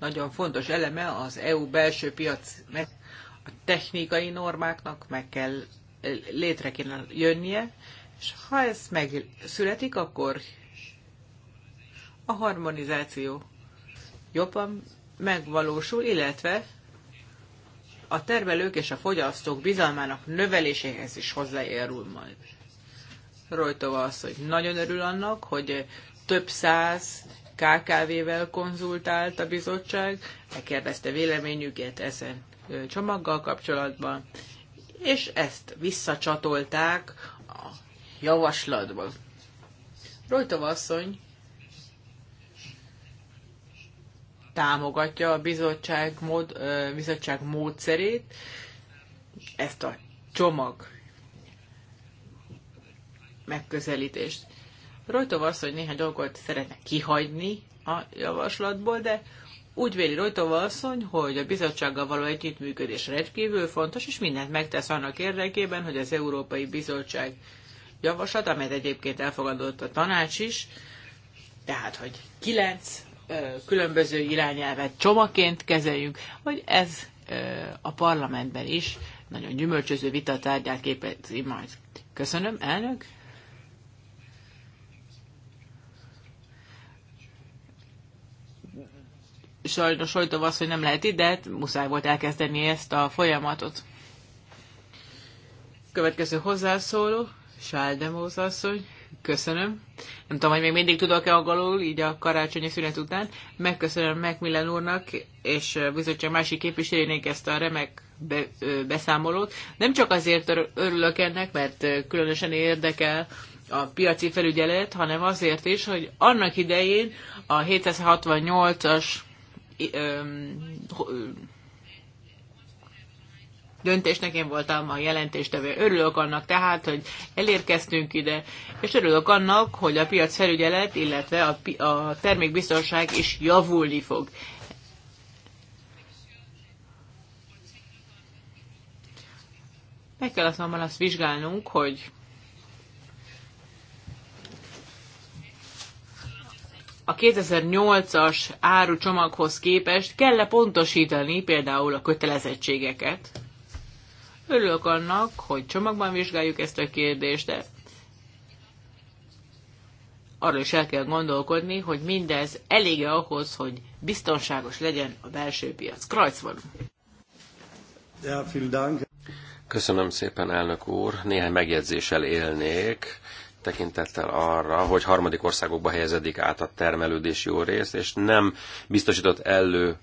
nagyon fontos eleme az EU belső piac meg a technikai normáknak meg kell eh, létre kéne jönnie, és ha ez megszületik, akkor a harmonizáció jobban megvalósul, illetve a termelők és a fogyasztók bizalmának növeléséhez is hozzájárul majd. Rojtova az, hogy nagyon örül annak, hogy több száz KKV-vel konzultált a bizottság, megkérdezte véleményüket ezen csomaggal kapcsolatban, és ezt visszacsatolták javaslatban. Rojtov asszony támogatja a bizottság, mód, bizottság módszerét, ezt a csomag megközelítést. Rojtov asszony néhány dolgot szeretne kihagyni a javaslatból, de úgy véli Rojtov asszony, hogy a bizottsággal való együttműködés rendkívül fontos, és mindent megtesz annak érdekében, hogy az Európai Bizottság javaslat, amelyet egyébként elfogadott a tanács is, tehát, hogy kilenc különböző irányelvet csomaként kezeljünk, hogy ez a parlamentben is nagyon gyümölcsöző vita tárgyát képezi majd. Köszönöm, elnök! Sajnos sajtom az, hogy nem lehet ide, de muszáj volt elkezdeni ezt a folyamatot. Következő hozzászóló, Sáldemóz asszony, köszönöm. Nem tudom, hogy még mindig tudok-e angolul, így a karácsonyi szünet után. Megköszönöm Macmillan úrnak, és bizottság másik képviselőnek ezt a remek be, ö, beszámolót. Nem csak azért örülök ennek, mert különösen érdekel a piaci felügyelet, hanem azért is, hogy annak idején a 768-as döntésnek, én voltam a jelentéstevő. Örülök annak tehát, hogy elérkeztünk ide, és örülök annak, hogy a piac felügyelet, illetve a, a termékbiztonság is javulni fog. Meg kell azonban azt vizsgálnunk, hogy a 2008-as árucsomaghoz képest kell-e pontosítani például a kötelezettségeket? Örülök annak, hogy csomagban vizsgáljuk ezt a kérdést, de arra is el kell gondolkodni, hogy mindez elég -e ahhoz, hogy biztonságos legyen a belső piac. Kreuzmann. Ja, vielen Dank. Köszönöm szépen, elnök úr. Néhány megjegyzéssel élnék tekintettel arra, hogy harmadik országokba helyezedik át a termelődési jó részt, és nem biztosított elő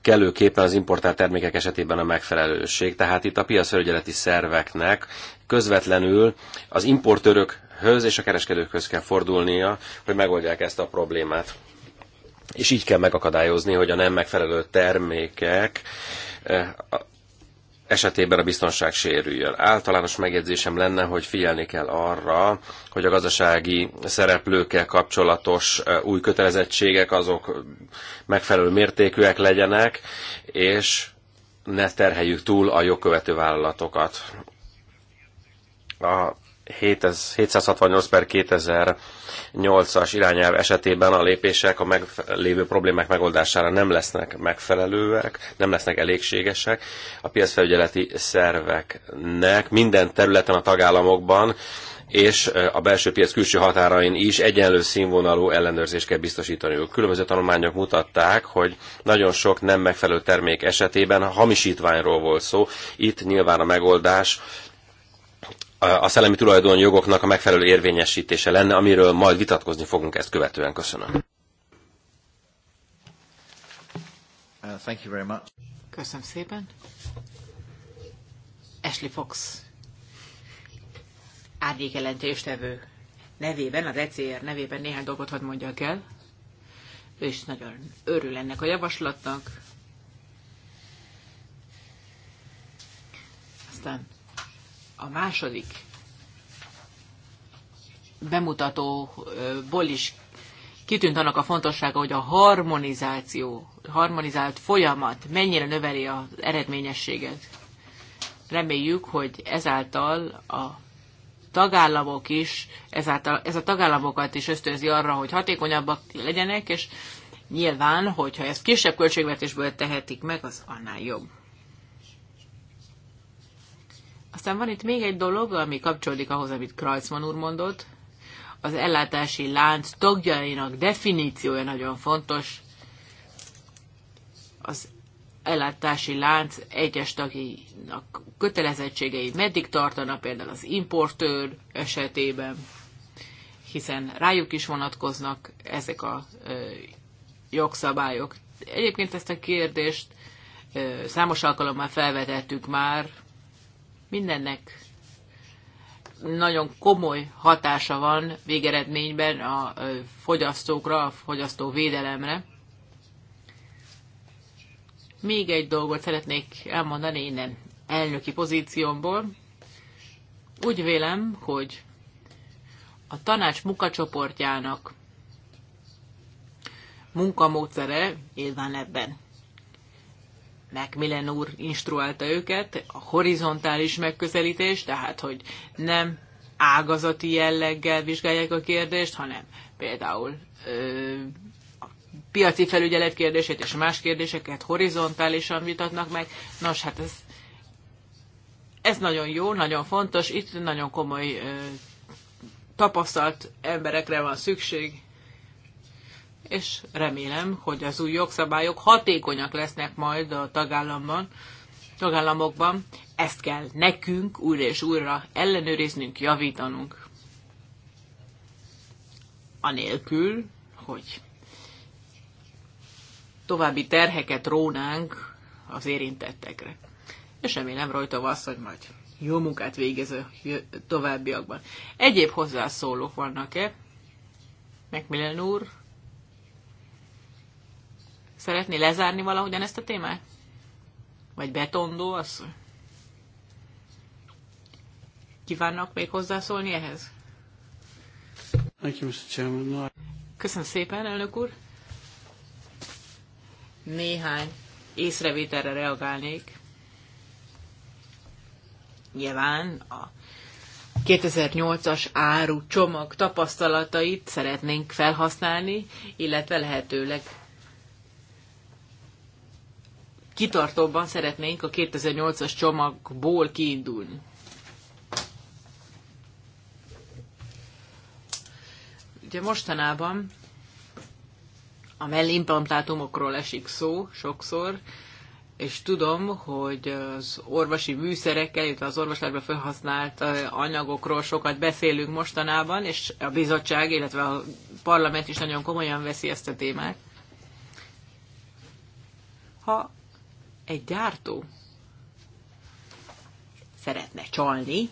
kellőképpen az importált termékek esetében a megfelelőség. Tehát itt a piacfelügyeleti szerveknek közvetlenül az importőrökhöz és a kereskedőkhöz kell fordulnia, hogy megoldják ezt a problémát. És így kell megakadályozni, hogy a nem megfelelő termékek eh, esetében a biztonság sérüljön. Általános megjegyzésem lenne, hogy figyelni kell arra, hogy a gazdasági szereplőkkel kapcsolatos új kötelezettségek azok megfelelő mértékűek legyenek, és ne terheljük túl a jogkövető vállalatokat. A 768 per 2008-as irányelv esetében a lépések a meglévő problémák megoldására nem lesznek megfelelőek, nem lesznek elégségesek. A piacfelügyeleti szerveknek minden területen a tagállamokban és a belső piac külső határain is egyenlő színvonalú ellenőrzést kell biztosítaniuk. Különböző tanulmányok mutatták, hogy nagyon sok nem megfelelő termék esetében hamisítványról volt szó. Itt nyilván a megoldás a szellemi tulajdonjogoknak a megfelelő érvényesítése lenne, amiről majd vitatkozni fogunk ezt követően. Köszönöm. Uh, thank you very much. Köszönöm szépen. Ashley Fox árnyékjelentéstevő nevében, az ECR nevében néhány dolgot hadd mondjak el. Ő is nagyon örül ennek a javaslatnak. Aztán a második bemutatóból is kitűnt annak a fontossága, hogy a harmonizáció, harmonizált folyamat mennyire növeli az eredményességet. Reméljük, hogy ezáltal a tagállamok is, ezáltal, ez a tagállamokat is ösztönzi arra, hogy hatékonyabbak legyenek, és nyilván, hogyha ezt kisebb költségvetésből tehetik meg, az annál jobb. Aztán van itt még egy dolog, ami kapcsolódik ahhoz, amit Kreuzmann úr mondott. Az ellátási lánc tagjainak definíciója nagyon fontos. Az ellátási lánc egyes tagjainak kötelezettségei meddig tartanak, például az importőr esetében, hiszen rájuk is vonatkoznak ezek a ö, jogszabályok. Egyébként ezt a kérdést ö, számos alkalommal felvetettük már, mindennek nagyon komoly hatása van végeredményben a fogyasztókra, a fogyasztó védelemre. Még egy dolgot szeretnék elmondani innen elnöki pozíciómból. Úgy vélem, hogy a tanács munkacsoportjának munkamódszere nyilván ebben Macmillan úr instruálta őket, a horizontális megközelítés, tehát hogy nem ágazati jelleggel vizsgálják a kérdést, hanem például ö, a piaci felügyelet kérdését és más kérdéseket horizontálisan vitatnak meg. Nos, hát ez, ez nagyon jó, nagyon fontos, itt nagyon komoly ö, tapasztalt emberekre van szükség és remélem, hogy az új jogszabályok hatékonyak lesznek majd a tagállamban, tagállamokban. Ezt kell nekünk újra és újra ellenőriznünk, javítanunk. Anélkül, hogy további terheket rónánk az érintettekre. És remélem rajta az, hogy majd jó munkát végez a továbbiakban. Egyéb hozzászólók vannak-e? Macmillan úr, Szeretné lezárni valahogyan ezt a témát? Vagy betondó az? Kívánnak még hozzászólni ehhez? Köszönöm szépen, elnök úr. Néhány észrevételre reagálnék. Nyilván a 2008-as áru csomag tapasztalatait szeretnénk felhasználni, illetve lehetőleg kitartóbban szeretnénk a 2008-as csomagból kiindulni. Ugye mostanában a mellimplantátumokról esik szó sokszor, és tudom, hogy az orvosi műszerekkel, illetve az orvoslásban felhasznált anyagokról sokat beszélünk mostanában, és a bizottság, illetve a parlament is nagyon komolyan veszi ezt a témát. Ha egy gyártó szeretne csalni,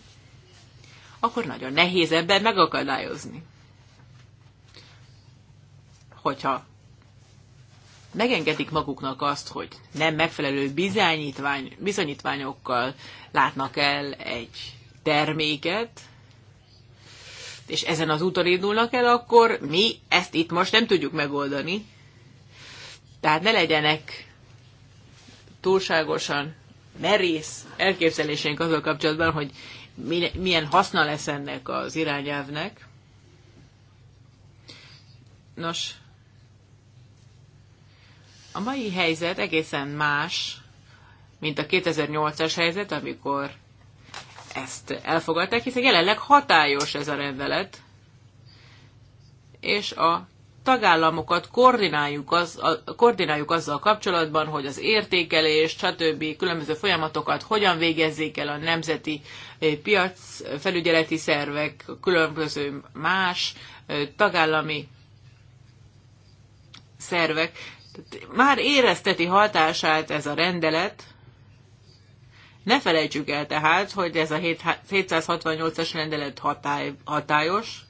akkor nagyon nehéz ebben megakadályozni. Hogyha megengedik maguknak azt, hogy nem megfelelő bizonyítvány, bizonyítványokkal látnak el egy terméket, és ezen az úton indulnak el, akkor mi ezt itt most nem tudjuk megoldani. Tehát ne legyenek túlságosan merész elképzelésénk azzal kapcsolatban, hogy milyen haszna lesz ennek az irányelvnek. Nos, a mai helyzet egészen más, mint a 2008-as helyzet, amikor ezt elfogadták, hiszen jelenleg hatályos ez a rendelet, és a tagállamokat koordináljuk, az, a, koordináljuk azzal kapcsolatban, hogy az értékelés, stb. különböző folyamatokat hogyan végezzék el a nemzeti eh, piac eh, felügyeleti szervek, különböző más eh, tagállami szervek. Már érezteti hatását ez a rendelet, ne felejtsük el tehát, hogy ez a 768-as rendelet hatály, hatályos,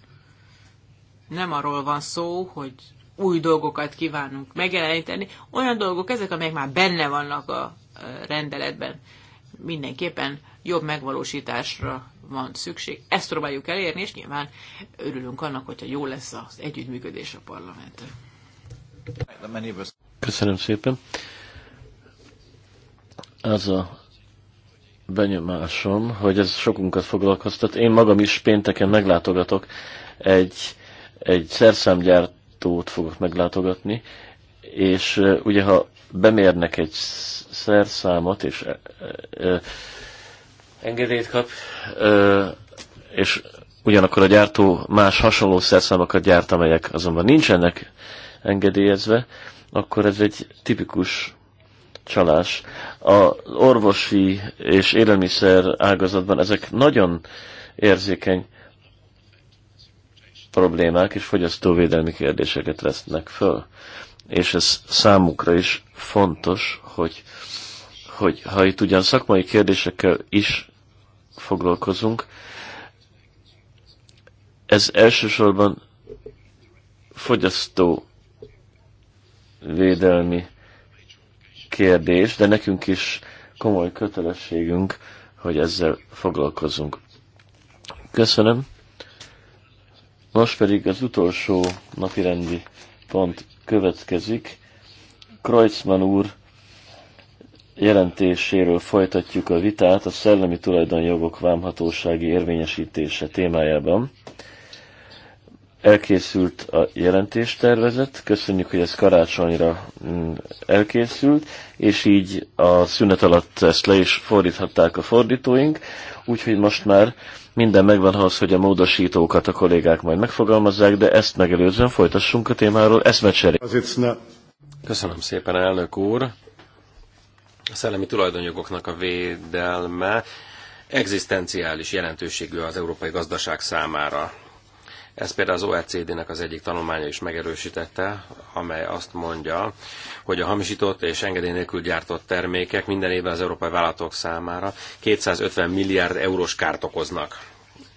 nem arról van szó, hogy új dolgokat kívánunk megjeleníteni. Olyan dolgok ezek, amelyek már benne vannak a rendeletben. Mindenképpen jobb megvalósításra van szükség. Ezt próbáljuk elérni, és nyilván örülünk annak, hogyha jó lesz az együttműködés a parlament. Köszönöm szépen. Az a benyomásom, hogy ez sokunkat foglalkoztat. Én magam is pénteken meglátogatok egy egy szerszámgyártót fogok meglátogatni, és ugye ha bemérnek egy szerszámot, és engedélyt kap, és ugyanakkor a gyártó más hasonló szerszámokat gyárt, amelyek azonban nincsenek engedélyezve, akkor ez egy tipikus csalás. Az orvosi és élelmiszer ágazatban ezek nagyon érzékeny problémák és fogyasztóvédelmi kérdéseket vesznek föl. És ez számukra is fontos, hogy, hogy ha itt ugyan szakmai kérdésekkel is foglalkozunk, ez elsősorban védelmi kérdés, de nekünk is komoly kötelességünk, hogy ezzel foglalkozunk. Köszönöm. Most pedig az utolsó napirendi pont következik. Kreuzmann úr jelentéséről folytatjuk a vitát a szellemi tulajdonjogok vámhatósági érvényesítése témájában. Elkészült a jelentéstervezet, köszönjük, hogy ez karácsonyra mm, elkészült, és így a szünet alatt ezt le is fordíthatták a fordítóink, úgyhogy most már minden megvan ahhoz, hogy a módosítókat a kollégák majd megfogalmazzák, de ezt megelőzően folytassunk a témáról eszmecseré. Köszönöm szépen, elnök úr. A szellemi tulajdonjogoknak a védelme egzisztenciális jelentőségű az európai gazdaság számára. Ez például az OECD-nek az egyik tanulmánya is megerősítette, amely azt mondja, hogy a hamisított és engedély nélkül gyártott termékek minden évben az európai vállalatok számára 250 milliárd eurós kárt okoznak.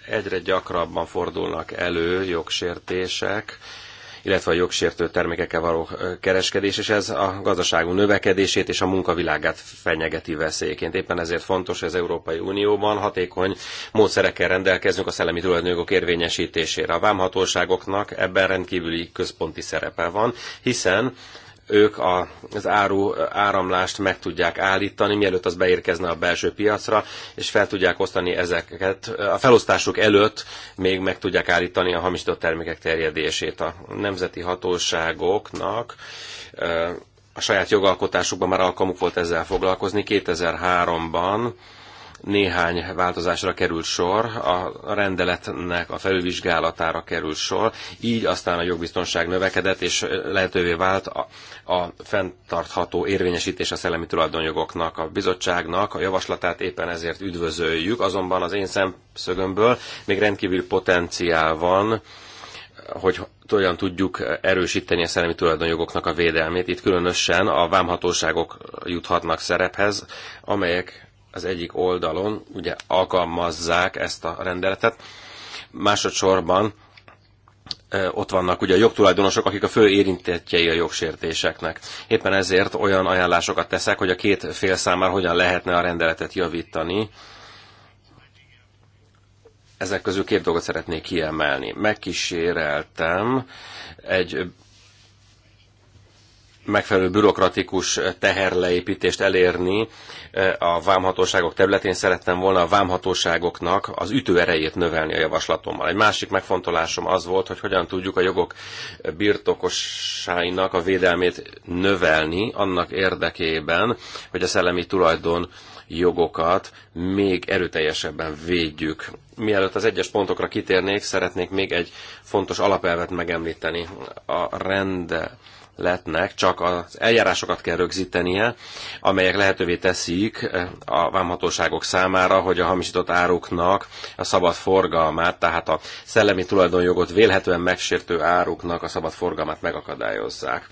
Egyre gyakrabban fordulnak elő jogsértések, illetve a jogsértő termékekkel való kereskedés, és ez a gazdaságunk növekedését és a munkavilágát fenyegeti veszélyként. Éppen ezért fontos, hogy az Európai Unióban hatékony módszerekkel rendelkezünk a szellemi tulajdonjogok érvényesítésére. A vámhatóságoknak ebben rendkívüli központi szerepe van, hiszen ők a, az áru áramlást meg tudják állítani, mielőtt az beérkezne a belső piacra, és fel tudják osztani ezeket. A felosztásuk előtt még meg tudják állítani a hamisított termékek terjedését a nemzeti hatóságoknak a saját jogalkotásukban már alkalmuk volt ezzel foglalkozni. 2003-ban néhány változásra került sor, a rendeletnek a felülvizsgálatára került sor, így aztán a jogbiztonság növekedett, és lehetővé vált a, a fenntartható érvényesítés a szellemi tulajdonjogoknak. A bizottságnak a javaslatát éppen ezért üdvözöljük, azonban az én szemszögömből még rendkívül potenciál van, hogy olyan tudjuk erősíteni a szellemi tulajdonjogoknak a védelmét. Itt különösen a vámhatóságok juthatnak szerephez, amelyek az egyik oldalon ugye alkalmazzák ezt a rendeletet, másodszorban ott vannak ugye a jogtulajdonosok, akik a fő érintettjei a jogsértéseknek. Éppen ezért olyan ajánlásokat teszek, hogy a két fél számára hogyan lehetne a rendeletet javítani. Ezek közül két dolgot szeretnék kiemelni. Megkíséreltem egy megfelelő bürokratikus teherleépítést elérni e, a vámhatóságok területén. Szerettem volna a vámhatóságoknak az ütőerejét növelni a javaslatommal. Egy másik megfontolásom az volt, hogy hogyan tudjuk a jogok birtokosáinak a védelmét növelni annak érdekében, hogy a szellemi tulajdon jogokat még erőteljesebben védjük. Mielőtt az egyes pontokra kitérnék, szeretnék még egy fontos alapelvet megemlíteni. A rende lettnek, csak az eljárásokat kell rögzítenie, amelyek lehetővé teszik eh, a vámhatóságok számára, hogy a hamisított áruknak a szabad forgalmát, tehát a szellemi tulajdonjogot vélhetően megsértő áruknak a szabad forgalmát megakadályozzák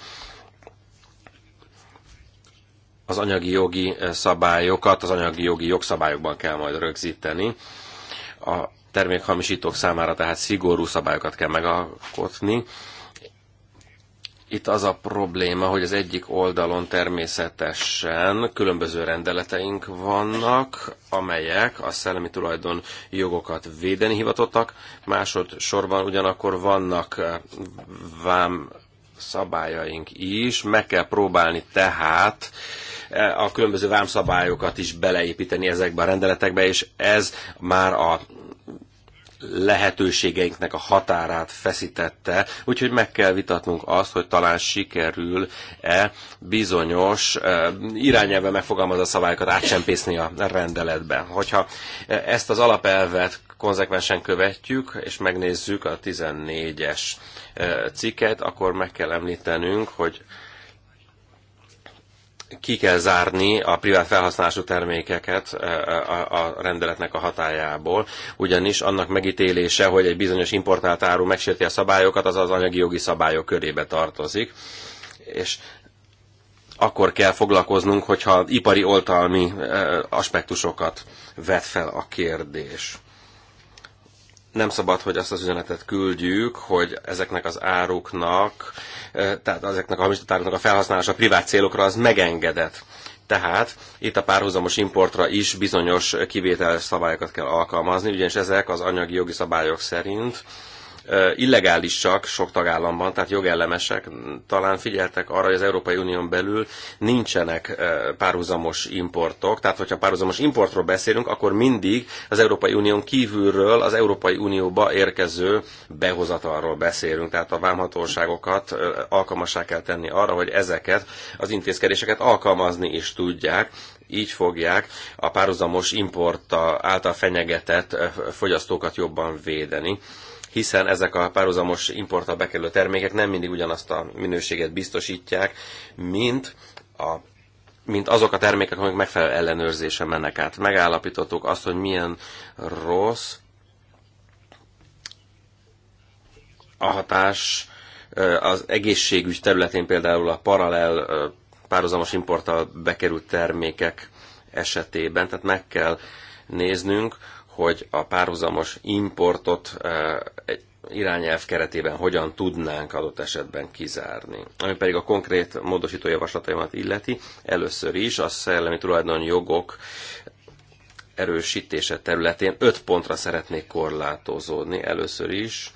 az anyagi jogi eh, szabályokat az anyagi jogi jogszabályokban kell majd rögzíteni. A termékhamisítók számára tehát szigorú szabályokat kell megalkotni, itt az a probléma, hogy az egyik oldalon természetesen különböző rendeleteink vannak, amelyek a szellemi tulajdon jogokat védeni hivatottak, másodszorban ugyanakkor vannak eh, vám szabályaink is, meg kell próbálni tehát eh, a különböző vámszabályokat is beleépíteni ezekbe a rendeletekbe, és ez már a lehetőségeinknek a határát feszítette, úgyhogy meg kell vitatnunk azt, hogy talán sikerül-e bizonyos irányelve megfogalmazza szabályokat átsempészni a rendeletbe. Hogyha ezt az alapelvet konzekvensen követjük, és megnézzük a 14-es cikket, akkor meg kell említenünk, hogy ki kell zárni a privát felhasználású termékeket e, e, a rendeletnek a hatájából, ugyanis annak megítélése, hogy egy bizonyos importált áru megsérti a szabályokat, az az anyagi jogi szabályok körébe tartozik, és akkor kell foglalkoznunk, hogyha ipari oltalmi e, aspektusokat vet fel a kérdés nem szabad, hogy azt az üzenetet küldjük, hogy ezeknek az áruknak tehát ezeknek a hamisítatároknak a felhasználása a privát célokra az megengedett. Tehát itt a párhuzamos importra is bizonyos kivételes szabályokat kell alkalmazni, ugyanis ezek az anyagi jogi szabályok szerint illegálisak sok tagállamban, tehát jogellemesek. Talán figyeltek arra, hogy az Európai Unión belül nincsenek párhuzamos importok, tehát hogyha párhuzamos importról beszélünk, akkor mindig az Európai Unión kívülről az Európai Unióba érkező behozatalról beszélünk, tehát a vámhatóságokat alkalmassá kell tenni arra, hogy ezeket az intézkedéseket alkalmazni is tudják, így fogják a párhuzamos import által fenyegetett fogyasztókat jobban védeni hiszen ezek a párhuzamos importra bekerülő termékek nem mindig ugyanazt a minőséget biztosítják, mint a mint azok a termékek, amik megfelelő ellenőrzése mennek át. Megállapítottuk azt, hogy milyen rossz a hatás az egészségügy területén például a paralel párhuzamos importtal bekerült termékek esetében, tehát meg kell néznünk, hogy a párhuzamos importot eh, egy irányelv keretében hogyan tudnánk adott esetben kizárni. Ami pedig a konkrét módosító javaslataimat illeti, először is a szellemi jogok erősítése területén öt pontra szeretnék korlátozódni. Először is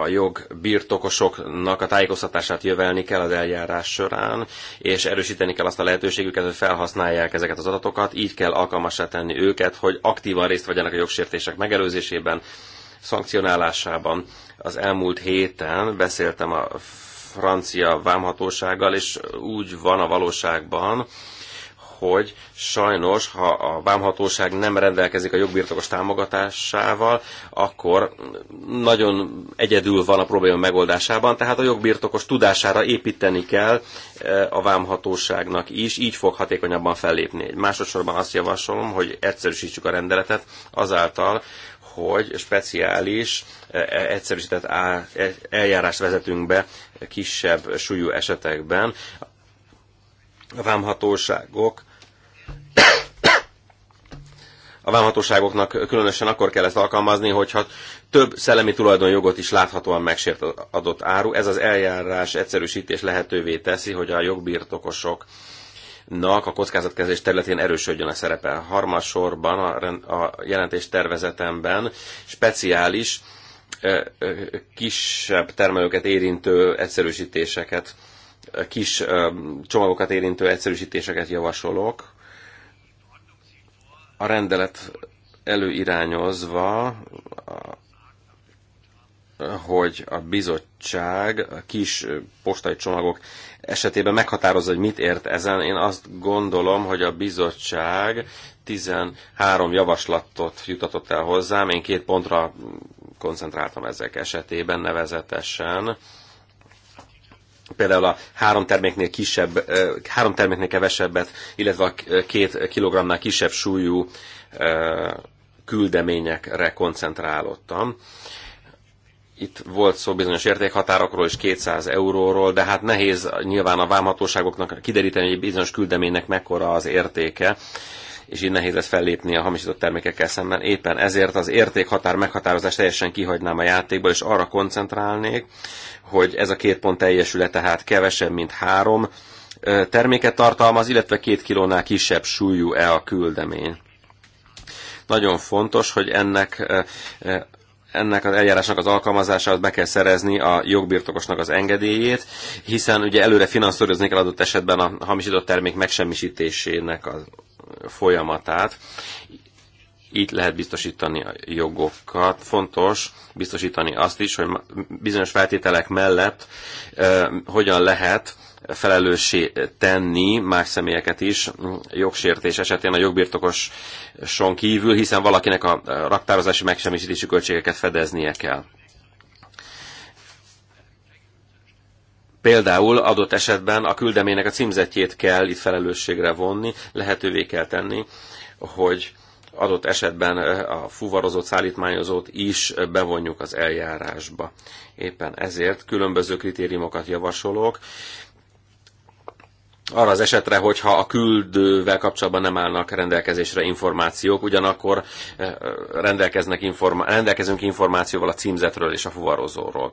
a jog birtokosoknak a tájékoztatását jövelni kell az eljárás során, és erősíteni kell azt a lehetőségüket, hogy felhasználják ezeket az adatokat, így kell alkalmassá tenni őket, hogy aktívan részt vegyenek a jogsértések megelőzésében, szankcionálásában. Az elmúlt héten beszéltem a francia vámhatósággal, és úgy van a valóságban, hogy sajnos, ha a vámhatóság nem rendelkezik a jogbirtokos támogatásával, akkor nagyon egyedül van a probléma megoldásában, tehát a jogbirtokos tudására építeni kell e, a vámhatóságnak is, így fog hatékonyabban fellépni. Másodszorban azt javasolom, hogy egyszerűsítsük a rendeletet azáltal, hogy speciális, e, e, egyszerűsített eljárást vezetünk be kisebb súlyú esetekben. A vámhatóságok a vámhatóságoknak különösen akkor kell ezt alkalmazni, hogyha több szellemi tulajdonjogot is láthatóan megsért adott áru. Ez az eljárás egyszerűsítés lehetővé teszi, hogy a jogbirtokosok a kockázatkezés területén erősödjön a szerepe. Harmadsorban a, a jelentés tervezetemben speciális, kisebb termelőket érintő egyszerűsítéseket, kis csomagokat érintő egyszerűsítéseket javasolok a rendelet előirányozva, hogy a bizottság a kis postai csomagok esetében meghatározza, hogy mit ért ezen. Én azt gondolom, hogy a bizottság 13 javaslatot jutatott el hozzám, én két pontra koncentráltam ezek esetében nevezetesen például a három terméknél kisebb, három terméknél kevesebbet, illetve a két kilogrammnál kisebb súlyú küldeményekre koncentrálottam. Itt volt szó bizonyos értékhatárokról és 200 euróról, de hát nehéz nyilván a vámhatóságoknak kideríteni, hogy bizonyos küldeménynek mekkora az értéke és így nehéz lesz fellépni a hamisított termékekkel szemben. Éppen ezért az értékhatár meghatározás teljesen kihagynám a játékból, és arra koncentrálnék, hogy ez a két pont teljesüle tehát kevesebb, mint három terméket tartalmaz, illetve két kilónál kisebb súlyú-e a küldemény. Nagyon fontos, hogy ennek ennek az eljárásnak az alkalmazásához be kell szerezni a jogbirtokosnak az engedélyét, hiszen ugye előre finanszírozni kell adott esetben a hamisított termék megsemmisítésének az folyamatát. Itt lehet biztosítani a jogokat. Fontos biztosítani azt is, hogy bizonyos feltételek mellett hogyan lehet felelőssé tenni más személyeket is jogsértés esetén a jogbirtokoson kívül, hiszen valakinek a raktározási megsemmisítési költségeket fedeznie kell. Például adott esetben a küldeménynek a címzetjét kell itt felelősségre vonni, lehetővé kell tenni, hogy adott esetben eh, a fuvarozót, szállítmányozót is eh, bevonjuk az eljárásba. Éppen ezért különböző kritériumokat javasolok, arra az esetre, hogyha a küldővel kapcsolatban nem állnak rendelkezésre információk, ugyanakkor eh, rendelkeznek informa- rendelkezünk információval a címzetről és a fuvarozóról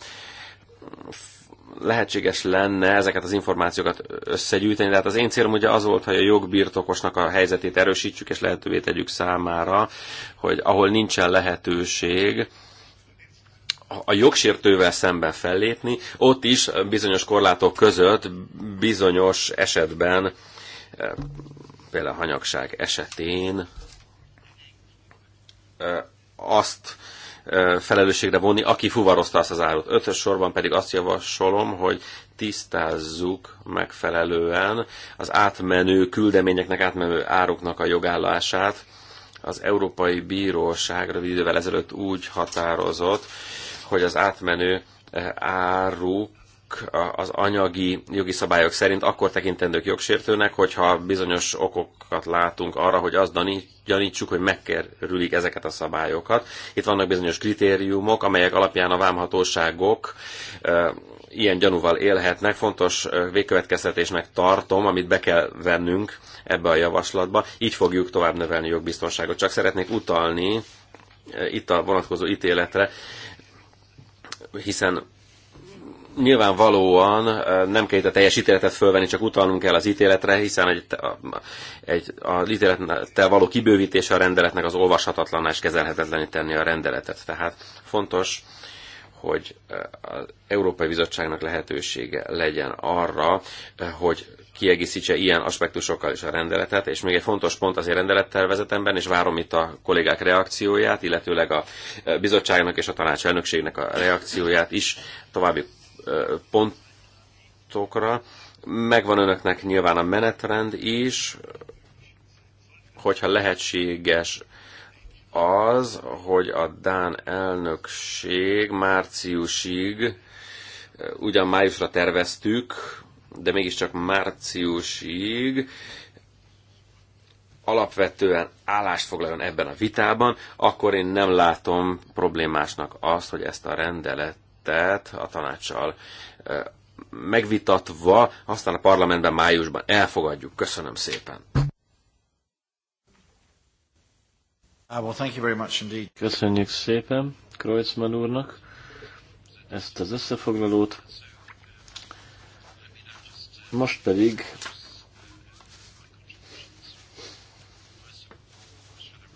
lehetséges lenne ezeket az információkat összegyűjteni, de hát az én célom ugye az volt, hogy a jogbirtokosnak a helyzetét erősítsük, és lehetővé tegyük számára, hogy ahol nincsen lehetőség, a jogsértővel szemben fellépni, ott is bizonyos korlátok között, bizonyos esetben, eh, például a hanyagság esetén eh, azt felelősségre vonni, aki fuvarozta azt az árut. Ötös sorban pedig azt javasolom, hogy tisztázzuk megfelelően az átmenő küldeményeknek, átmenő áruknak a jogállását. Az Európai Bíróság rövid idővel ezelőtt úgy határozott, hogy az átmenő áruk az anyagi jogi szabályok szerint akkor tekintendők jogsértőnek, hogyha bizonyos okokat látunk arra, hogy azt gyanítsuk, hogy megkerülik ezeket a szabályokat. Itt vannak bizonyos kritériumok, amelyek alapján a vámhatóságok ilyen gyanúval élhetnek. Fontos végkövetkeztetésnek tartom, amit be kell vennünk ebbe a javaslatba. Így fogjuk tovább növelni jogbiztonságot. Csak szeretnék utalni itt a vonatkozó ítéletre, hiszen nyilvánvalóan nem kell itt a teljes ítéletet fölvenni, csak utalnunk kell az ítéletre, hiszen egy, egy, a ítélettel való kibővítése a rendeletnek az olvashatatlaná és kezelhetetlené tenni a rendeletet. Tehát fontos, hogy az Európai Bizottságnak lehetősége legyen arra, hogy kiegészítse ilyen aspektusokkal is a rendeletet, és még egy fontos pont az rendelettervezetemben, és várom itt a kollégák reakcióját, illetőleg a bizottságnak és a tanács elnökségnek a reakcióját is, további pontokra. Megvan önöknek nyilván a menetrend is, hogyha lehetséges az, hogy a Dán elnökség márciusig, ugyan májusra terveztük, de mégiscsak márciusig alapvetően állást foglaljon ebben a vitában, akkor én nem látom problémásnak azt, hogy ezt a rendelet tervezetet a tanácssal megvitatva, aztán a parlamentben májusban elfogadjuk. Köszönöm szépen. Ah, Köszönjük szépen Kreuzmann úrnak ezt az összefoglalót. Most pedig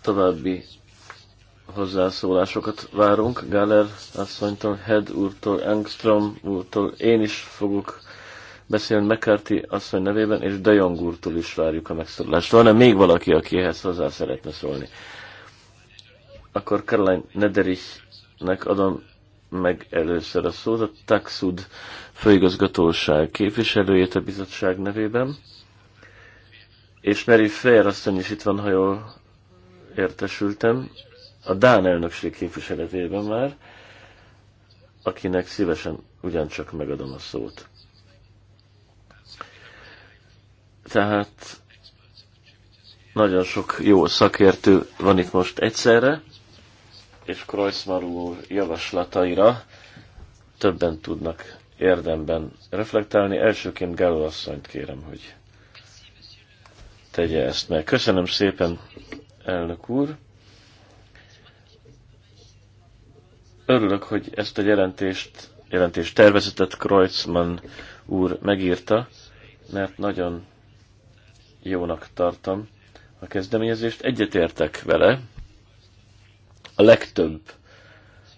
további hozzászólásokat várunk. Gáler asszonytól, Head úrtól, Engström úrtól, én is fogok beszélni McCarthy asszony nevében, és De Jong úrtól is várjuk a megszólalást. Van-e még valaki, aki ehhez hozzá szeretne szólni? Akkor Caroline Nederichnek adom meg először a szót, a Taxud főigazgatóság képviselőjét a bizottság nevében. És Mary Fair asszony is itt van, ha jól értesültem, a Dán elnökség képviseletében már, akinek szívesen ugyancsak megadom a szót. Tehát nagyon sok jó szakértő van itt most egyszerre, és Kreuzmar úr javaslataira többen tudnak érdemben reflektálni. Elsőként Gáló asszonyt kérem, hogy tegye ezt meg. Köszönöm szépen, elnök úr! Örülök, hogy ezt a jelentést, jelentést tervezetet Kreuzmann úr megírta, mert nagyon jónak tartom a kezdeményezést. Egyetértek vele. A legtöbb,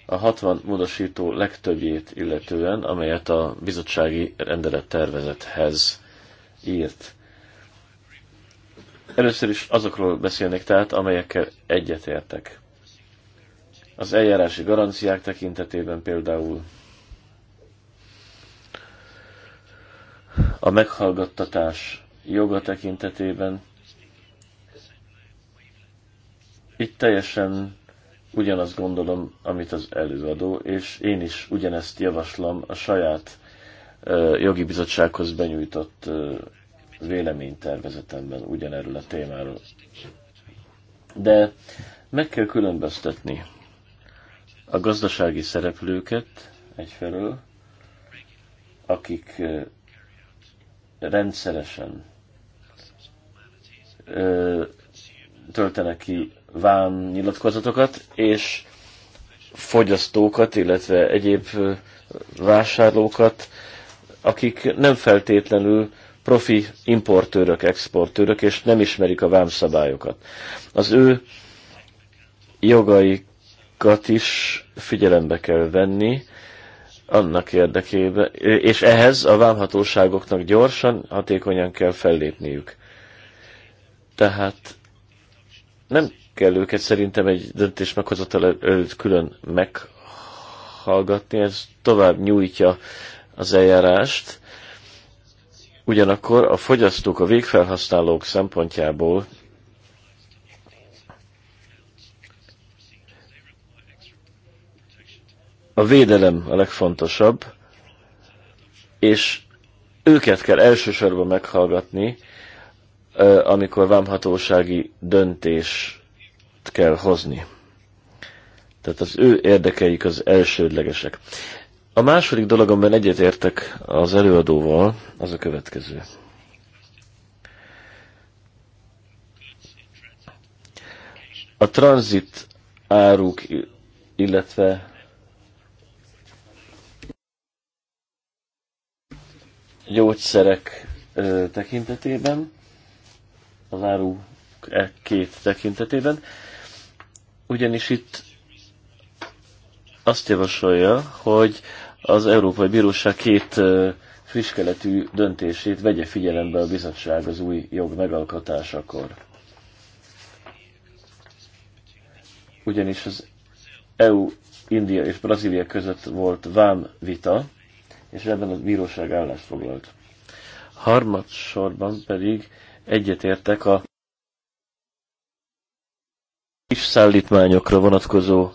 a 60 módosító legtöbbjét illetően, amelyet a bizottsági rendelet tervezethez írt. Először is azokról beszélnék tehát, amelyekkel egyetértek az eljárási garanciák tekintetében például a meghallgattatás joga tekintetében. Itt teljesen ugyanazt gondolom, amit az előadó, és én is ugyanezt javaslom a saját jogi bizottsághoz benyújtott véleménytervezetemben ugyanerről a témáról. De meg kell különböztetni a gazdasági szereplőket egyfelől, akik rendszeresen töltenek ki vám nyilatkozatokat, és fogyasztókat, illetve egyéb vásárlókat, akik nem feltétlenül profi importőrök, exportőrök, és nem ismerik a vámszabályokat. Az ő jogai aspektusokat is figyelembe kell venni annak érdekében, és ehhez a vámhatóságoknak gyorsan, hatékonyan kell fellépniük. Tehát nem kell őket szerintem egy döntés meghozatal előtt külön meghallgatni, ez tovább nyújtja az eljárást. Ugyanakkor a fogyasztók, a végfelhasználók szempontjából a védelem a legfontosabb, és őket kell elsősorban meghallgatni, amikor vámhatósági döntést kell hozni. Tehát az ő érdekeik az elsődlegesek. A második dolog, amiben egyetértek az előadóval, az a következő. A tranzit áruk, illetve gyógyszerek tekintetében, az áru e két tekintetében, ugyanis itt azt javasolja, hogy az Európai Bíróság két frisskeletű döntését vegye figyelembe a bizottság az új jog megalkotásakor. Ugyanis az EU, India és Brazília között volt vám vita, és ebben a bíróság állást foglalt. Harmadsorban pedig egyetértek a kis szállítmányokra vonatkozó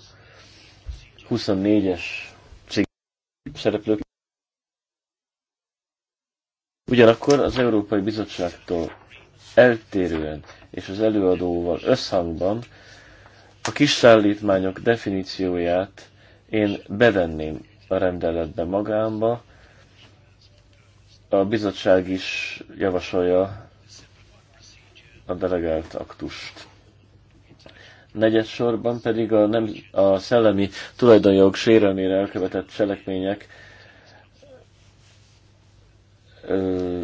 24-es cég szereplők. Ugyanakkor az Európai Bizottságtól eltérően és az előadóval összhangban a kis szállítmányok definícióját én bevenném a rendeletbe magámba, a bizottság is javasolja a delegált aktust. Negyedsorban pedig a, nem, a szellemi tulajdonjog sérelmére elkövetett cselekmények ö,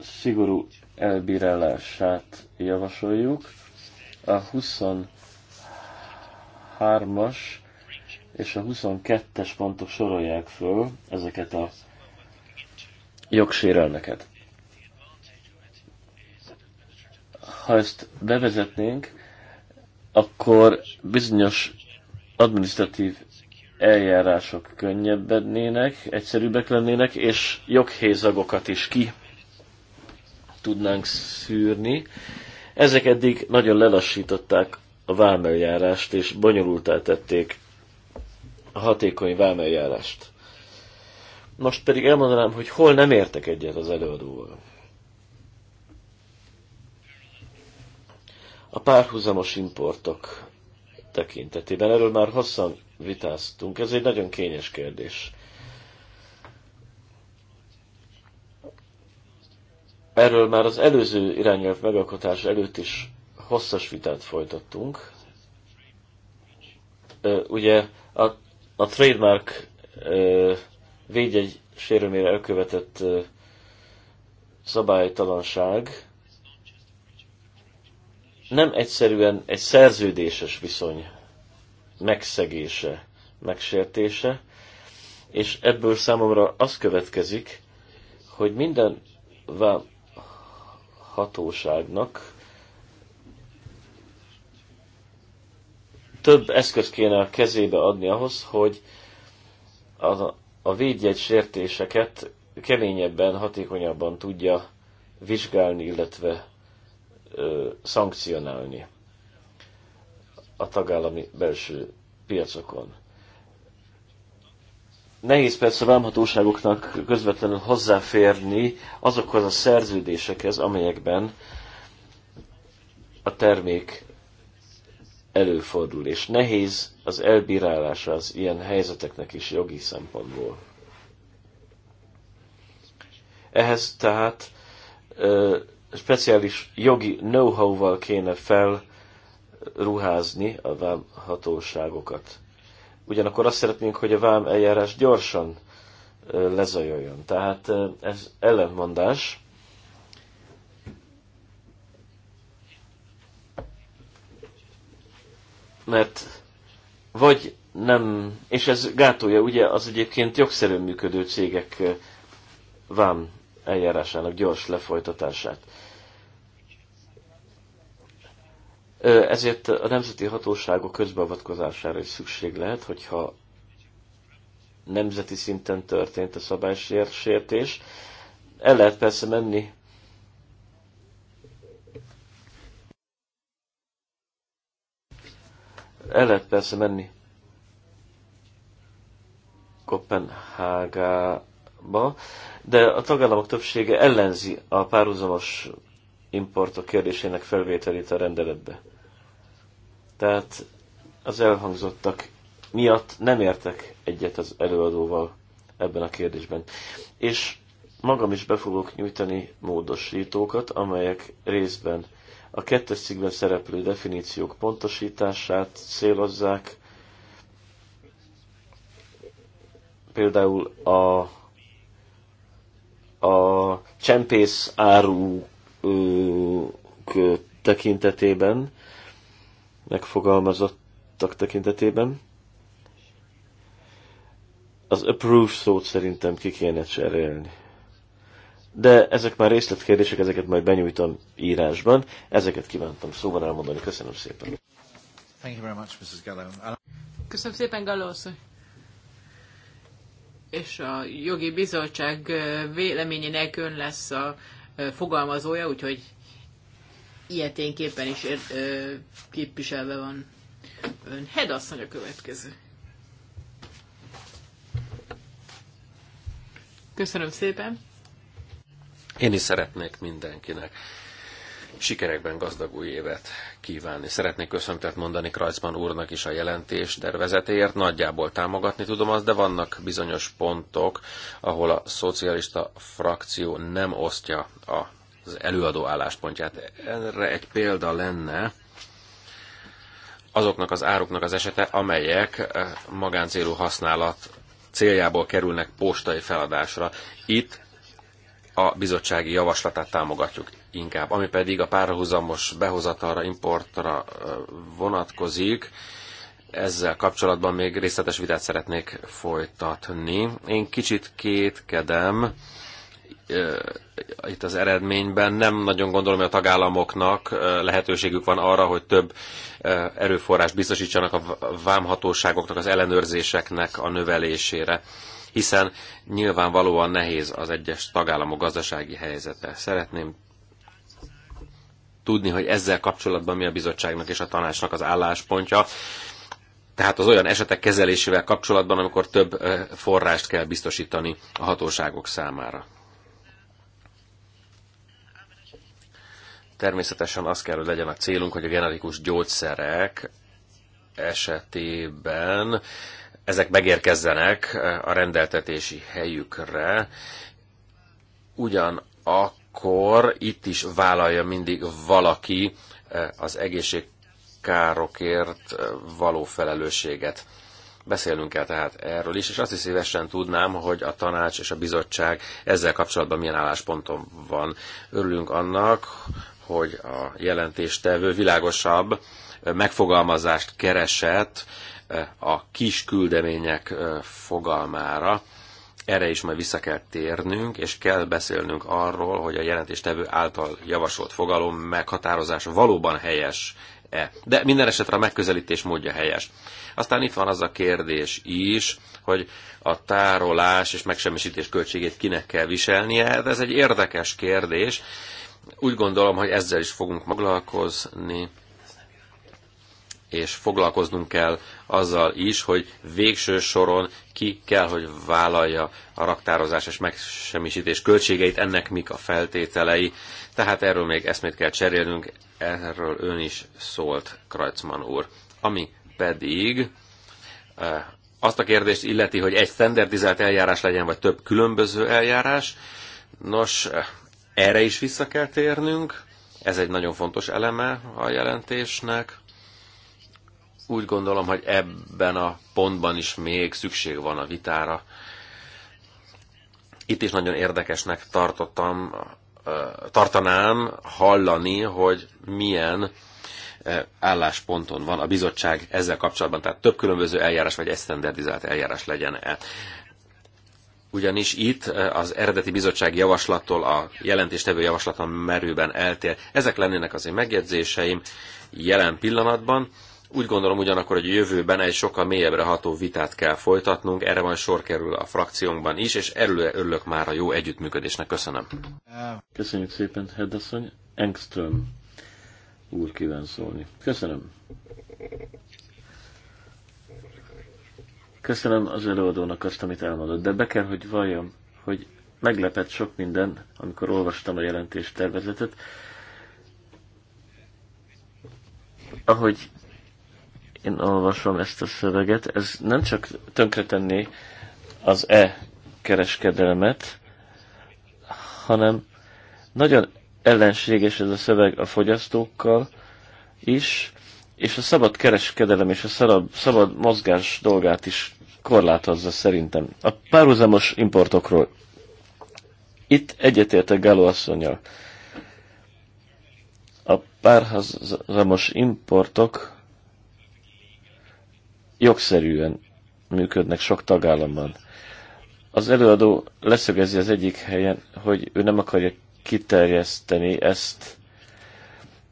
szigorú elbírálását javasoljuk. A 23-as és a 22-es pontok sorolják föl ezeket a neked. Ha ezt bevezetnénk, akkor bizonyos administratív eljárások könnyebbednének, egyszerűbbek lennének, és joghézagokat is ki tudnánk szűrni. Ezek eddig nagyon lelassították a vámeljárást, és bonyolultá tették a hatékony vámeljárást. Most pedig elmondanám, hogy hol nem értek egyet az előadóval. A párhuzamos importok tekintetében. Erről már hosszan vitáztunk. Ez egy nagyon kényes kérdés. Erről már az előző irányelv megalkotás előtt is hosszas vitát folytattunk. Ugye a, a trademark egy sérülmére elkövetett szabálytalanság nem egyszerűen egy szerződéses viszony megszegése, megsértése, és ebből számomra az következik, hogy minden hatóságnak több eszköz kéne a kezébe adni ahhoz, hogy az a a védjegy sértéseket keményebben, hatékonyabban tudja vizsgálni, illetve ö, szankcionálni a tagállami belső piacokon. Nehéz persze a vámhatóságoknak közvetlenül hozzáférni azokhoz a szerződésekhez, amelyekben a termék előfordul, és nehéz az elbírálása az ilyen helyzeteknek is jogi szempontból. Ehhez tehát ö, speciális jogi know-how-val kéne felruházni a vámhatóságokat. Ugyanakkor azt szeretnénk, hogy a vám eljárás gyorsan ö, lezajoljon. Tehát ö, ez ellentmondás. mert vagy nem, és ez gátolja ugye az egyébként jogszerűen működő cégek vám eljárásának gyors lefolytatását. Ezért a nemzeti hatóságok közbeavatkozására is szükség lehet, hogyha nemzeti szinten történt a szabálysértés. El lehet persze menni El lehet persze menni Kopenhágába, de a tagállamok többsége ellenzi a párhuzamos importok kérdésének felvételét a rendeletbe. Tehát az elhangzottak miatt nem értek egyet az előadóval ebben a kérdésben. És magam is be fogok nyújtani módosítókat, amelyek részben a kettes cikkben szereplő definíciók pontosítását célozzák, például a, a csempész áruk tekintetében, megfogalmazottak tekintetében. Az approve szót szerintem ki kéne cserélni de ezek már részletkérdések, ezeket majd benyújtom írásban. Ezeket kívántam szóban elmondani. Köszönöm szépen. Thank you very much, Mrs. Köszönöm szépen, Gallo És a jogi bizottság véleményének ön lesz a fogalmazója, úgyhogy ilyeténképpen is ér, ö, képviselve van ön. Hedasszony a következő. Köszönöm szépen. Én is szeretnék mindenkinek sikerekben gazdag új évet kívánni. Szeretnék köszöntet mondani Krajcban úrnak is a jelentés tervezetéért. Nagyjából támogatni tudom azt, de vannak bizonyos pontok, ahol a szocialista frakció nem osztja az előadó álláspontját. Erre egy példa lenne, azoknak az áruknak az esete, amelyek eh, magáncélú használat céljából kerülnek postai feladásra. Itt a bizottsági javaslatát támogatjuk inkább. Ami pedig a párhuzamos behozatalra, importra vonatkozik, ezzel kapcsolatban még részletes vitát szeretnék folytatni. Én kicsit kétkedem itt az eredményben. Nem nagyon gondolom, hogy a tagállamoknak lehetőségük van arra, hogy több erőforrás biztosítsanak a vámhatóságoknak, az ellenőrzéseknek a növelésére hiszen nyilvánvalóan nehéz az egyes tagállamok gazdasági helyzete. Szeretném tudni, hogy ezzel kapcsolatban mi a bizottságnak és a tanácsnak az álláspontja. Tehát az olyan esetek kezelésével kapcsolatban, amikor több forrást kell biztosítani a hatóságok számára. Természetesen az kell, hogy legyen a célunk, hogy a generikus gyógyszerek esetében ezek megérkezzenek eh, a rendeltetési helyükre, ugyanakkor itt is vállalja mindig valaki eh, az egészségkárokért eh, való felelősséget. Beszélnünk kell tehát erről is, és azt is szívesen tudnám, hogy a tanács és a bizottság ezzel kapcsolatban milyen állásponton van. Örülünk annak, hogy a jelentéstevő világosabb megfogalmazást keresett a kis küldemények fogalmára. Erre is majd vissza kell térnünk, és kell beszélnünk arról, hogy a jelentéstevő által javasolt fogalom meghatározása valóban helyes-e. De minden esetre a megközelítés módja helyes. Aztán itt van az a kérdés is, hogy a tárolás és megsemmisítés költségét kinek kell viselnie. Hát ez egy érdekes kérdés. Úgy gondolom, hogy ezzel is fogunk foglalkozni és foglalkoznunk kell azzal is, hogy végső soron ki kell, hogy vállalja a raktározás és megsemmisítés költségeit, ennek mik a feltételei. Tehát erről még eszmét kell cserélnünk, erről ön is szólt, Krajcman úr. Ami pedig eh, azt a kérdést illeti, hogy egy standardizált eljárás legyen, vagy több különböző eljárás. Nos, eh, erre is vissza kell térnünk. Ez egy nagyon fontos eleme a jelentésnek úgy gondolom, hogy ebben a pontban is még szükség van a vitára. Itt is nagyon érdekesnek tartottam, tartanám hallani, hogy milyen állásponton van a bizottság ezzel kapcsolatban, tehát több különböző eljárás vagy egy standardizált eljárás legyen-e ugyanis itt az eredeti bizottság javaslattól a jelentéstevő javaslaton merőben eltér. Ezek lennének az én megjegyzéseim jelen pillanatban. Úgy gondolom ugyanakkor, hogy a jövőben egy sokkal mélyebbre ható vitát kell folytatnunk, erre van sor kerül a frakciónkban is, és előre örülök már a jó együttműködésnek. Köszönöm. Köszönjük szépen, Hedasszony. Engström úr kíván szólni. Köszönöm. Köszönöm az előadónak azt, amit elmondott, de be kell, hogy valljam, hogy meglepett sok minden, amikor olvastam a jelentés tervezetet. Ahogy én olvasom ezt a szöveget, ez nem csak tönkretenné az e-kereskedelmet, hanem nagyon ellenséges ez a szöveg a fogyasztókkal is, és a szabad kereskedelem és a szabad, szabad mozgás dolgát is korlátozza szerintem. A párhuzamos importokról. Itt egyetértek Gáló asszonyjal. A párhuzamos importok jogszerűen működnek sok tagállamban. Az előadó leszögezi az egyik helyen, hogy ő nem akarja kiterjeszteni ezt,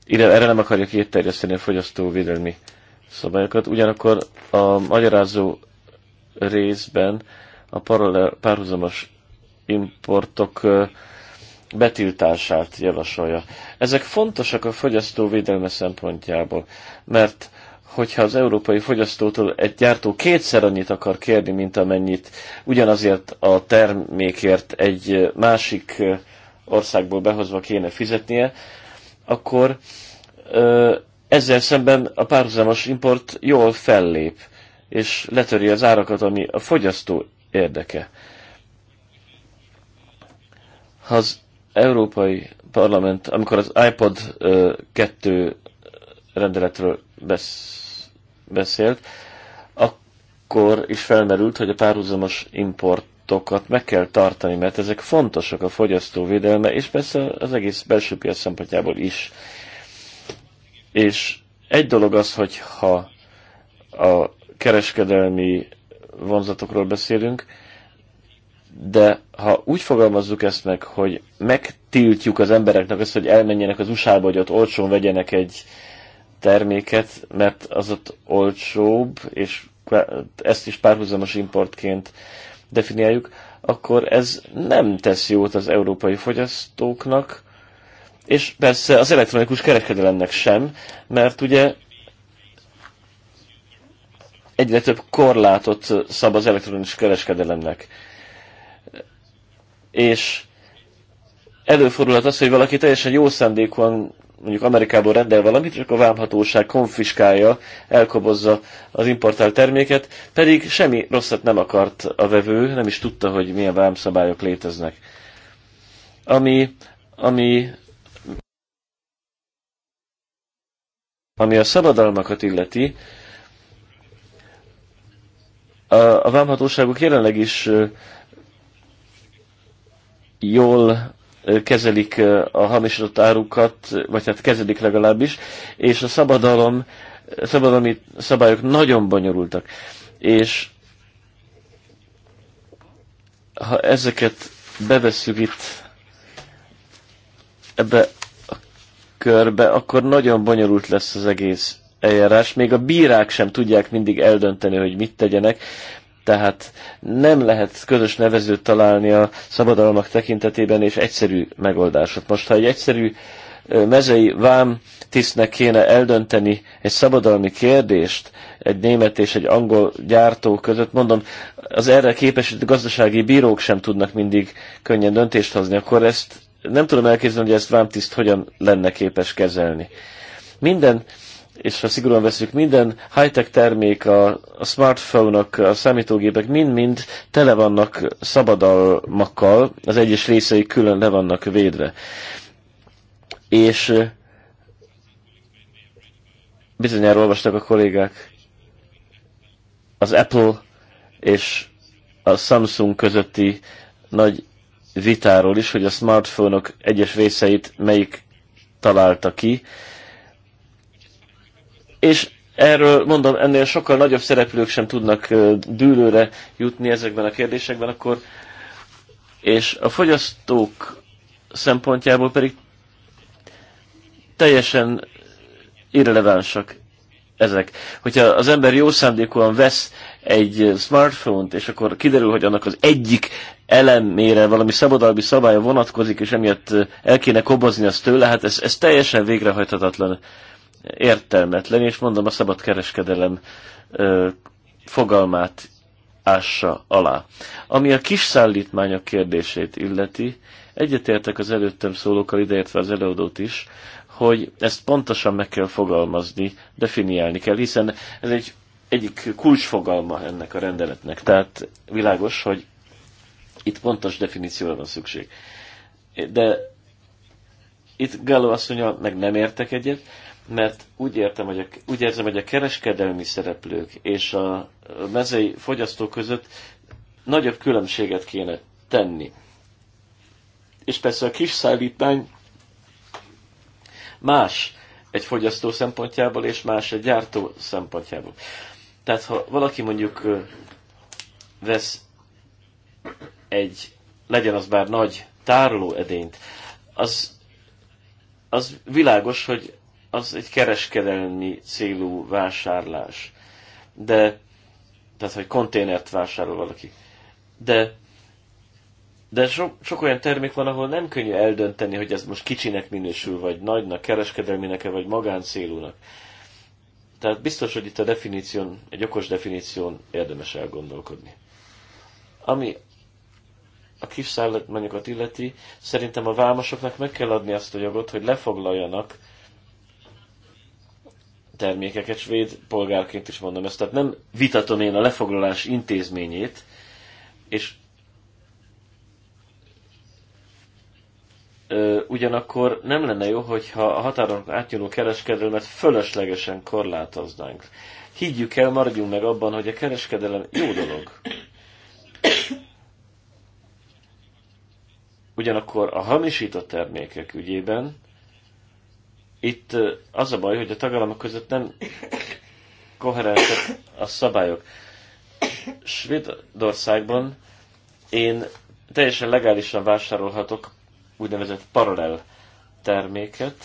ide, erre nem akarja kiterjeszteni a fogyasztóvédelmi szabályokat. Ugyanakkor a magyarázó részben a paralel, párhuzamos importok betiltását javasolja. Ezek fontosak a fogyasztóvédelme szempontjából, mert hogyha az európai fogyasztótól egy gyártó kétszer annyit akar kérni, mint amennyit ugyanazért a termékért egy másik országból behozva kéne fizetnie, akkor ezzel szemben a párhuzamos import jól fellép, és letöri az árakat, ami a fogyasztó érdeke. Ha az Európai Parlament, amikor az iPod 2 rendeletről beszél, beszélt, akkor is felmerült, hogy a párhuzamos importokat meg kell tartani, mert ezek fontosak a fogyasztó védelme és persze az egész belső piac szempontjából is. És egy dolog az, hogyha a kereskedelmi vonzatokról beszélünk, de ha úgy fogalmazzuk ezt meg, hogy megtiltjuk az embereknek azt, hogy elmenjenek az USA-ba, hogy ott olcsón vegyenek egy terméket, mert az ott olcsóbb, és ezt is párhuzamos importként definiáljuk, akkor ez nem tesz jót az európai fogyasztóknak, és persze az elektronikus kereskedelemnek sem, mert ugye egyre több korlátot szab az elektronikus kereskedelemnek. És előfordulhat az, hogy valaki teljesen jó szándékúan mondjuk Amerikából rendel valamit, és akkor a vámhatóság konfiskálja, elkobozza az importált terméket, pedig semmi rosszat nem akart a vevő, nem is tudta, hogy milyen vámszabályok léteznek. Ami, ami, ami a szabadalmakat illeti, a, a vámhatóságok jelenleg is jól kezelik a hamisított árukat, vagy hát kezelik legalábbis, és a szabadalom, szabadalmi szabályok nagyon bonyolultak. És ha ezeket bevesszük itt ebbe a körbe, akkor nagyon bonyolult lesz az egész eljárás. Még a bírák sem tudják mindig eldönteni, hogy mit tegyenek, tehát nem lehet közös nevezőt találni a szabadalmak tekintetében és egyszerű megoldásot. Most, ha egy egyszerű mezei vám tisztnek kéne eldönteni egy szabadalmi kérdést egy német és egy angol gyártó között, mondom, az erre képes gazdasági bírók sem tudnak mindig könnyen döntést hozni, akkor ezt nem tudom elképzelni, hogy ezt tiszt hogyan lenne képes kezelni. Minden és ha szigorúan veszük, minden high-tech termék, a, a smartphone-ok, a számítógépek mind-mind tele vannak szabadalmakkal, az egyes részei külön le vannak védve. És bizonyára olvastak a kollégák az Apple és a Samsung közötti nagy vitáról is, hogy a smartphone-ok egyes részeit melyik találta ki, és erről mondom, ennél sokkal nagyobb szereplők sem tudnak dűlőre jutni ezekben a kérdésekben, akkor és a fogyasztók szempontjából pedig teljesen irrelevánsak ezek. Hogyha az ember jó szándékúan vesz egy smartphone-t, és akkor kiderül, hogy annak az egyik elemére valami szabadalmi szabálya vonatkozik, és emiatt el kéne kobozni azt tőle, hát ez, ez teljesen végrehajthatatlan értelmetlen, és mondom, a szabad kereskedelem fogalmát ássa alá. Ami a kis szállítmányok kérdését illeti, egyetértek az előttem szólókkal, ideértve az előadót is, hogy ezt pontosan meg kell fogalmazni, definiálni kell, hiszen ez egy egyik kulcsfogalma ennek a rendeletnek. Tehát világos, hogy itt pontos definícióra van szükség. De itt Gallo asszonya meg nem értek egyet, mert úgy, értem, hogy a, úgy érzem, hogy a kereskedelmi szereplők és a mezei fogyasztók között nagyobb különbséget kéne tenni. És persze a kis szállítmány más egy fogyasztó szempontjából, és más egy gyártó szempontjából. Tehát ha valaki mondjuk vesz egy, legyen az bár nagy tárolóedényt, az, az világos, hogy az egy kereskedelmi célú vásárlás. De, tehát, hogy konténert vásárol valaki. De, de sok, sok olyan termék van, ahol nem könnyű eldönteni, hogy ez most kicsinek minősül, vagy nagynak, kereskedelminek-e, vagy magáncélúnak. Tehát biztos, hogy itt a definíción, egy okos definíción érdemes elgondolkodni. Ami a kis szállatmányokat illeti, szerintem a vámosoknak meg kell adni azt a jogot, hogy lefoglaljanak termékeket, svéd polgárként is mondom ezt, tehát nem vitatom én a lefoglalás intézményét, és ö, ugyanakkor nem lenne jó, hogyha a határon átnyúló kereskedelmet fölöslegesen korlátoznánk. Higgyük el, maradjunk meg abban, hogy a kereskedelem jó dolog. Ugyanakkor a hamisított termékek ügyében itt az a baj, hogy a tagállamok között nem koherensek a szabályok. Svédországban én teljesen legálisan vásárolhatok úgynevezett paralel terméket,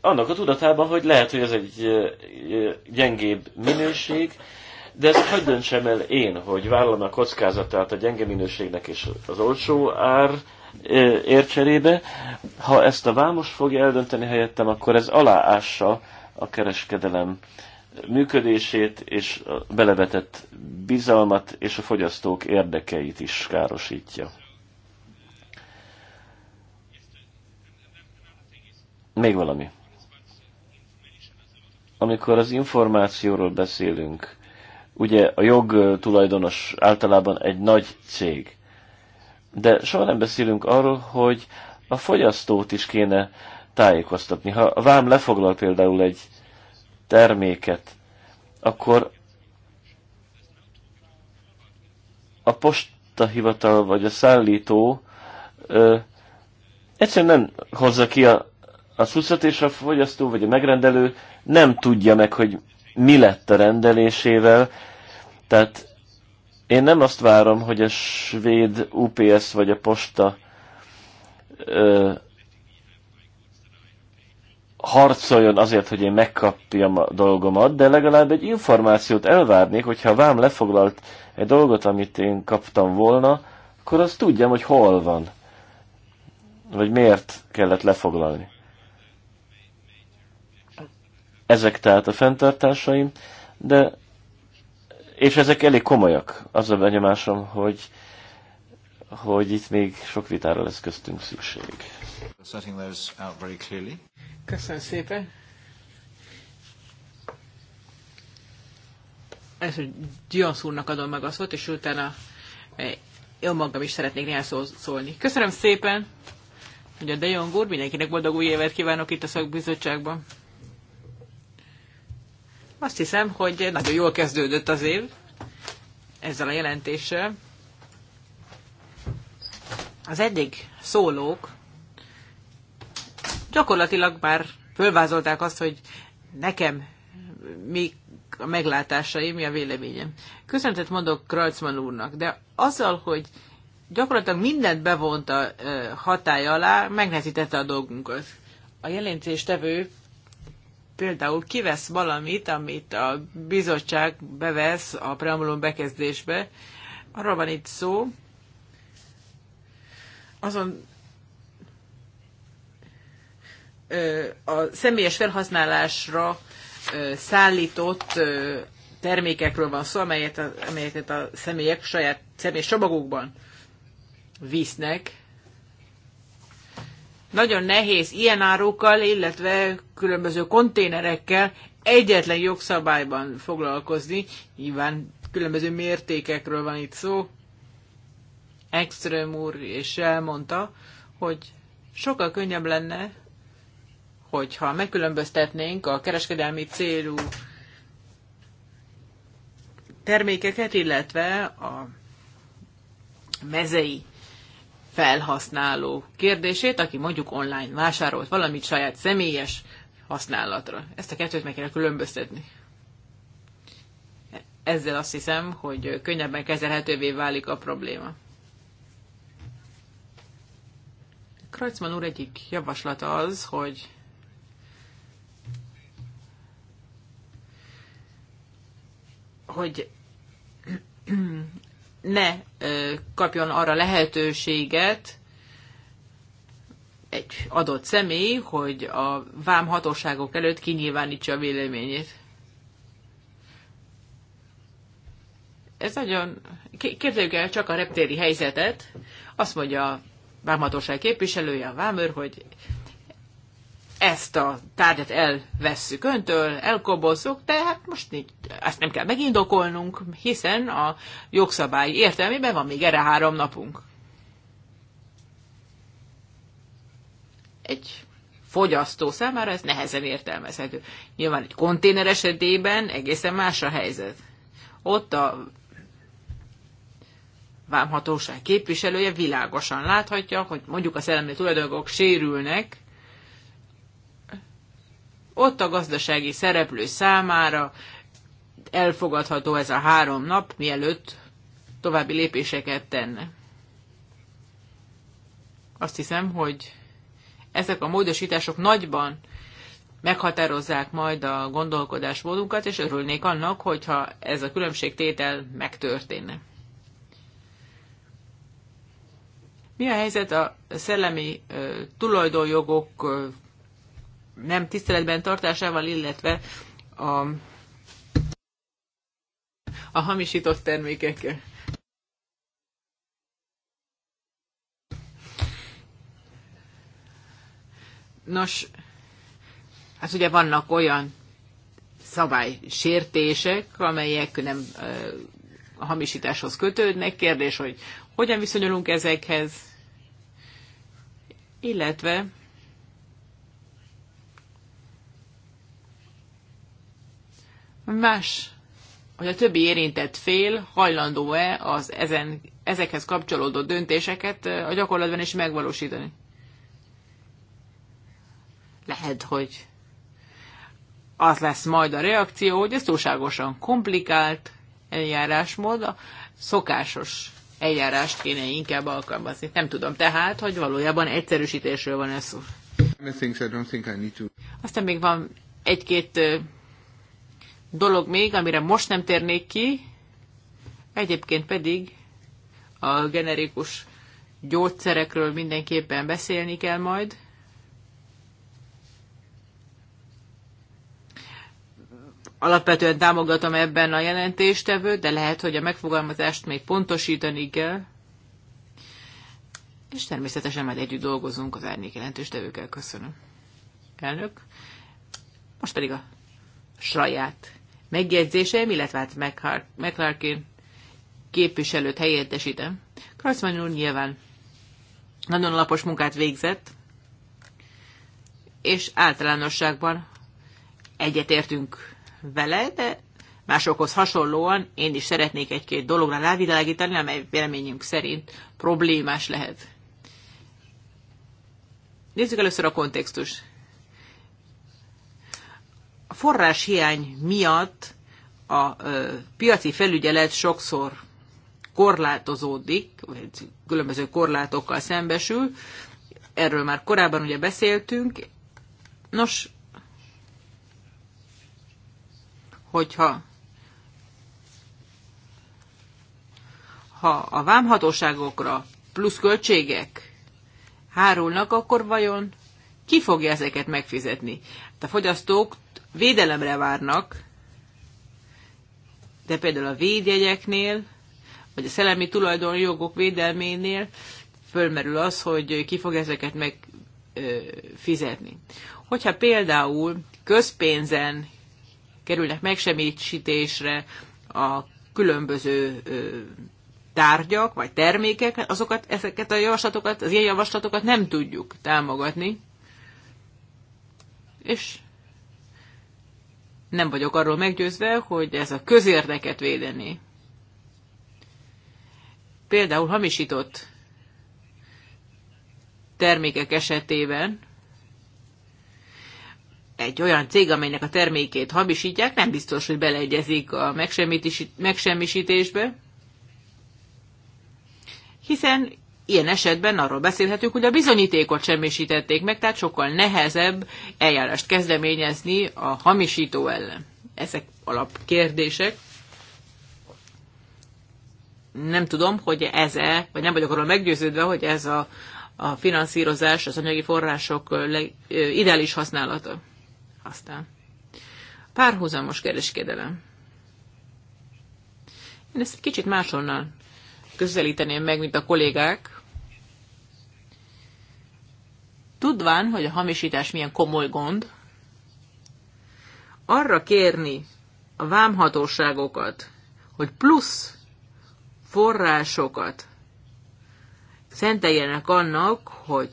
annak a tudatában, hogy lehet, hogy ez egy gyengébb minőség, de ezt hogy döntsem el én, hogy vállalom a kockázatát a gyenge minőségnek és az olcsó ár ércserébe. Ha ezt a vámos fogja eldönteni helyettem, akkor ez aláássa a kereskedelem működését és a belevetett bizalmat és a fogyasztók érdekeit is károsítja. Még valami. Amikor az információról beszélünk, ugye a jog tulajdonos általában egy nagy cég. De soha nem beszélünk arról, hogy a fogyasztót is kéne tájékoztatni. Ha a vám lefoglal például egy terméket, akkor a postahivatal vagy a szállító ö, egyszerűen nem hozza ki a, a szuszat, és a fogyasztó vagy a megrendelő nem tudja meg, hogy mi lett a rendelésével. Tehát én nem azt várom, hogy a svéd UPS vagy a posta ö, harcoljon azért, hogy én megkapjam a dolgomat, de legalább egy információt elvárnék, hogyha vám lefoglalt egy dolgot, amit én kaptam volna, akkor azt tudjam, hogy hol van. Vagy miért kellett lefoglalni. Ezek tehát a fenntartásaim, de és ezek elég komolyak. Az a benyomásom, hogy, hogy itt még sok vitára lesz köztünk szükség. Köszönöm szépen. Ez, hogy Giansz szúrnak adom meg a szót, és utána eh, én magam is szeretnék néhány szó, szólni. Köszönöm szépen, hogy a De Jong úr, mindenkinek boldog új évet kívánok itt a szakbizottságban. Azt hiszem, hogy nagyon jól kezdődött az év ezzel a jelentéssel. Az eddig szólók gyakorlatilag már fölvázolták azt, hogy nekem mi a meglátásai, mi a véleményem. Köszönetet mondok Kralcman úrnak, de azzal, hogy gyakorlatilag mindent bevont a hatája alá, megnehezítette a dolgunkat. A jelentéstevő például kivesz valamit, amit a bizottság bevesz a preambulum bekezdésbe, arról van itt szó, azon a személyes felhasználásra szállított termékekről van szó, amelyet a, amelyeket a személyek saját személyes csomagokban visznek. Nagyon nehéz ilyen árukkal, illetve különböző konténerekkel egyetlen jogszabályban foglalkozni. Nyilván különböző mértékekről van itt szó. Extrém úr is elmondta, hogy sokkal könnyebb lenne, hogyha megkülönböztetnénk a kereskedelmi célú termékeket, illetve a mezei felhasználó kérdését, aki mondjuk online vásárolt valamit saját személyes használatra. Ezt a kettőt meg kell különböztetni. Ezzel azt hiszem, hogy könnyebben kezelhetővé válik a probléma. Kreutzmann úr egyik javaslata az, hogy hogy ne kapjon arra lehetőséget egy adott személy, hogy a vám hatóságok előtt kinyilvánítsa a véleményét. Ez nagyon... Képzeljük el csak a reptéri helyzetet. Azt mondja a vámhatóság képviselője, a vámőr, hogy ezt a tárgyat elvesszük öntől, elkobozzuk, de hát most nincs, ezt nem kell megindokolnunk, hiszen a jogszabály értelmében van még erre három napunk. Egy fogyasztó számára ez nehezen értelmezhető. Nyilván egy konténer esetében egészen más a helyzet. Ott a vámhatóság képviselője világosan láthatja, hogy mondjuk a szellemi tulajdonok sérülnek, ott a gazdasági szereplő számára elfogadható ez a három nap, mielőtt további lépéseket tenne. Azt hiszem, hogy ezek a módosítások nagyban meghatározzák majd a gondolkodásmódunkat, és örülnék annak, hogyha ez a különbségtétel megtörténne. Mi a helyzet a szellemi tulajdonjogok nem tiszteletben tartásával, illetve a, a hamisított termékekkel. Nos, hát ugye vannak olyan szabálysértések, amelyek nem a hamisításhoz kötődnek. Kérdés, hogy hogyan viszonyulunk ezekhez, illetve más, hogy a többi érintett fél hajlandó-e az ezen, ezekhez kapcsolódó döntéseket a gyakorlatban is megvalósítani. Lehet, hogy az lesz majd a reakció, hogy ez túlságosan komplikált eljárásmód, a szokásos eljárást kéne inkább alkalmazni. Nem tudom tehát, hogy valójában egyszerűsítésről van ez szó. Aztán még van egy-két dolog még, amire most nem térnék ki, egyébként pedig a generikus gyógyszerekről mindenképpen beszélni kell majd. Alapvetően támogatom ebben a jelentéstevőt, de lehet, hogy a megfogalmazást még pontosítani kell. És természetesen már együtt dolgozunk az árnyék jelentéstevőkkel. Köszönöm. Elnök. Most pedig a saját megjegyzéseim, illetve hát McClarkin képviselőt helyettesítem. Kraszman úr nyilván nagyon alapos munkát végzett, és általánosságban egyetértünk vele, de másokhoz hasonlóan én is szeretnék egy-két dologra rávilágítani, amely véleményünk szerint problémás lehet. Nézzük először a kontextust a forráshiány miatt a piaci felügyelet sokszor korlátozódik, vagy különböző korlátokkal szembesül. Erről már korábban ugye beszéltünk. Nos, hogyha ha a vámhatóságokra plusz költségek hárulnak, akkor vajon ki fogja ezeket megfizetni? Hát a fogyasztók védelemre várnak, de például a védjegyeknél, vagy a szellemi tulajdonjogok védelménél fölmerül az, hogy ki fog ezeket megfizetni. Hogyha például közpénzen kerülnek megsemmisítésre a különböző tárgyak vagy termékek, azokat, ezeket a javaslatokat, az ilyen javaslatokat nem tudjuk támogatni, és nem vagyok arról meggyőzve, hogy ez a közérdeket védeni. Például hamisított termékek esetében egy olyan cég, amelynek a termékét hamisítják, nem biztos, hogy beleegyezik a megsemmisítésbe, hiszen ilyen esetben arról beszélhetünk, hogy a bizonyítékot semmisítették meg, tehát sokkal nehezebb eljárást kezdeményezni a hamisító ellen. Ezek alapkérdések. Nem tudom, hogy ez-e, vagy nem vagyok arról meggyőződve, hogy ez a, a finanszírozás, az anyagi források le, ideális használata. Aztán párhuzamos kereskedelem. Én ezt egy kicsit máshonnan közelíteném meg, mint a kollégák, tudván, hogy a hamisítás milyen komoly gond, arra kérni a vámhatóságokat, hogy plusz forrásokat szenteljenek annak, hogy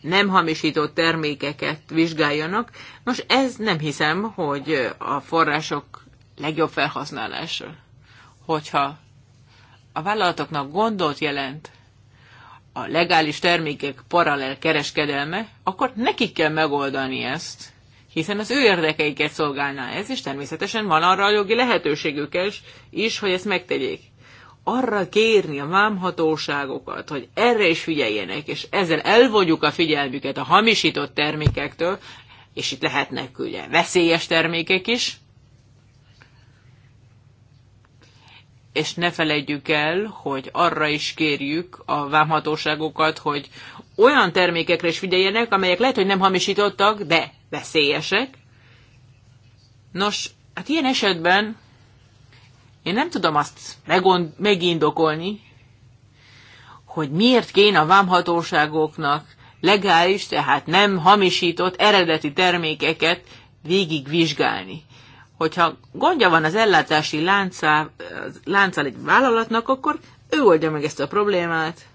nem hamisított termékeket vizsgáljanak. Nos, ez nem hiszem, hogy a források legjobb felhasználása. Hogyha a vállalatoknak gondot jelent a legális termékek paralel kereskedelme, akkor nekik kell megoldani ezt, hiszen az ő érdekeiket szolgálná ez, és természetesen van arra a jogi lehetőségük is, hogy ezt megtegyék. Arra kérni a vámhatóságokat, hogy erre is figyeljenek, és ezzel elvonjuk a figyelmüket a hamisított termékektől, és itt lehetnek ugye veszélyes termékek is, és ne felejtjük el, hogy arra is kérjük a vámhatóságokat, hogy olyan termékekre is figyeljenek, amelyek lehet, hogy nem hamisítottak, de veszélyesek. Nos, hát ilyen esetben én nem tudom azt megond, megindokolni, hogy miért kéne a vámhatóságoknak legális, tehát nem hamisított eredeti termékeket végigvizsgálni hogyha gondja van az ellátási lánccal, lánccal egy vállalatnak, akkor ő oldja meg ezt a problémát.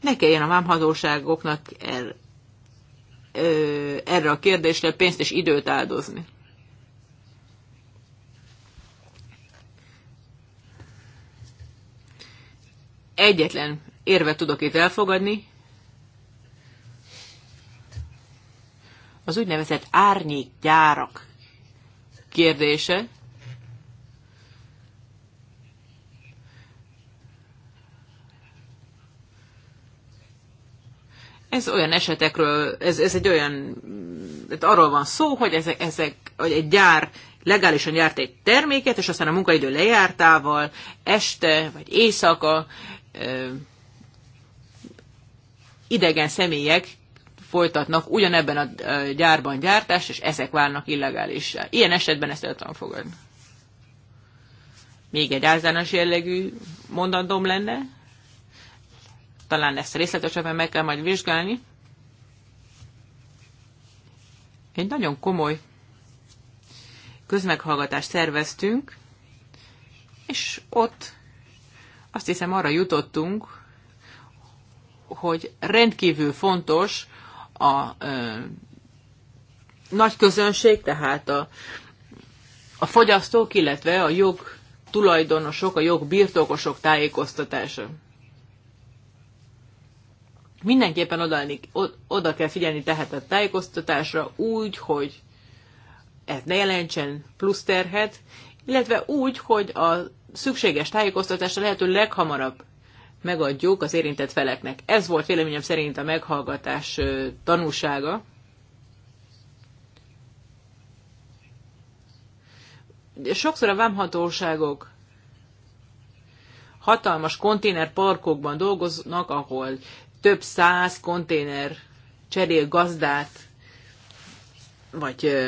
Ne kelljen a vámhatóságoknak er, ö, erre a kérdésre pénzt és időt áldozni. Egyetlen érvet tudok itt elfogadni, az úgynevezett árnyékgyárak kérdése. Ez olyan esetekről, ez, ez egy olyan, arról van szó, hogy ezek, ezek, hogy egy gyár legálisan gyárt egy terméket, és aztán a munkaidő lejártával, este vagy éjszaka ö, idegen személyek folytatnak ugyanebben a gyárban gyártást, és ezek válnak illegálissá. Ilyen esetben ezt el tudom fogadni. Még egy általános jellegű mondandóm lenne, talán ezt részletesebben meg kell majd vizsgálni. Egy nagyon komoly közmeghallgatást szerveztünk, és ott azt hiszem arra jutottunk, hogy rendkívül fontos a ö, nagy közönség, tehát a, a fogyasztók, illetve a jog tulajdonosok, a jog birtokosok tájékoztatása. Mindenképpen oda, oda kell figyelni tehát a tájékoztatásra úgy, hogy ez ne jelentsen plusz terhet, illetve úgy, hogy a szükséges tájékoztatásra lehető leghamarabb megadjuk az érintett feleknek. Ez volt véleményem szerint a meghallgatás tanúsága. Sokszor a vámhatóságok hatalmas konténerparkokban dolgoznak, ahol több száz konténer cserél gazdát, vagy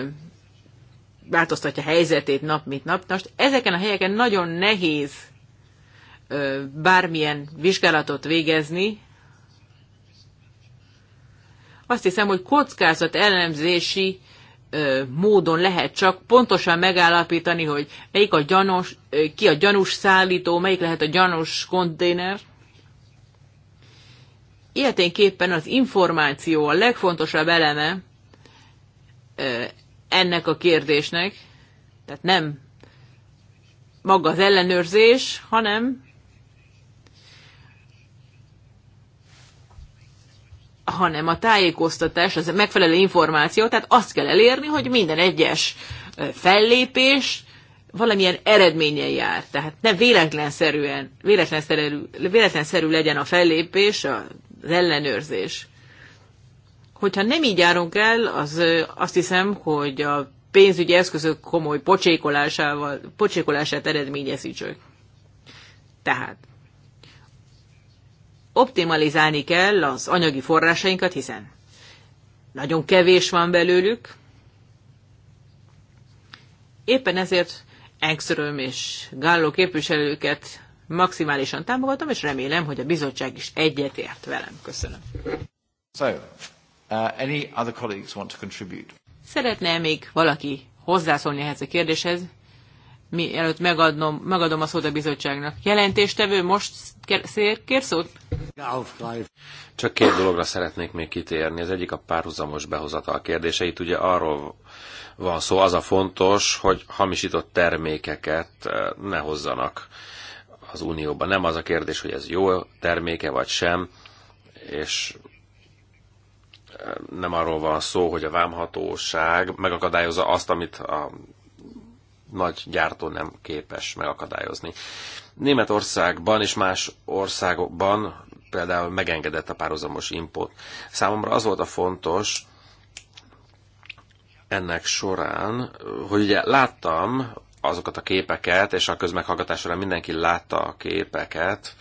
változtatja helyzetét nap mint nap. Most ezeken a helyeken nagyon nehéz bármilyen vizsgálatot végezni, azt hiszem, hogy kockázat elemzési módon lehet csak pontosan megállapítani, hogy melyik a gyanús, ki a gyanús szállító, melyik lehet a gyanús konténer. Ilyeténképpen az információ a legfontosabb eleme ennek a kérdésnek, tehát nem maga az ellenőrzés, hanem hanem a tájékoztatás, az a megfelelő információ, tehát azt kell elérni, hogy minden egyes fellépés valamilyen eredménye jár. Tehát ne véletlenszerűen, véletlenszerű, véletlenszerű legyen a fellépés, az ellenőrzés. Hogyha nem így járunk el, az azt hiszem, hogy a pénzügyi eszközök komoly pocsékolásával, pocsékolását eredményezítsük. Tehát optimalizálni kell az anyagi forrásainkat, hiszen nagyon kevés van belőlük. Éppen ezért Engström és Gallo képviselőket maximálisan támogatom, és remélem, hogy a bizottság is egyetért velem. Köszönöm. So, uh, any other colleagues want to contribute? Szeretne még valaki hozzászólni ehhez a kérdéshez? mielőtt megadnom, megadom a szót a bizottságnak. Jelentéstevő, most kér, kér szót? Csak két dologra szeretnék még kitérni. Az egyik a párhuzamos behozatal kérdése. ugye arról van szó, az a fontos, hogy hamisított termékeket eh, ne hozzanak az Unióba. Nem az a kérdés, hogy ez jó terméke vagy sem, és eh, nem arról van szó, hogy a vámhatóság megakadályozza azt, amit a nagy gyártó nem képes megakadályozni. Németországban és más országokban például megengedett a párhuzamos import. Számomra az volt a fontos, ennek során, hogy ugye láttam azokat a képeket, és a közmeghallgatásra során mindenki látta a képeket,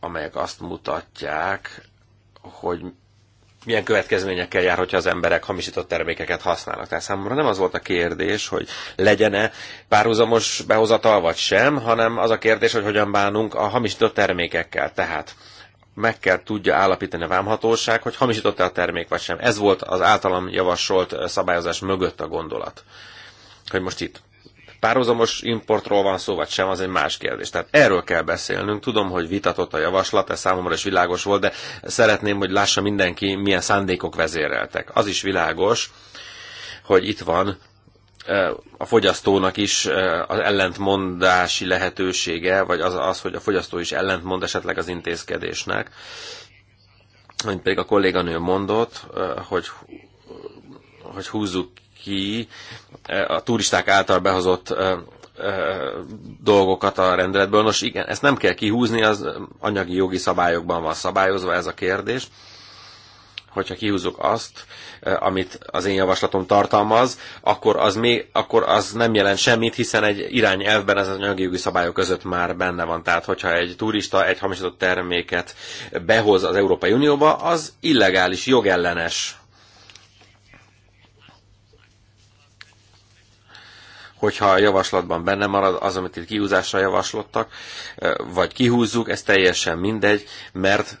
amelyek azt mutatják, hogy milyen következményekkel jár, hogyha az emberek hamisított termékeket használnak. Tehát számomra nem az volt a kérdés, hogy legyen-e párhuzamos behozatal vagy sem, hanem az a kérdés, hogy hogyan bánunk a hamisított termékekkel. Tehát meg kell tudja állapítani a vámhatóság, hogy hamisított-e a termék vagy sem. Ez volt az általam javasolt szabályozás mögött a gondolat. Hogy most itt párhuzamos importról van szó, vagy sem, az egy más kérdés. Tehát erről kell beszélnünk. Tudom, hogy vitatott a javaslat, ez számomra is világos volt, de szeretném, hogy lássa mindenki, milyen szándékok vezéreltek. Az is világos, hogy itt van a fogyasztónak is az ellentmondási lehetősége, vagy az, az, hogy a fogyasztó is ellentmond esetleg az intézkedésnek. Mint pedig a kolléganő mondott, hogy hogy húzzuk ki eh, a turisták által behozott eh, eh, dolgokat a rendeletből. Nos igen, ezt nem kell kihúzni, az anyagi jogi szabályokban van szabályozva ez a kérdés. Hogyha kihúzok azt, amit az én javaslatom tartalmaz, akkor az, még, akkor az nem jelent semmit, hiszen egy irányelvben ez az anyagi jogi szabályok között már benne van. Tehát, hogyha egy turista egy hamisított terméket behoz az Európai Unióba, az illegális, jogellenes hogyha a javaslatban benne marad az, amit itt kihúzásra javaslottak, vagy kihúzzuk, ez teljesen mindegy, mert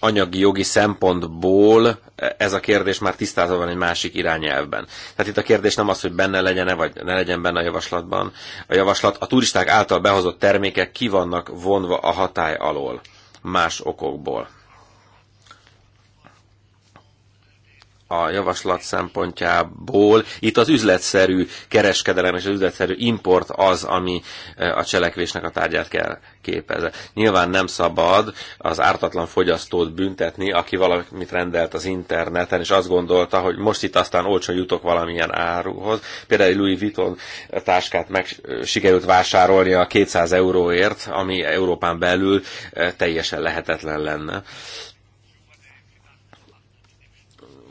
anyagi jogi szempontból ez a kérdés már tisztázva van egy másik irányelvben. Tehát itt a kérdés nem az, hogy benne legyen-e, vagy ne legyen benne a javaslatban. A javaslat a turisták által behozott termékek ki vannak vonva a hatály alól, más okokból. a javaslat szempontjából. Itt az üzletszerű kereskedelem és az üzletszerű import az, ami eh, a cselekvésnek a tárgyát kell képezze. Nyilván nem szabad az ártatlan fogyasztót büntetni, aki valamit rendelt az interneten, és azt gondolta, hogy most itt aztán olcsó jutok valamilyen áruhoz. Például egy Louis Vuitton táskát meg eh, sikerült vásárolni a 200 euróért, ami Európán belül eh, teljesen lehetetlen lenne.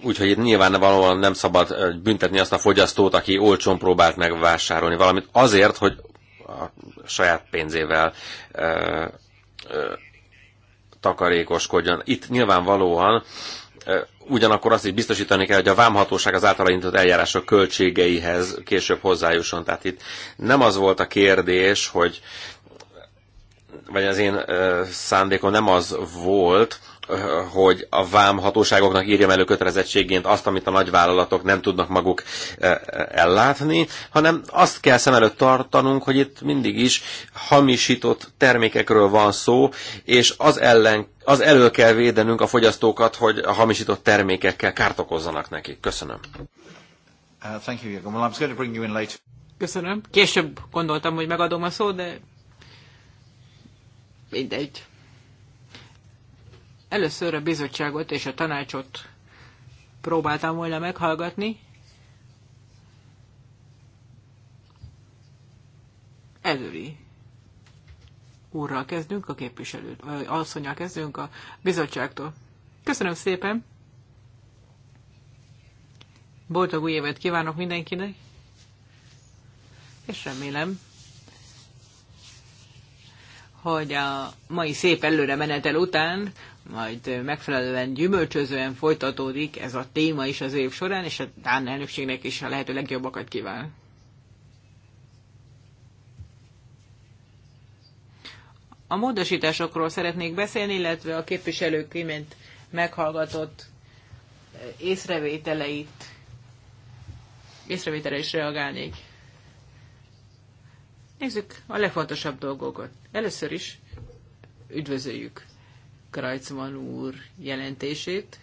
Úgyhogy itt nyilvánvalóan nem szabad büntetni azt a fogyasztót, aki olcsón próbált megvásárolni valamit azért, hogy a saját pénzével ö, ö, takarékoskodjon. Itt nyilvánvalóan ö, ugyanakkor azt is biztosítani kell, hogy a vámhatóság az általa indított eljárások költségeihez később hozzájusson. Tehát itt nem az volt a kérdés, hogy vagy az én ö, szándékom nem az volt, hogy a vámhatóságoknak írjam elő kötelezettségként azt, amit a nagyvállalatok nem tudnak maguk eh, eh, ellátni, hanem azt kell szem előtt tartanunk, hogy itt mindig is hamisított termékekről van szó, és az ellen az elő kell védenünk a fogyasztókat, hogy a hamisított termékekkel kárt okozzanak nekik. Köszönöm. Uh, thank you, Well, I'm going to bring you in later. Köszönöm. Később gondoltam, hogy megadom a szót, de mindegy. Először a bizottságot és a tanácsot próbáltam volna meghallgatni. Előri úrral kezdünk, a képviselőt, asszonyjal kezdünk a bizottságtól. Köszönöm szépen! Boldog új évet kívánok mindenkinek, és remélem, hogy a mai szép előre menetel után majd megfelelően gyümölcsözően folytatódik ez a téma is az év során, és a Dán elnökségnek is a lehető legjobbakat kíván. A módosításokról szeretnék beszélni, illetve a képviselők imént meghallgatott észrevételeit, észrevételre is reagálnék. Nézzük a legfontosabb dolgokat. Először is üdvözöljük Krajcman úr jelentését.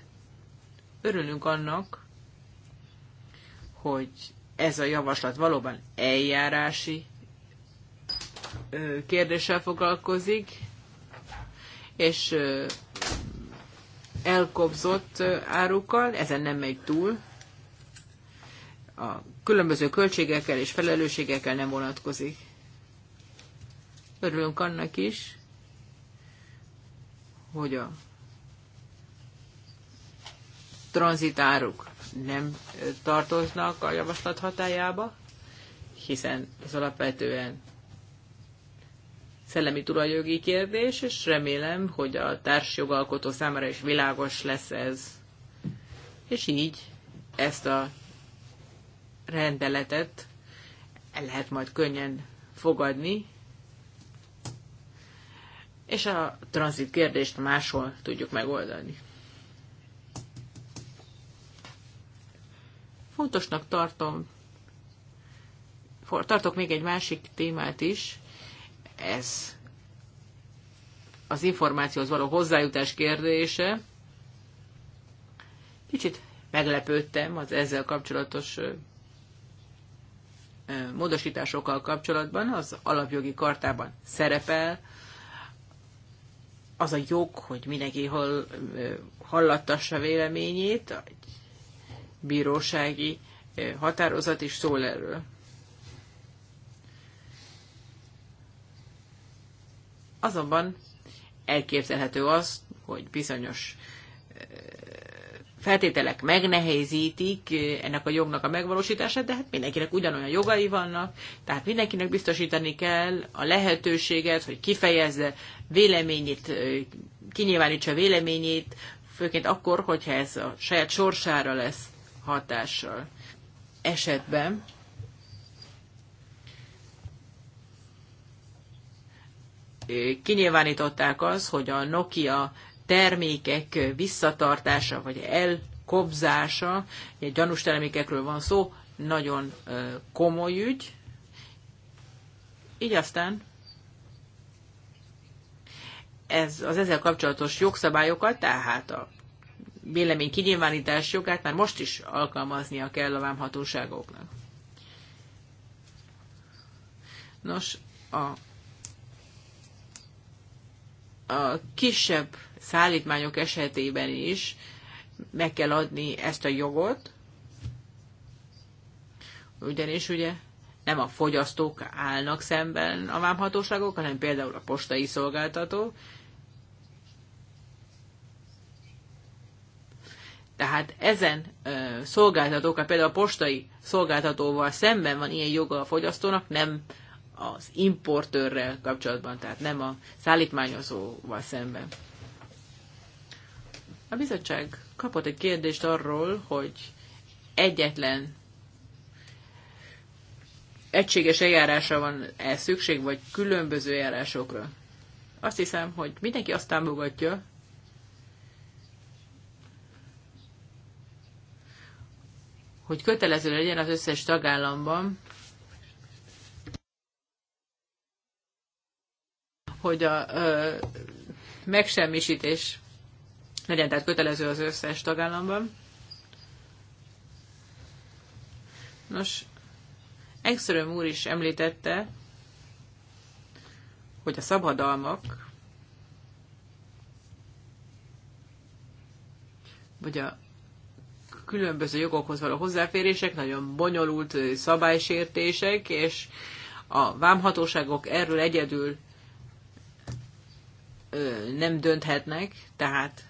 Örülünk annak, hogy ez a javaslat valóban eljárási kérdéssel foglalkozik, és elkobzott árukkal, ezen nem megy túl, a különböző költségekkel és felelősségekkel nem vonatkozik. Örülünk annak is, hogy a tranzitáruk nem tartoznak a javaslat hatájába, hiszen ez alapvetően szellemi tulajjogi kérdés, és remélem, hogy a társjogalkotó számára is világos lesz ez. És így ezt a rendeletet el lehet majd könnyen fogadni, és a tranzit kérdést máshol tudjuk megoldani. Fontosnak tartom, tartok még egy másik témát is, ez az információhoz való hozzájutás kérdése. Kicsit meglepődtem az ezzel kapcsolatos módosításokkal kapcsolatban, az alapjogi kartában szerepel az a jog, hogy mindenki hall, hallattassa véleményét, egy bírósági határozat is szól erről. Azonban elképzelhető az, hogy bizonyos feltételek megnehezítik ennek a jognak a megvalósítását, de hát mindenkinek ugyanolyan jogai vannak, tehát mindenkinek biztosítani kell a lehetőséget, hogy kifejezze véleményét, kinyilvánítsa véleményét, főként akkor, hogyha ez a saját sorsára lesz hatással. Esetben kinyilvánították az, hogy a Nokia termékek visszatartása vagy elkobzása, egy gyanús termékekről van szó, nagyon komoly ügy. Így aztán ez, az ezzel kapcsolatos jogszabályokat, tehát a vélemény kinyilvánítás jogát már most is alkalmaznia kell a vámhatóságoknak. Nos, a, a kisebb szállítmányok esetében is meg kell adni ezt a jogot, ugyanis ugye nem a fogyasztók állnak szemben a vámhatóságok, hanem például a postai szolgáltató. Tehát ezen ö, szolgáltatókkal, például a postai szolgáltatóval szemben van ilyen joga a fogyasztónak, nem az importőrrel kapcsolatban, tehát nem a szállítmányozóval szemben. A bizottság kapott egy kérdést arról, hogy egyetlen egységes eljárásra van-e szükség, vagy különböző eljárásokra. Azt hiszem, hogy mindenki azt támogatja, hogy kötelező legyen az összes tagállamban, hogy a ö, megsemmisítés legyen tehát kötelező az összes tagállamban. Nos, Engström úr is említette, hogy a szabadalmak, vagy a különböző jogokhoz való hozzáférések nagyon bonyolult szabálysértések, és a vámhatóságok erről egyedül nem dönthetnek, tehát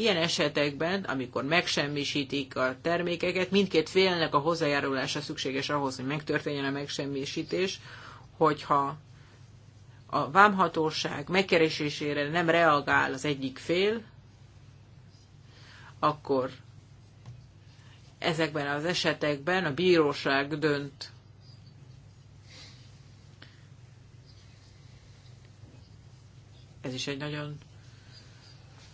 Ilyen esetekben, amikor megsemmisítik a termékeket, mindkét félnek a hozzájárulása szükséges ahhoz, hogy megtörténjen a megsemmisítés, hogyha a vámhatóság megkeresésére nem reagál az egyik fél, akkor ezekben az esetekben a bíróság dönt. Ez is egy nagyon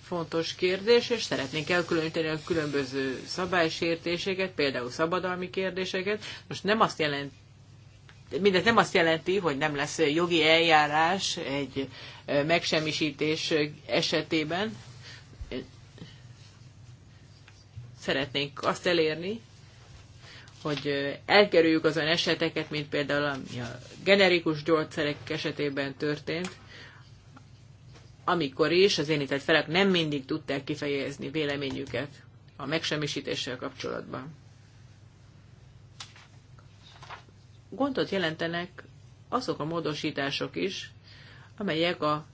fontos kérdés, és szeretnénk elkülöníteni a különböző szabálysértéseket, például szabadalmi kérdéseket. Most nem azt jelenti, mindez nem azt jelenti, hogy nem lesz jogi eljárás egy megsemmisítés esetében. Szeretnénk azt elérni, hogy elkerüljük azon eseteket, mint például a generikus gyógyszerek esetében történt, amikor is az érintett felek nem mindig tudták kifejezni véleményüket a megsemmisítéssel kapcsolatban. Gondot jelentenek azok a módosítások is, amelyek a,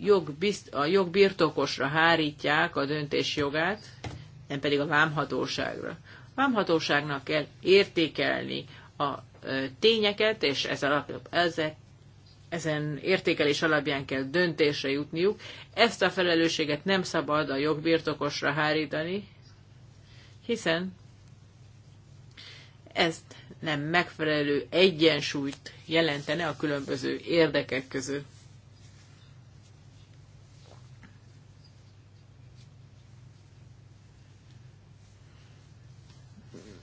jog bizt, a jogbirtokosra hárítják a döntés jogát, nem pedig a vámhatóságra. A vámhatóságnak kell értékelni a tényeket, és ez alap, ezek ezen értékelés alapján kell döntésre jutniuk. Ezt a felelősséget nem szabad a jogbirtokosra hárítani, hiszen ezt nem megfelelő egyensúlyt jelentene a különböző érdekek között.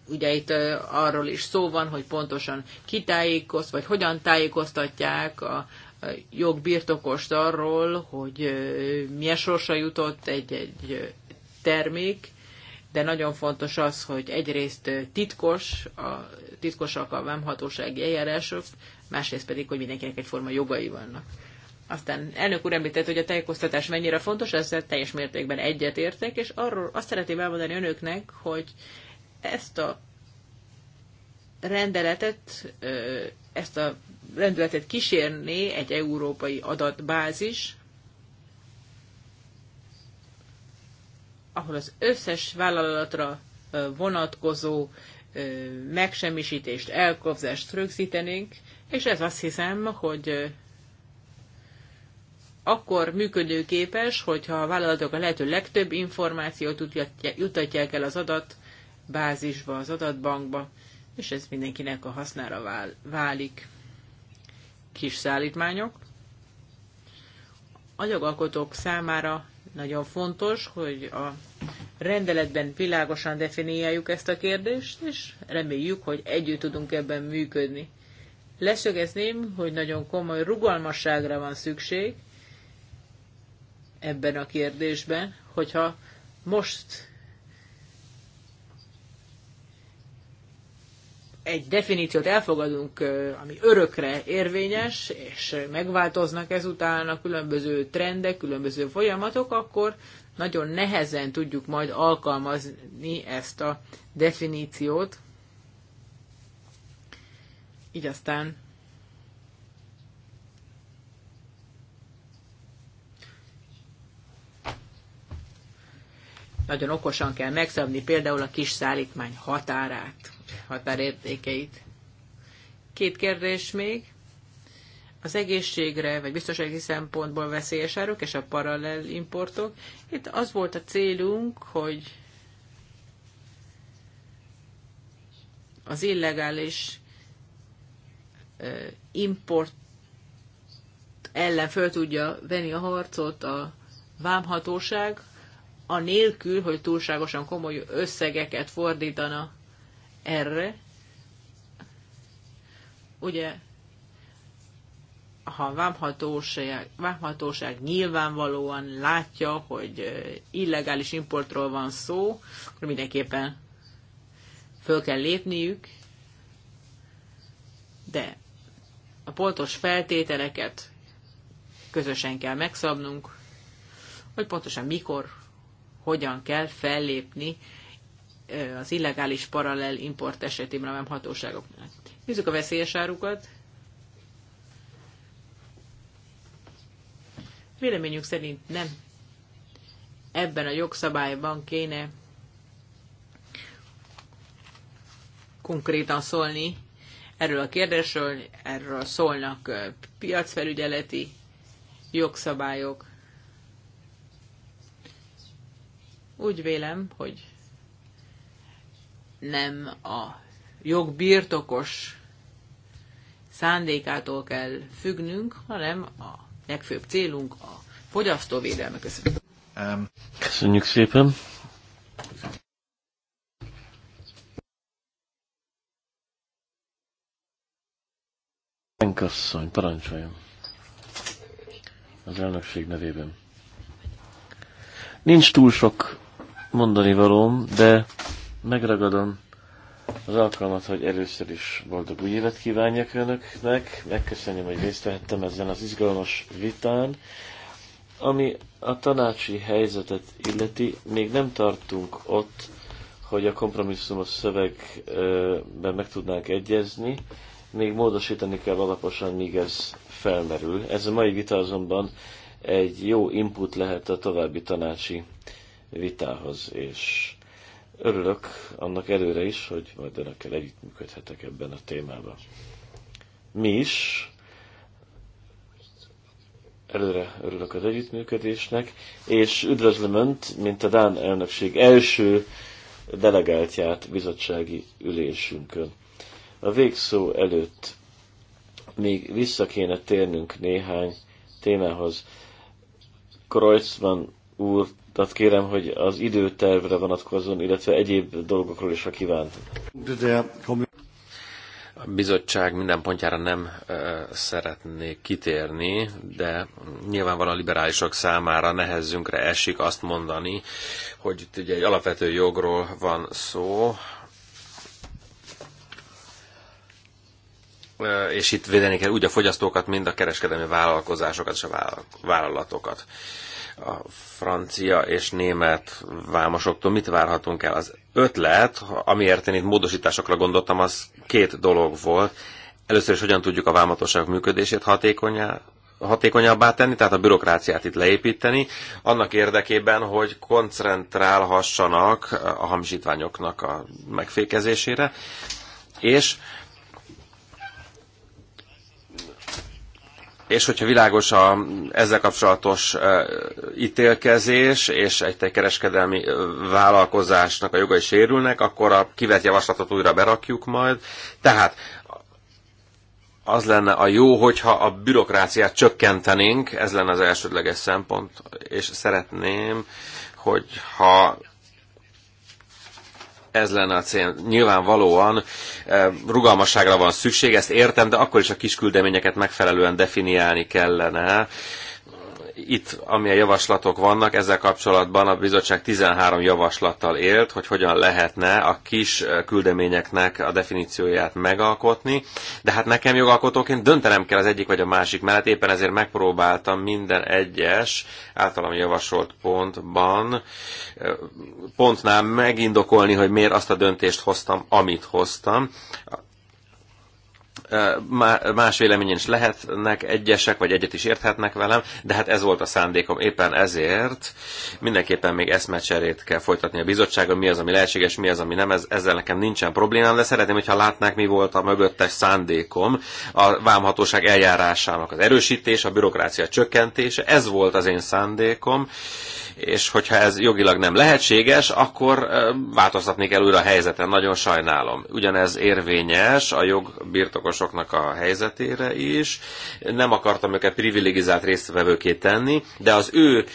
ugye itt arról is szó van, hogy pontosan kitájékozt, vagy hogyan tájékoztatják a jogbirtokost arról, hogy milyen sorsa jutott egy-egy termék, de nagyon fontos az, hogy egyrészt titkos, a titkosak a vámhatósági eljárások, másrészt pedig, hogy mindenkinek egyforma jogai vannak. Aztán elnök úr említett, hogy a tájékoztatás mennyire fontos, ezzel teljes mértékben egyetértek, és arról azt szeretném elmondani önöknek, hogy ezt a rendeletet, ezt a rendeletet kísérné egy európai adatbázis, ahol az összes vállalatra vonatkozó megsemmisítést, elkobzást rögzítenénk, és ez azt hiszem, hogy akkor működőképes, hogyha a vállalatok a lehető legtöbb információt jutatják el az adat adatbázisba, az adatbankba, és ez mindenkinek a hasznára válik. Kis szállítmányok. Anyagalkotók számára nagyon fontos, hogy a rendeletben világosan definiáljuk ezt a kérdést, és reméljük, hogy együtt tudunk ebben működni. Leszögezném, hogy nagyon komoly rugalmasságra van szükség ebben a kérdésben, hogyha most egy definíciót elfogadunk, ami örökre érvényes, és megváltoznak ezután a különböző trendek, különböző folyamatok, akkor nagyon nehezen tudjuk majd alkalmazni ezt a definíciót. Így aztán nagyon okosan kell megszabni például a kis szállítmány határát határértékeit. Két kérdés még. Az egészségre, vagy biztonsági szempontból veszélyes áruk és a paralel importok. Itt az volt a célunk, hogy az illegális import ellen föl tudja venni a harcot a vámhatóság, anélkül, hogy túlságosan komoly összegeket fordítana erre, ugye ha a vámhatóság, vámhatóság nyilvánvalóan látja, hogy illegális importról van szó, akkor mindenképpen föl kell lépniük, de a pontos feltételeket közösen kell megszabnunk, hogy pontosan mikor, hogyan kell fellépni Eh, az illegális paralel import esetében nem hatóságoknál. Nézzük a veszélyes árukat. Véleményünk szerint nem ebben a jogszabályban kéne konkrétan szólni erről a kérdésről, erről szólnak eh, piacfelügyeleti jogszabályok. Úgy vélem, hogy nem a jogbirtokos szándékától kell függnünk, hanem a legfőbb célunk a fogyasztóvédelme. Köszönjük. Um, Köszönjük szépen. Enkasszony, parancsoljon. Az elnökség nevében. Nincs túl sok mondani valóm, de Megragadom az alkalmat, hogy először is boldog új évet kívánjak Önöknek. Megköszönöm, hogy részt vehettem ezen az izgalmas vitán. Ami a tanácsi helyzetet illeti, még nem tartunk ott, hogy a kompromisszumos szövegben meg tudnánk egyezni, még módosítani kell alaposan, míg ez felmerül. Ez a mai vita azonban egy jó input lehet a további tanácsi vitához, és Örülök annak előre is, hogy majd önökkel együttműködhetek ebben a témában. Mi is előre örülök az együttműködésnek, és üdvözlöm Önt, mint a Dán elnökség első delegáltját bizottsági ülésünkön. A végszó előtt még vissza kéne térnünk néhány témához. Kreuzmann úr tehát kérem, hogy az időtervre vonatkozzon, illetve egyéb dolgokról is, ha kívánt. A bizottság minden pontjára nem szeretnék kitérni, de nyilvánvalóan a liberálisok számára nehezünkre esik azt mondani, hogy itt ugye egy alapvető jogról van szó, és itt védeni kell úgy a fogyasztókat, mind a kereskedelmi vállalkozásokat és a vállalatokat a francia és német vámosoktól mit várhatunk el? Az ötlet, amiért én itt módosításokra gondoltam, az két dolog volt. Először is hogyan tudjuk a vámatosság működését hatékonyabbá tenni, tehát a bürokráciát itt leépíteni, annak érdekében, hogy koncentrálhassanak a hamisítványoknak a megfékezésére, és és hogyha világos a ezzel kapcsolatos ítélkezés, és egy kereskedelmi vállalkozásnak a jogai sérülnek, akkor a kivett javaslatot újra berakjuk majd. Tehát az lenne a jó, hogyha a bürokráciát csökkentenénk, ez lenne az elsődleges szempont, és szeretném, hogyha ez lenne a cél. Nyilvánvalóan eh, rugalmasságra van szükség, ezt értem, de akkor is a kis küldeményeket megfelelően definiálni kellene itt, amilyen javaslatok vannak, ezzel kapcsolatban a bizottság 13 javaslattal élt, hogy hogyan lehetne a kis küldeményeknek a definícióját megalkotni, de hát nekem jogalkotóként döntenem kell az egyik vagy a másik mellett, éppen ezért megpróbáltam minden egyes általam javasolt pontban, pontnál megindokolni, hogy miért azt a döntést hoztam, amit hoztam más véleményen is lehetnek egyesek, vagy egyet is érthetnek velem, de hát ez volt a szándékom. Éppen ezért mindenképpen még eszmecserét kell folytatni a bizottságon, mi az, ami lehetséges, mi az, ami nem, ez, ezzel nekem nincsen problémám, de szeretném, hogyha látnák, mi volt a mögöttes szándékom, a vámhatóság eljárásának az erősítés, a bürokrácia csökkentése, ez volt az én szándékom, és hogyha ez jogilag nem lehetséges, akkor változtatni kell újra a helyzeten, nagyon sajnálom. Ugyanez érvényes a jogbirtokosoknak a helyzetére is, nem akartam őket privilegizált résztvevőké tenni, de az ő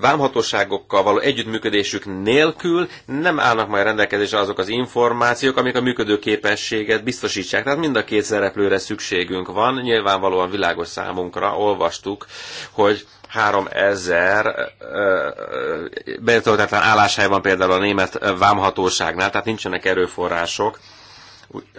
vámhatóságokkal való együttműködésük nélkül nem állnak majd rendelkezésre azok az információk, amik a működőképességet biztosítsák. Tehát mind a két szereplőre szükségünk van, nyilvánvalóan világos számunkra olvastuk, hogy 3000 betöltetlen álláshely van például a német vámhatóságnál, tehát nincsenek erőforrások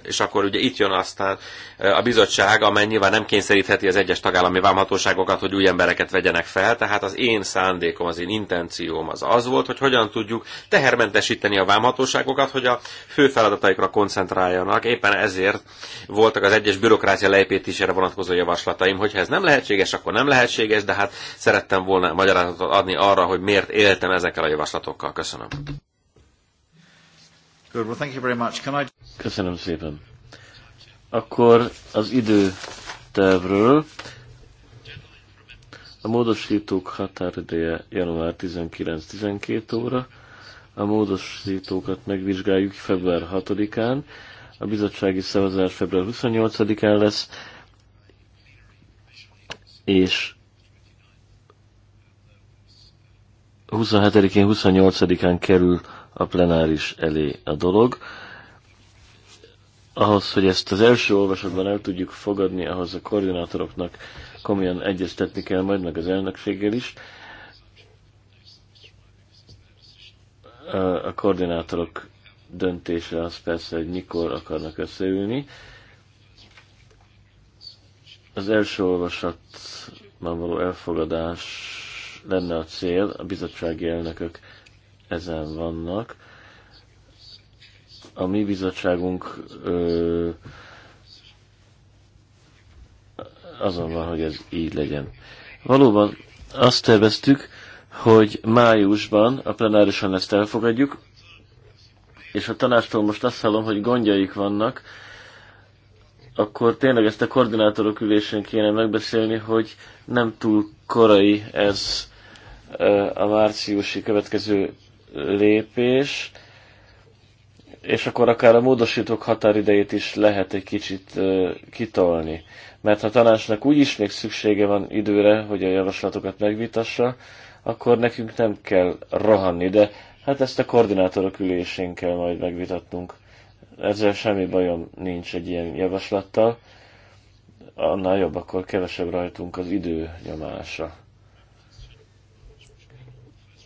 és akkor ugye itt jön aztán a bizottság, amely nyilván nem kényszerítheti az egyes tagállami vámhatóságokat, hogy új embereket vegyenek fel, tehát az én szándékom, az én intencióm az az volt, hogy hogyan tudjuk tehermentesíteni a vámhatóságokat, hogy a fő feladataikra koncentráljanak. Éppen ezért voltak az egyes bürokrácia leépítésére vonatkozó javaslataim, hogyha ez nem lehetséges, akkor nem lehetséges, de hát szerettem volna magyarázatot adni arra, hogy miért éltem ezekkel a javaslatokkal. Köszönöm. Good, well, thank you very much. Can I... Köszönöm szépen. Akkor az időtervről. A módosítók határideje január 19-12 óra. A módosítókat megvizsgáljuk február 6-án. A bizottsági szavazás február 28-án lesz, és 27-én, 28-án kerül a plenáris elé a dolog. Ahhoz, hogy ezt az első olvasatban el tudjuk fogadni, ahhoz a koordinátoroknak komolyan egyeztetni kell majd, meg az elnökséggel is. A koordinátorok döntése az persze, hogy mikor akarnak összeülni. Az első olvasatban való elfogadás lenne a cél, a bizottsági elnökök ezen vannak. A mi bizottságunk ö, azon van, hogy ez így legyen. Valóban azt terveztük, hogy májusban a plenárison ezt elfogadjuk, és a tanástól most azt hallom, hogy gondjaik vannak, akkor tényleg ezt a koordinátorok ülésén kéne megbeszélni, hogy nem túl korai ez a márciusi következő lépés, és akkor akár a módosítók határidejét is lehet egy kicsit kitolni. Mert ha tanácsnak úgy is még szüksége van időre, hogy a javaslatokat megvitassa, akkor nekünk nem kell rohanni, de hát ezt a koordinátorok ülésén kell majd megvitatnunk. Ezzel semmi bajom nincs egy ilyen javaslattal. Annál jobb, akkor kevesebb rajtunk az idő nyomása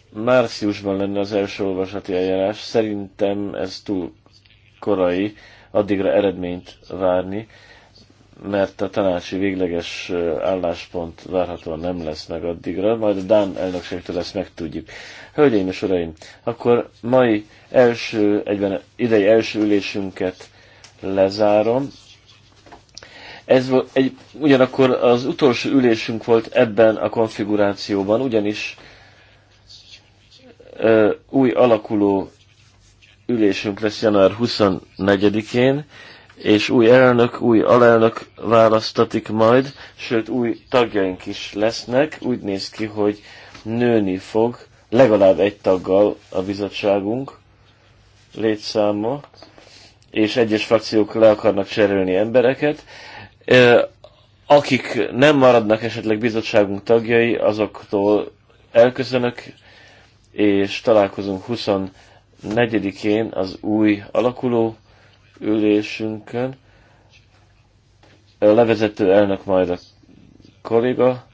márciusban lenne az első olvasati eljárás. Szerintem ez túl korai addigra eredményt várni, mert a tanácsi végleges álláspont várhatóan nem lesz meg addigra, majd a Dán elnökségtől ezt megtudjuk. Hölgyeim és uraim, akkor mai első, egyben idei első ülésünket lezárom. Ez volt egy, ugyanakkor az utolsó ülésünk volt ebben a konfigurációban, ugyanis új alakuló ülésünk lesz január 24-én, és új elnök, új alelnök választatik majd, sőt új tagjaink is lesznek. Úgy néz ki, hogy nőni fog legalább egy taggal a bizottságunk létszáma, és egyes frakciók le akarnak cserélni embereket. Akik nem maradnak esetleg bizottságunk tagjai, azoktól elköszönök, és találkozunk 24-én az új alakuló ülésünkön. A levezető elnök majd a kolléga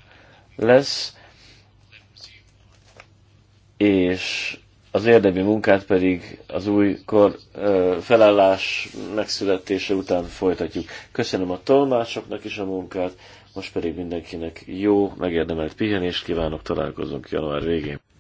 lesz, és az érdemi munkát pedig az új kor, felállás megszületése után folytatjuk. Köszönöm a tolmácsoknak is a munkát, most pedig mindenkinek jó, megérdemelt pihenést kívánok, találkozunk január végén.